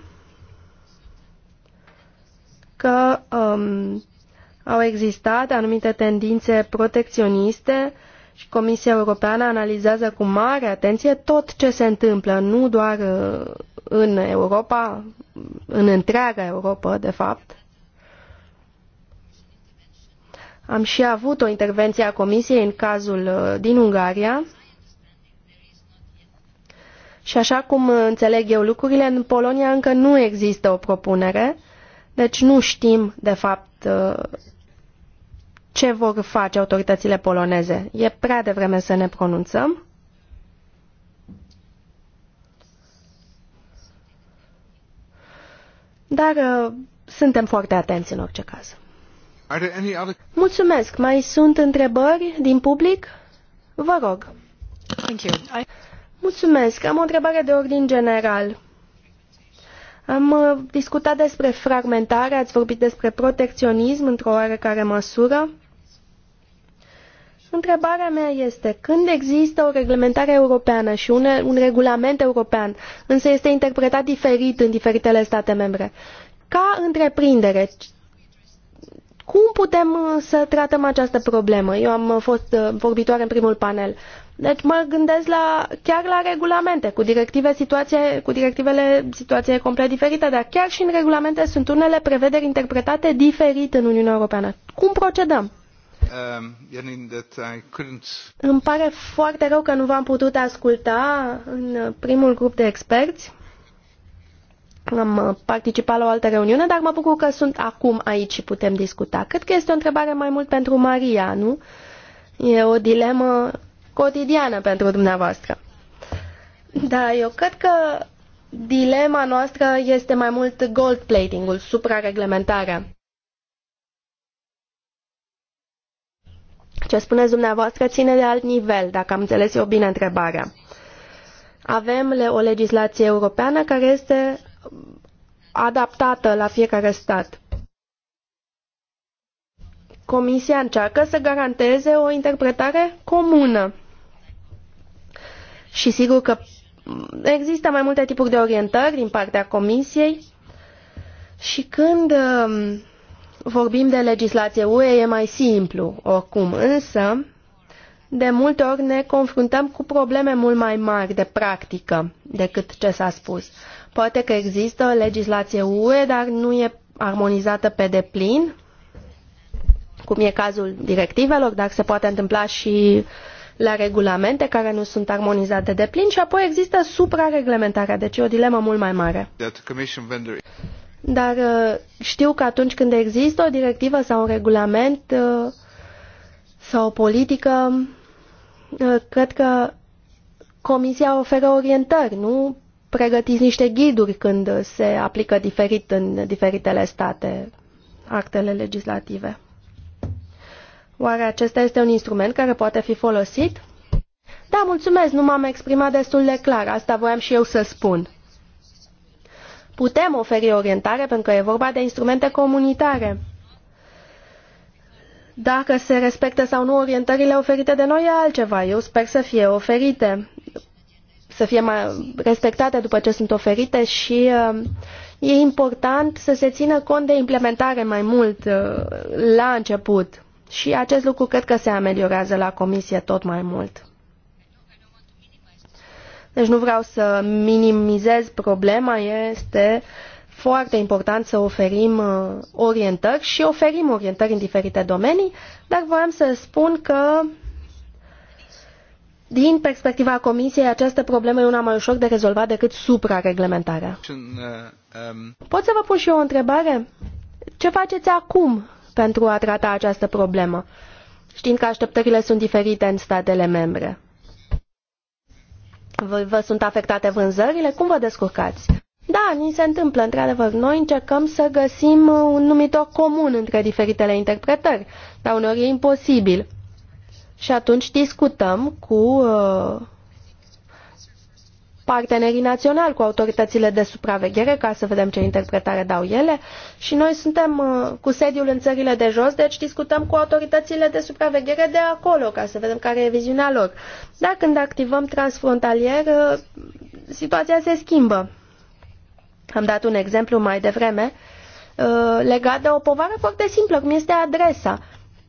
că um, au existat anumite tendințe protecționiste și Comisia Europeană analizează cu mare atenție tot ce se întâmplă, nu doar uh, în Europa, în întreaga Europa, de fapt. Am și avut o intervenție a Comisiei în cazul uh, din Ungaria. Și așa cum uh, înțeleg eu lucrurile, în Polonia încă nu există o propunere, deci nu știm, de fapt, ce vor face autoritățile poloneze. E prea devreme să ne pronunțăm. Dar uh, suntem foarte atenți în orice caz. Mulțumesc. Mai sunt întrebări din public? Vă rog. Thank you. I... Mulțumesc. Am o întrebare de ordin general. Am uh, discutat despre fragmentare, ați vorbit despre protecționism într-o oarecare măsură. Întrebarea mea este, când există o reglementare europeană și un, un regulament european, însă este interpretat diferit în diferitele state membre, ca întreprindere, cum putem uh, să tratăm această problemă? Eu am uh, fost uh, vorbitoare în primul panel. Deci mă gândesc la, chiar la regulamente. Cu, directive situație, cu directivele situație e complet diferită, dar chiar și în regulamente sunt unele prevederi interpretate diferit în Uniunea Europeană. Cum procedăm? Um, Îmi pare foarte rău că nu v-am putut asculta în primul grup de experți. Am uh, participat la o altă reuniune, dar mă bucur că sunt acum aici și putem discuta. Cred că este o întrebare mai mult pentru Maria, nu? E o dilemă cotidiană pentru dumneavoastră. Da, eu cred că dilema noastră este mai mult gold plating-ul, suprareglementarea. Ce spuneți dumneavoastră ține de alt nivel, dacă am înțeles eu bine întrebarea. Avem o legislație europeană care este adaptată la fiecare stat. Comisia încearcă să garanteze o interpretare comună. Și sigur că există mai multe tipuri de orientări din partea Comisiei și când um, vorbim de legislație UE, e mai simplu oricum, însă de multe ori ne confruntăm cu probleme mult mai mari de practică decât ce s-a spus. Poate că există legislație UE, dar nu e armonizată pe deplin, cum e cazul directivelor, dar se poate întâmpla și la regulamente care nu sunt armonizate de plin și apoi există suprareglementarea, deci e o dilemă mult mai mare dar uh, știu că atunci când există o directivă sau un regulament uh, sau o politică, uh, cred că Comisia oferă orientări, nu pregătiți niște ghiduri când se aplică diferit în diferitele state actele legislative. Oare acesta este un instrument care poate fi folosit? Da, mulțumesc, nu m-am exprimat destul de clar, asta voiam și eu să spun. Putem oferi orientare pentru că e vorba de instrumente comunitare. Dacă se respectă sau nu orientările oferite de noi e altceva. Eu sper să fie oferite, să fie mai respectate după ce sunt oferite și uh, e important să se țină cont de implementare mai mult uh, la început. Și acest lucru cred că se ameliorează la comisie tot mai mult. Deci nu vreau să minimizez problema, este foarte important să oferim uh, orientări și oferim orientări în diferite domenii, dar voiam să spun că din perspectiva Comisiei, această problemă e una mai ușor de rezolvat decât suprareglementarea. Pot să vă pun și eu o întrebare? Ce faceți acum pentru a trata această problemă, știind că așteptările sunt diferite în statele membre? Vă, vă sunt afectate vânzările? Cum vă descurcați? Da, ni se întâmplă, într-adevăr. Noi încercăm să găsim un numitor comun între diferitele interpretări, dar uneori e imposibil. Și atunci discutăm cu uh, partenerii naționali, cu autoritățile de supraveghere, ca să vedem ce interpretare dau ele. Și noi suntem uh, cu sediul în țările de jos, deci discutăm cu autoritățile de supraveghere de acolo, ca să vedem care e viziunea lor. Dar când activăm transfrontalier, uh, situația se schimbă. Am dat un exemplu mai devreme uh, legat de o povară foarte simplă, cum este adresa.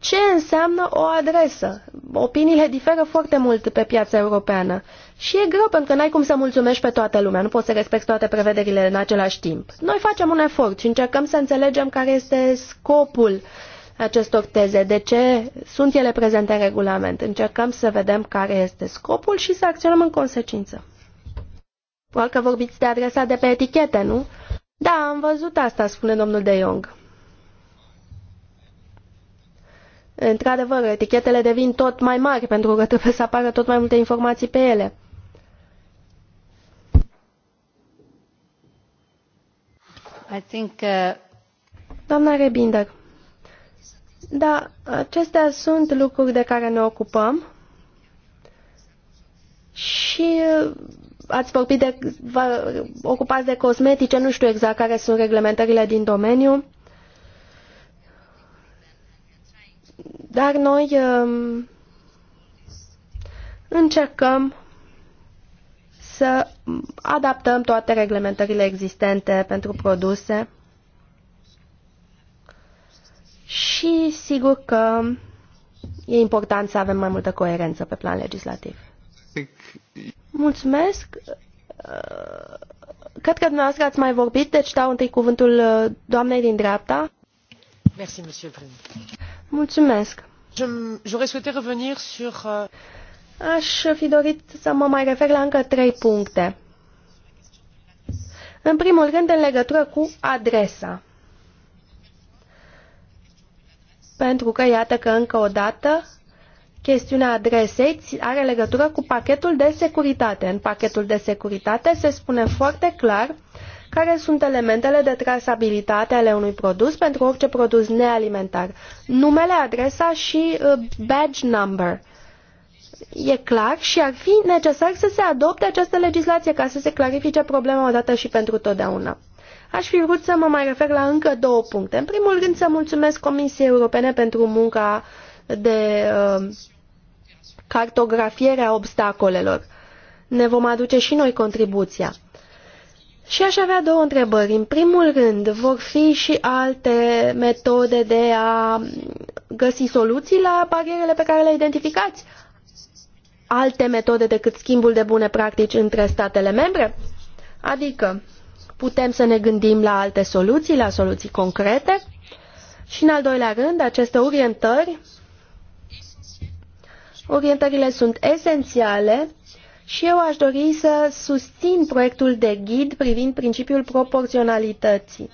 Ce înseamnă o adresă? Opiniile diferă foarte mult pe piața europeană. Și e greu pentru că n-ai cum să mulțumești pe toată lumea, nu poți să respecti toate prevederile în același timp. Noi facem un efort și încercăm să înțelegem care este scopul acestor teze, de ce sunt ele prezente în regulament. Încercăm să vedem care este scopul și să acționăm în consecință. Probabil că vorbiți de adresa de pe etichete, nu? Da, am văzut asta, spune domnul De Jong. Într-adevăr, etichetele devin tot mai mari pentru că trebuie să apară tot mai multe informații pe ele. I think, uh, Doamna Rebinder, da, acestea sunt lucruri de care ne ocupăm și uh, ați vorbit de, vă ocupați de cosmetice, nu știu exact care sunt reglementările din domeniu, dar noi um, încercăm să adaptăm toate reglementările existente pentru produse și sigur că e important să avem mai multă coerență pe plan legislativ. Mulțumesc. Cred că dumneavoastră ați mai vorbit, deci dau întâi cuvântul doamnei din dreapta. Mulțumesc. Mulțumesc. J'aurais souhaité revenir sur... Euh, Aș fi dorit să mă mai refer la încă trei puncte. În primul rând, în legătură cu adresa. Pentru că, iată că încă o dată, chestiunea adresei are legătură cu pachetul de securitate. În pachetul de securitate se spune foarte clar care sunt elementele de trasabilitate ale unui produs pentru orice produs nealimentar. Numele, adresa și uh, badge number e clar și ar fi necesar să se adopte această legislație ca să se clarifice problema odată și pentru totdeauna. Aș fi vrut să mă mai refer la încă două puncte. În primul rând să mulțumesc Comisiei Europene pentru munca de uh, cartografiere a obstacolelor. Ne vom aduce și noi contribuția. Și aș avea două întrebări. În primul rând, vor fi și alte metode de a găsi soluții la barierele pe care le identificați? alte metode decât schimbul de bune practici între statele membre? Adică putem să ne gândim la alte soluții, la soluții concrete și în al doilea rând aceste orientări Orientările sunt esențiale și eu aș dori să susțin proiectul de ghid privind principiul proporționalității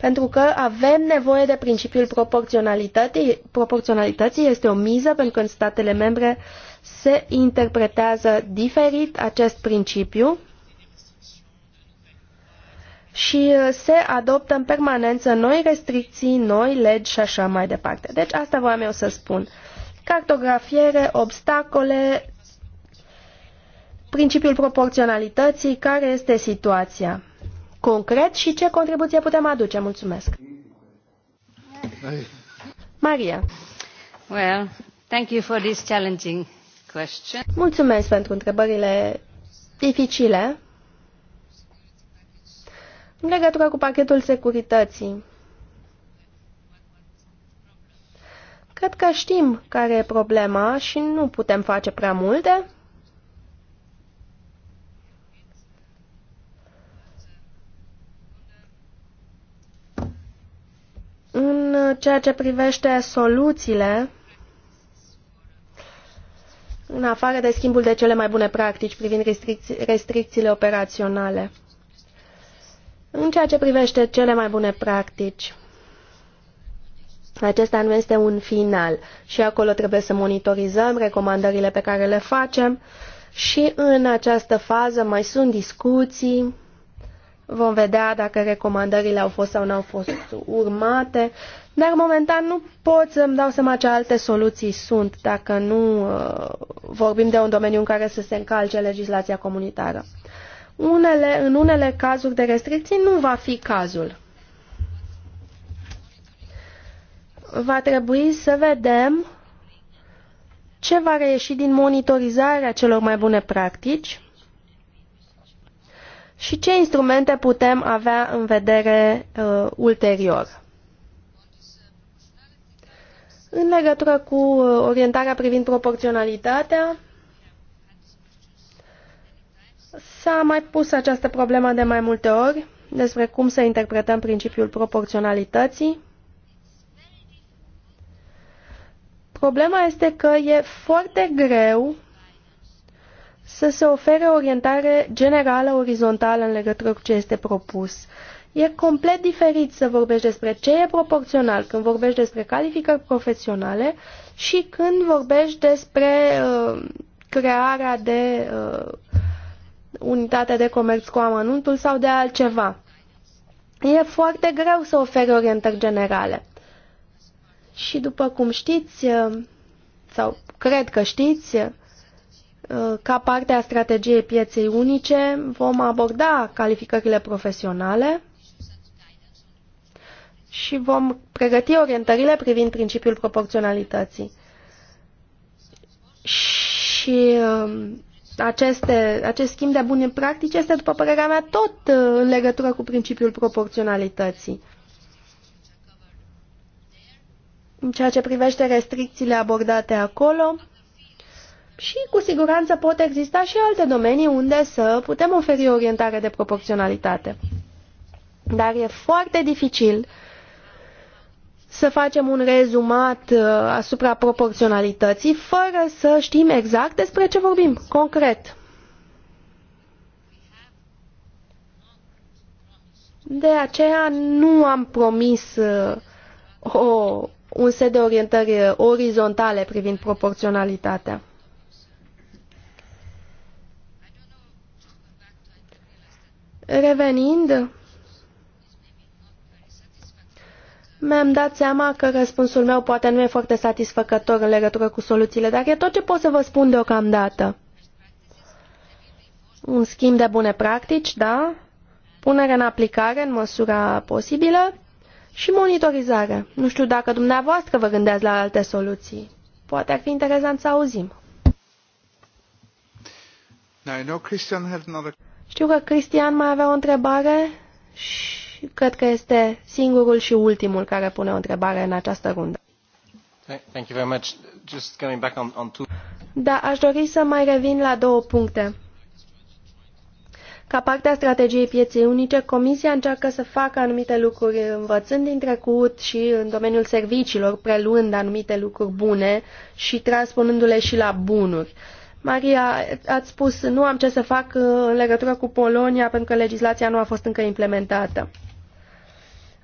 pentru că avem nevoie de principiul proporționalității. Proporționalității este o miză pentru că în statele membre se interpretează diferit acest principiu și uh, se adoptă în permanență noi restricții, noi legi și așa mai departe. Deci asta voiam eu să spun. Cartografiere, obstacole, principiul proporționalității, care este situația concret și ce contribuție putem aduce. Mulțumesc! Maria. Well, thank you for this challenging question. Mulțumesc pentru întrebările dificile. În legătură cu pachetul securității, cred că știm care e problema și nu putem face prea multe. În ceea ce privește soluțiile, în afară de schimbul de cele mai bune practici privind restricți restricțiile operaționale, în ceea ce privește cele mai bune practici, acesta nu este un final și acolo trebuie să monitorizăm recomandările pe care le facem și în această fază mai sunt discuții Vom vedea dacă recomandările au fost sau nu au fost urmate, dar momentan nu pot să-mi dau seama ce alte soluții sunt dacă nu uh, vorbim de un domeniu în care să se încalce legislația comunitară. Unele, în unele cazuri de restricții nu va fi cazul. Va trebui să vedem ce va reieși din monitorizarea celor mai bune practici și ce instrumente putem avea în vedere uh, ulterior. În legătură cu uh, orientarea privind proporționalitatea, s-a mai pus această problemă de mai multe ori despre cum să interpretăm principiul proporționalității. Problema este că e foarte greu să se ofere o orientare generală, orizontală în legătură cu ce este propus. E complet diferit să vorbești despre ce e proporțional când vorbești despre calificări profesionale și când vorbești despre uh, crearea de uh, unitate de comerț cu amănuntul sau de altceva. E foarte greu să oferi orientări generale. Și după cum știți, uh, sau cred că știți, Uh, ca parte a strategiei pieței unice, vom aborda calificările profesionale și vom pregăti orientările privind principiul proporționalității. Și um, aceste, acest schimb de bune practici este, după părerea mea, tot uh, în legătură cu principiul proporționalității. În ceea ce privește restricțiile abordate acolo, și cu siguranță pot exista și alte domenii unde să putem oferi o orientare de proporționalitate. Dar e foarte dificil să facem un rezumat uh, asupra proporționalității fără să știm exact despre ce vorbim, concret. De aceea nu am promis uh, o, un set de orientări uh, orizontale privind proporționalitatea. Revenind, mi-am dat seama că răspunsul meu poate nu e foarte satisfăcător în legătură cu soluțiile, dar e tot ce pot să vă spun deocamdată. Un schimb de bune practici, da, punere în aplicare în măsura posibilă și monitorizare. Nu știu dacă dumneavoastră vă gândeați la alte soluții. Poate ar fi interesant să auzim. Now, I know Christian had another... Știu că Cristian mai avea o întrebare și cred că este singurul și ultimul care pune o întrebare în această rundă. Thank you very much. Just coming back on, on two... Da, aș dori să mai revin la două puncte. Ca parte a strategiei pieței unice, Comisia încearcă să facă anumite lucruri învățând din trecut și în domeniul serviciilor, preluând anumite lucruri bune și transpunându-le și la bunuri. Uh, Maria, ați spus, nu am ce să fac uh, în legătură cu Polonia pentru că legislația nu a fost încă implementată.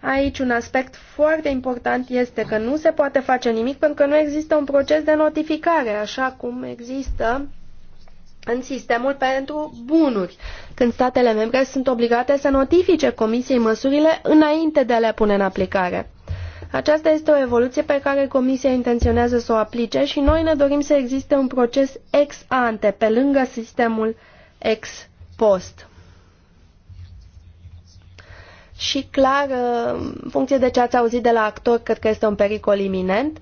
Aici un aspect foarte important este că nu se poate face nimic pentru că nu există un proces de notificare, așa cum există în sistemul pentru bunuri, când statele membre sunt obligate să notifice Comisiei măsurile înainte de a le pune în aplicare. Aceasta este o evoluție pe care Comisia intenționează să o aplice și noi ne dorim să existe un proces ex ante, pe lângă sistemul ex post. Și clar, în funcție de ce ați auzit de la actor, cred că este un pericol iminent.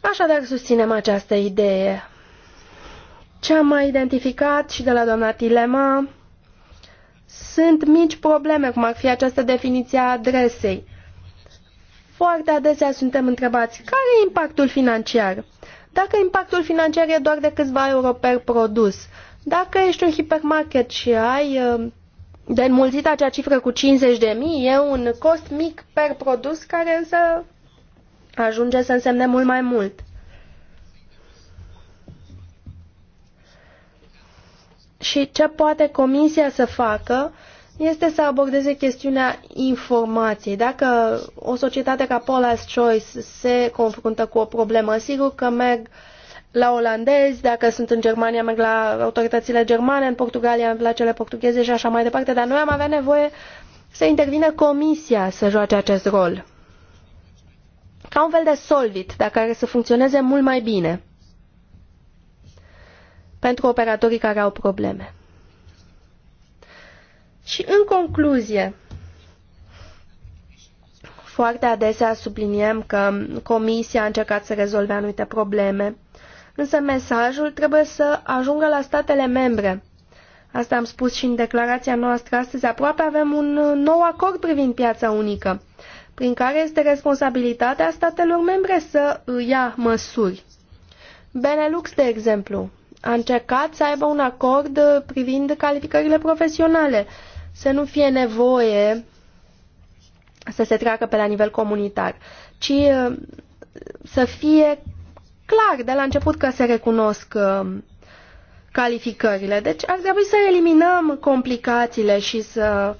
Așadar, susținem această idee. Ce am mai identificat și de la doamna Tilema sunt mici probleme, cum ar fi această definiție a adresei. Foarte adesea suntem întrebați, care e impactul financiar? Dacă impactul financiar e doar de câțiva euro per produs, dacă ești un hipermarket și ai uh, de înmulțit acea cifră cu 50 de mii, e un cost mic per produs care însă ajunge să însemne mult mai mult. Și ce poate comisia să facă este să abordeze chestiunea informației. Dacă o societate ca Paula's Choice se confruntă cu o problemă, sigur că merg la olandezi, dacă sunt în Germania merg la autoritățile germane, în Portugalia la cele portugheze și așa mai departe, dar noi am avea nevoie să intervină comisia să joace acest rol. Ca un fel de solvit, dacă care să funcționeze mult mai bine pentru operatorii care au probleme. Și în concluzie, foarte adesea subliniem că Comisia a încercat să rezolve anumite probleme, însă mesajul trebuie să ajungă la statele membre. Asta am spus și în declarația noastră astăzi. Aproape avem un nou acord privind piața unică, prin care este responsabilitatea statelor membre să ia măsuri. Benelux, de exemplu, a încercat să aibă un acord privind calificările profesionale să nu fie nevoie să se treacă pe la nivel comunitar, ci uh, să fie clar de la început că se recunosc uh, calificările. Deci ar trebui să eliminăm complicațiile și să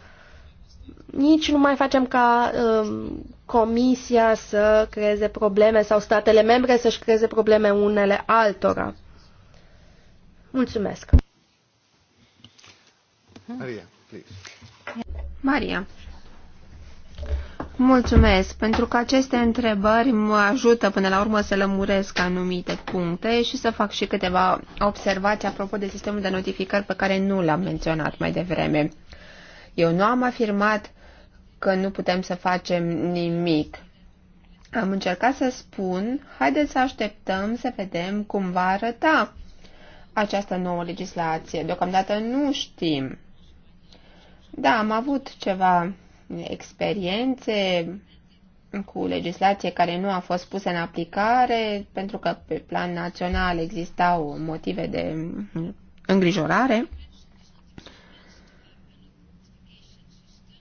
nici nu mai facem ca um, comisia să creeze probleme sau statele membre să-și creeze probleme unele altora. Mulțumesc. Maria, please. Maria. Mulțumesc, pentru că aceste întrebări mă ajută până la urmă să lămuresc anumite puncte și să fac și câteva observații apropo de sistemul de notificări pe care nu l-am menționat mai devreme. Eu nu am afirmat că nu putem să facem nimic. Am încercat să spun, haideți să așteptăm să vedem cum va arăta această nouă legislație. Deocamdată nu știm da, am avut ceva experiențe cu legislație care nu a fost pusă în aplicare, pentru că pe plan național existau motive de îngrijorare.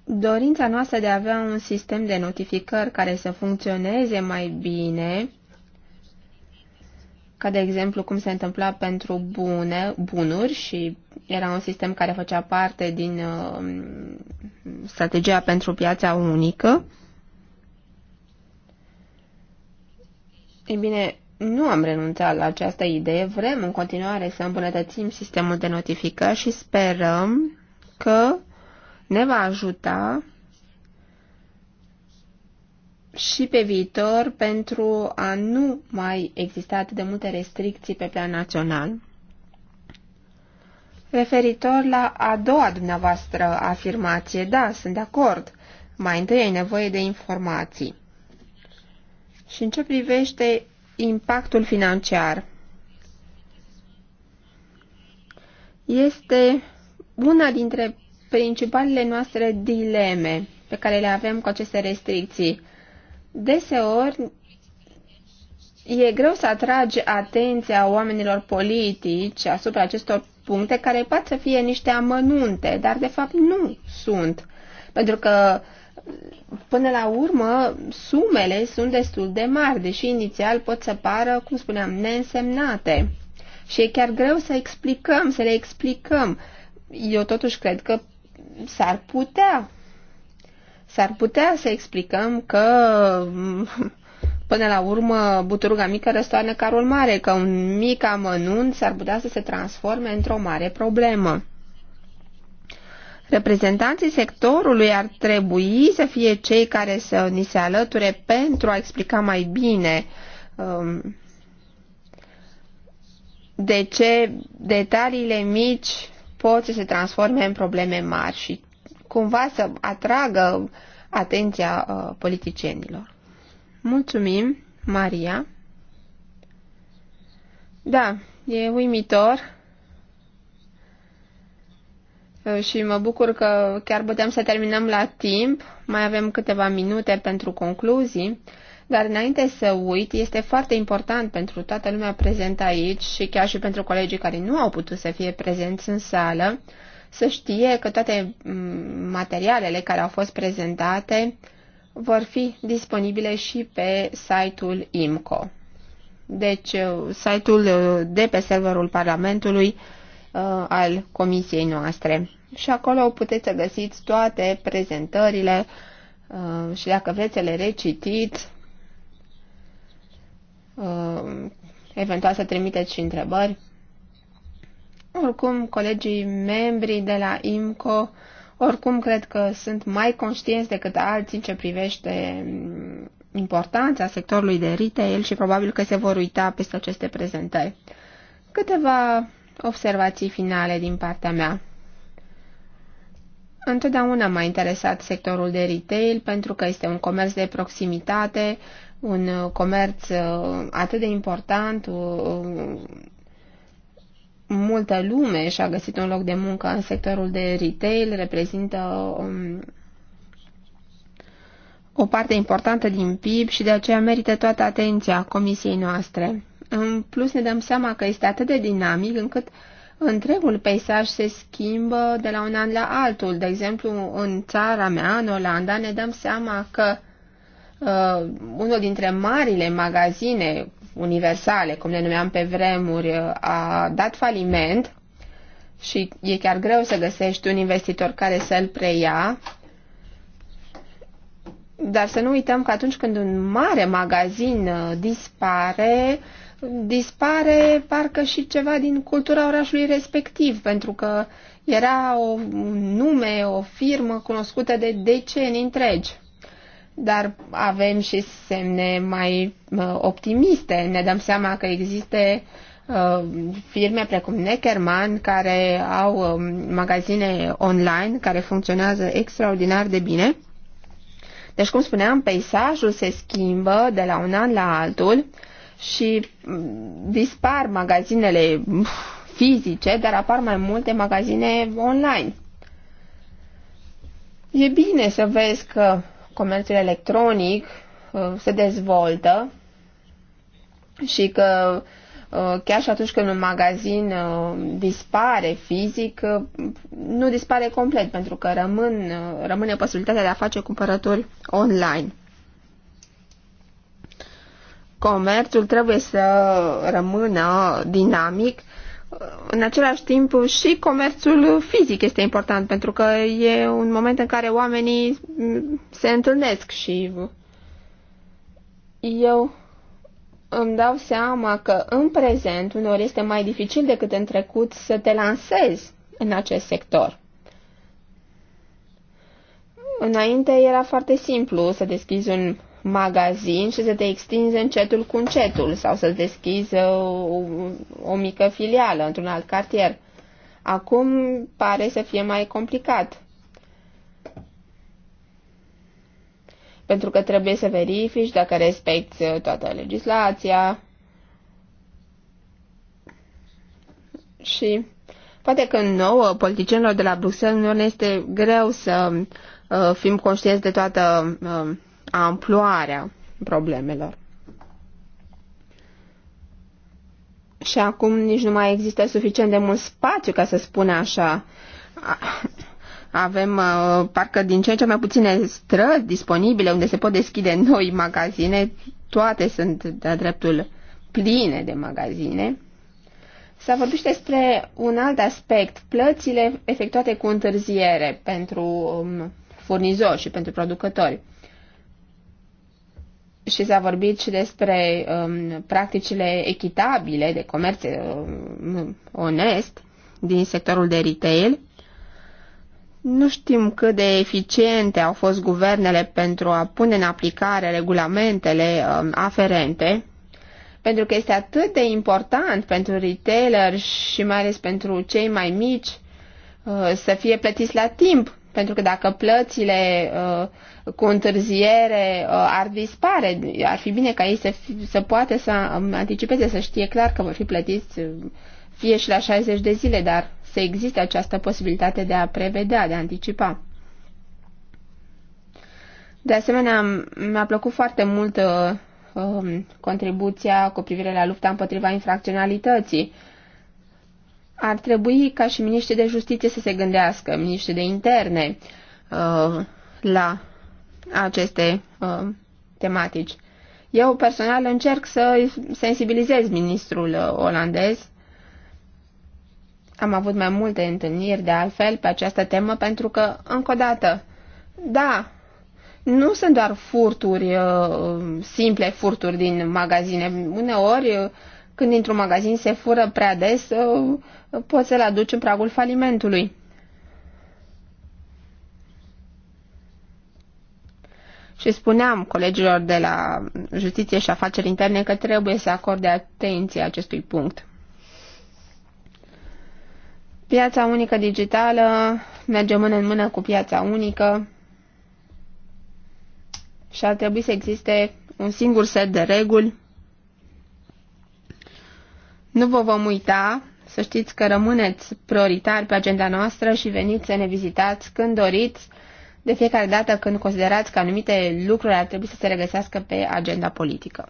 Dorința noastră de a avea un sistem de notificări care să funcționeze mai bine ca de exemplu cum se întâmpla pentru bune, bunuri și era un sistem care făcea parte din uh, strategia pentru piața unică. Ei bine, nu am renunțat la această idee, vrem în continuare să îmbunătățim sistemul de notificări și sperăm că ne va ajuta și pe viitor pentru a nu mai exista atât de multe restricții pe plan național. Referitor la a doua dumneavoastră afirmație, da, sunt de acord. Mai întâi ai nevoie de informații. Și în ce privește impactul financiar? Este una dintre principalele noastre dileme pe care le avem cu aceste restricții. Deseori e greu să atragi atenția oamenilor politici asupra acestor puncte care pot să fie niște amănunte, dar de fapt nu sunt. Pentru că până la urmă sumele sunt destul de mari, deși inițial pot să pară, cum spuneam, neînsemnate. Și e chiar greu să explicăm, să le explicăm. Eu totuși cred că s-ar putea S-ar putea să explicăm că până la urmă buturuga mică răstoarnă carul mare, că un mic amănunt s-ar putea să se transforme într-o mare problemă. Reprezentanții sectorului ar trebui să fie cei care să ni se alăture pentru a explica mai bine um, de ce detaliile mici pot să se transforme în probleme mari și cumva să atragă atenția uh, politicienilor. Mulțumim, Maria. Da, e uimitor uh, și mă bucur că chiar putem să terminăm la timp. Mai avem câteva minute pentru concluzii. Dar înainte să uit, este foarte important pentru toată lumea prezentă aici și chiar și pentru colegii care nu au putut să fie prezenți în sală, să știe că toate mm, materialele care au fost prezentate vor fi disponibile și pe site-ul IMCO. Deci, uh, site-ul uh, de pe serverul Parlamentului uh, al comisiei noastre. Și acolo puteți să găsiți toate prezentările și dacă vreți să le recitiți, eventual să trimiteți și întrebări. Oricum, colegii membri de la IMCO, oricum cred că sunt mai conștienți decât alții în ce privește mm, importanța sectorului de retail și probabil că se vor uita peste aceste prezentări. Câteva observații finale din partea mea. Întotdeauna m-a interesat sectorul de retail pentru că este un comerț de proximitate, un comerț uh, atât de important, uh, multă lume și-a găsit un loc de muncă în sectorul de retail, reprezintă o, um, o parte importantă din PIB și de aceea merită toată atenția comisiei noastre. În plus ne dăm seama că este atât de dinamic încât întregul peisaj se schimbă de la un an la altul. De exemplu, în țara mea, în Olanda, ne dăm seama că uh, unul dintre marile magazine universale, cum le numeam pe vremuri, uh, a dat faliment și e chiar greu să găsești un investitor care să-l preia. Dar să nu uităm că atunci când un mare magazin uh, dispare, dispare parcă și ceva din cultura orașului respectiv, pentru că era o nume, o firmă cunoscută de decenii întregi dar avem și semne mai uh, optimiste. Ne dăm seama că există uh, firme precum Neckerman care au um, magazine online care funcționează extraordinar de bine. Deci, cum spuneam, peisajul se schimbă de la un an la altul și mm, dispar magazinele fizice, dar apar mai multe magazine online. E bine să vezi că comerțul electronic uh, se dezvoltă și că uh, chiar și atunci când un magazin uh, dispare fizic, nu dispare complet, pentru că rămân, rămâne posibilitatea de a face cumpărături online. Comerțul trebuie să rămână dinamic în același timp și comerțul fizic este important pentru că e un moment în care oamenii mm, se întâlnesc și eu îmi dau seama că în prezent uneori este mai dificil decât în trecut să te lansezi în acest sector. Înainte era foarte simplu să deschizi un magazin și să te extinzi încetul cu încetul sau să deschizi o, uh, o mică filială într-un alt cartier. Acum pare să fie mai complicat. Pentru că trebuie să verifici dacă respecti uh, toată legislația și poate că nouă politicienilor de la Bruxelles nu este greu să uh, fim conștienți de toată uh, amploarea problemelor. Și acum nici nu mai există suficient de mult spațiu, ca să spun așa. Avem uh, parcă din ce în ce mai puține străzi disponibile unde se pot deschide noi magazine. Toate sunt de dreptul pline de magazine. S-a vorbit despre un alt aspect, plățile efectuate cu întârziere pentru um, furnizori și pentru producători și s-a vorbit și despre um, practicile echitabile de comerț um, onest din sectorul de retail. Nu știm cât de eficiente au fost guvernele pentru a pune în aplicare regulamentele um, aferente, pentru că este atât de important pentru retailer și mai ales pentru cei mai mici uh, să fie plătiți la timp pentru că dacă plățile uh, cu întârziere uh, ar dispare, ar fi bine ca ei să, să poată să anticipeze, să știe clar că vor fi plătiți uh, fie și la 60 de zile, dar să existe această posibilitate de a prevedea, de a anticipa. De asemenea, mi-a plăcut foarte mult uh, um, contribuția cu privire la lupta împotriva infracționalității. Uh, ar trebui ca și miniștrii de justiție să se gândească, miniștrii de interne, uh, la aceste uh, tematici. Eu personal încerc să sensibilizez ministrul uh, olandez. Am avut mai multe întâlniri de altfel pe această temă pentru că, încă o dată, da, nu sunt doar furturi simple, furturi din magazine. Uneori când dintr-un magazin se fură prea des, uh, poți să-l aduci în pragul falimentului. Și spuneam colegilor de la Justiție și Afaceri Interne că trebuie să acorde atenție acestui punct. Piața unică digitală merge mână în mână cu piața unică și ar trebui să existe un singur set de reguli nu vă vom uita, să știți că rămâneți prioritari pe agenda noastră și veniți să ne vizitați când doriți, de fiecare dată când considerați că anumite lucruri ar trebui să se regăsească pe agenda politică.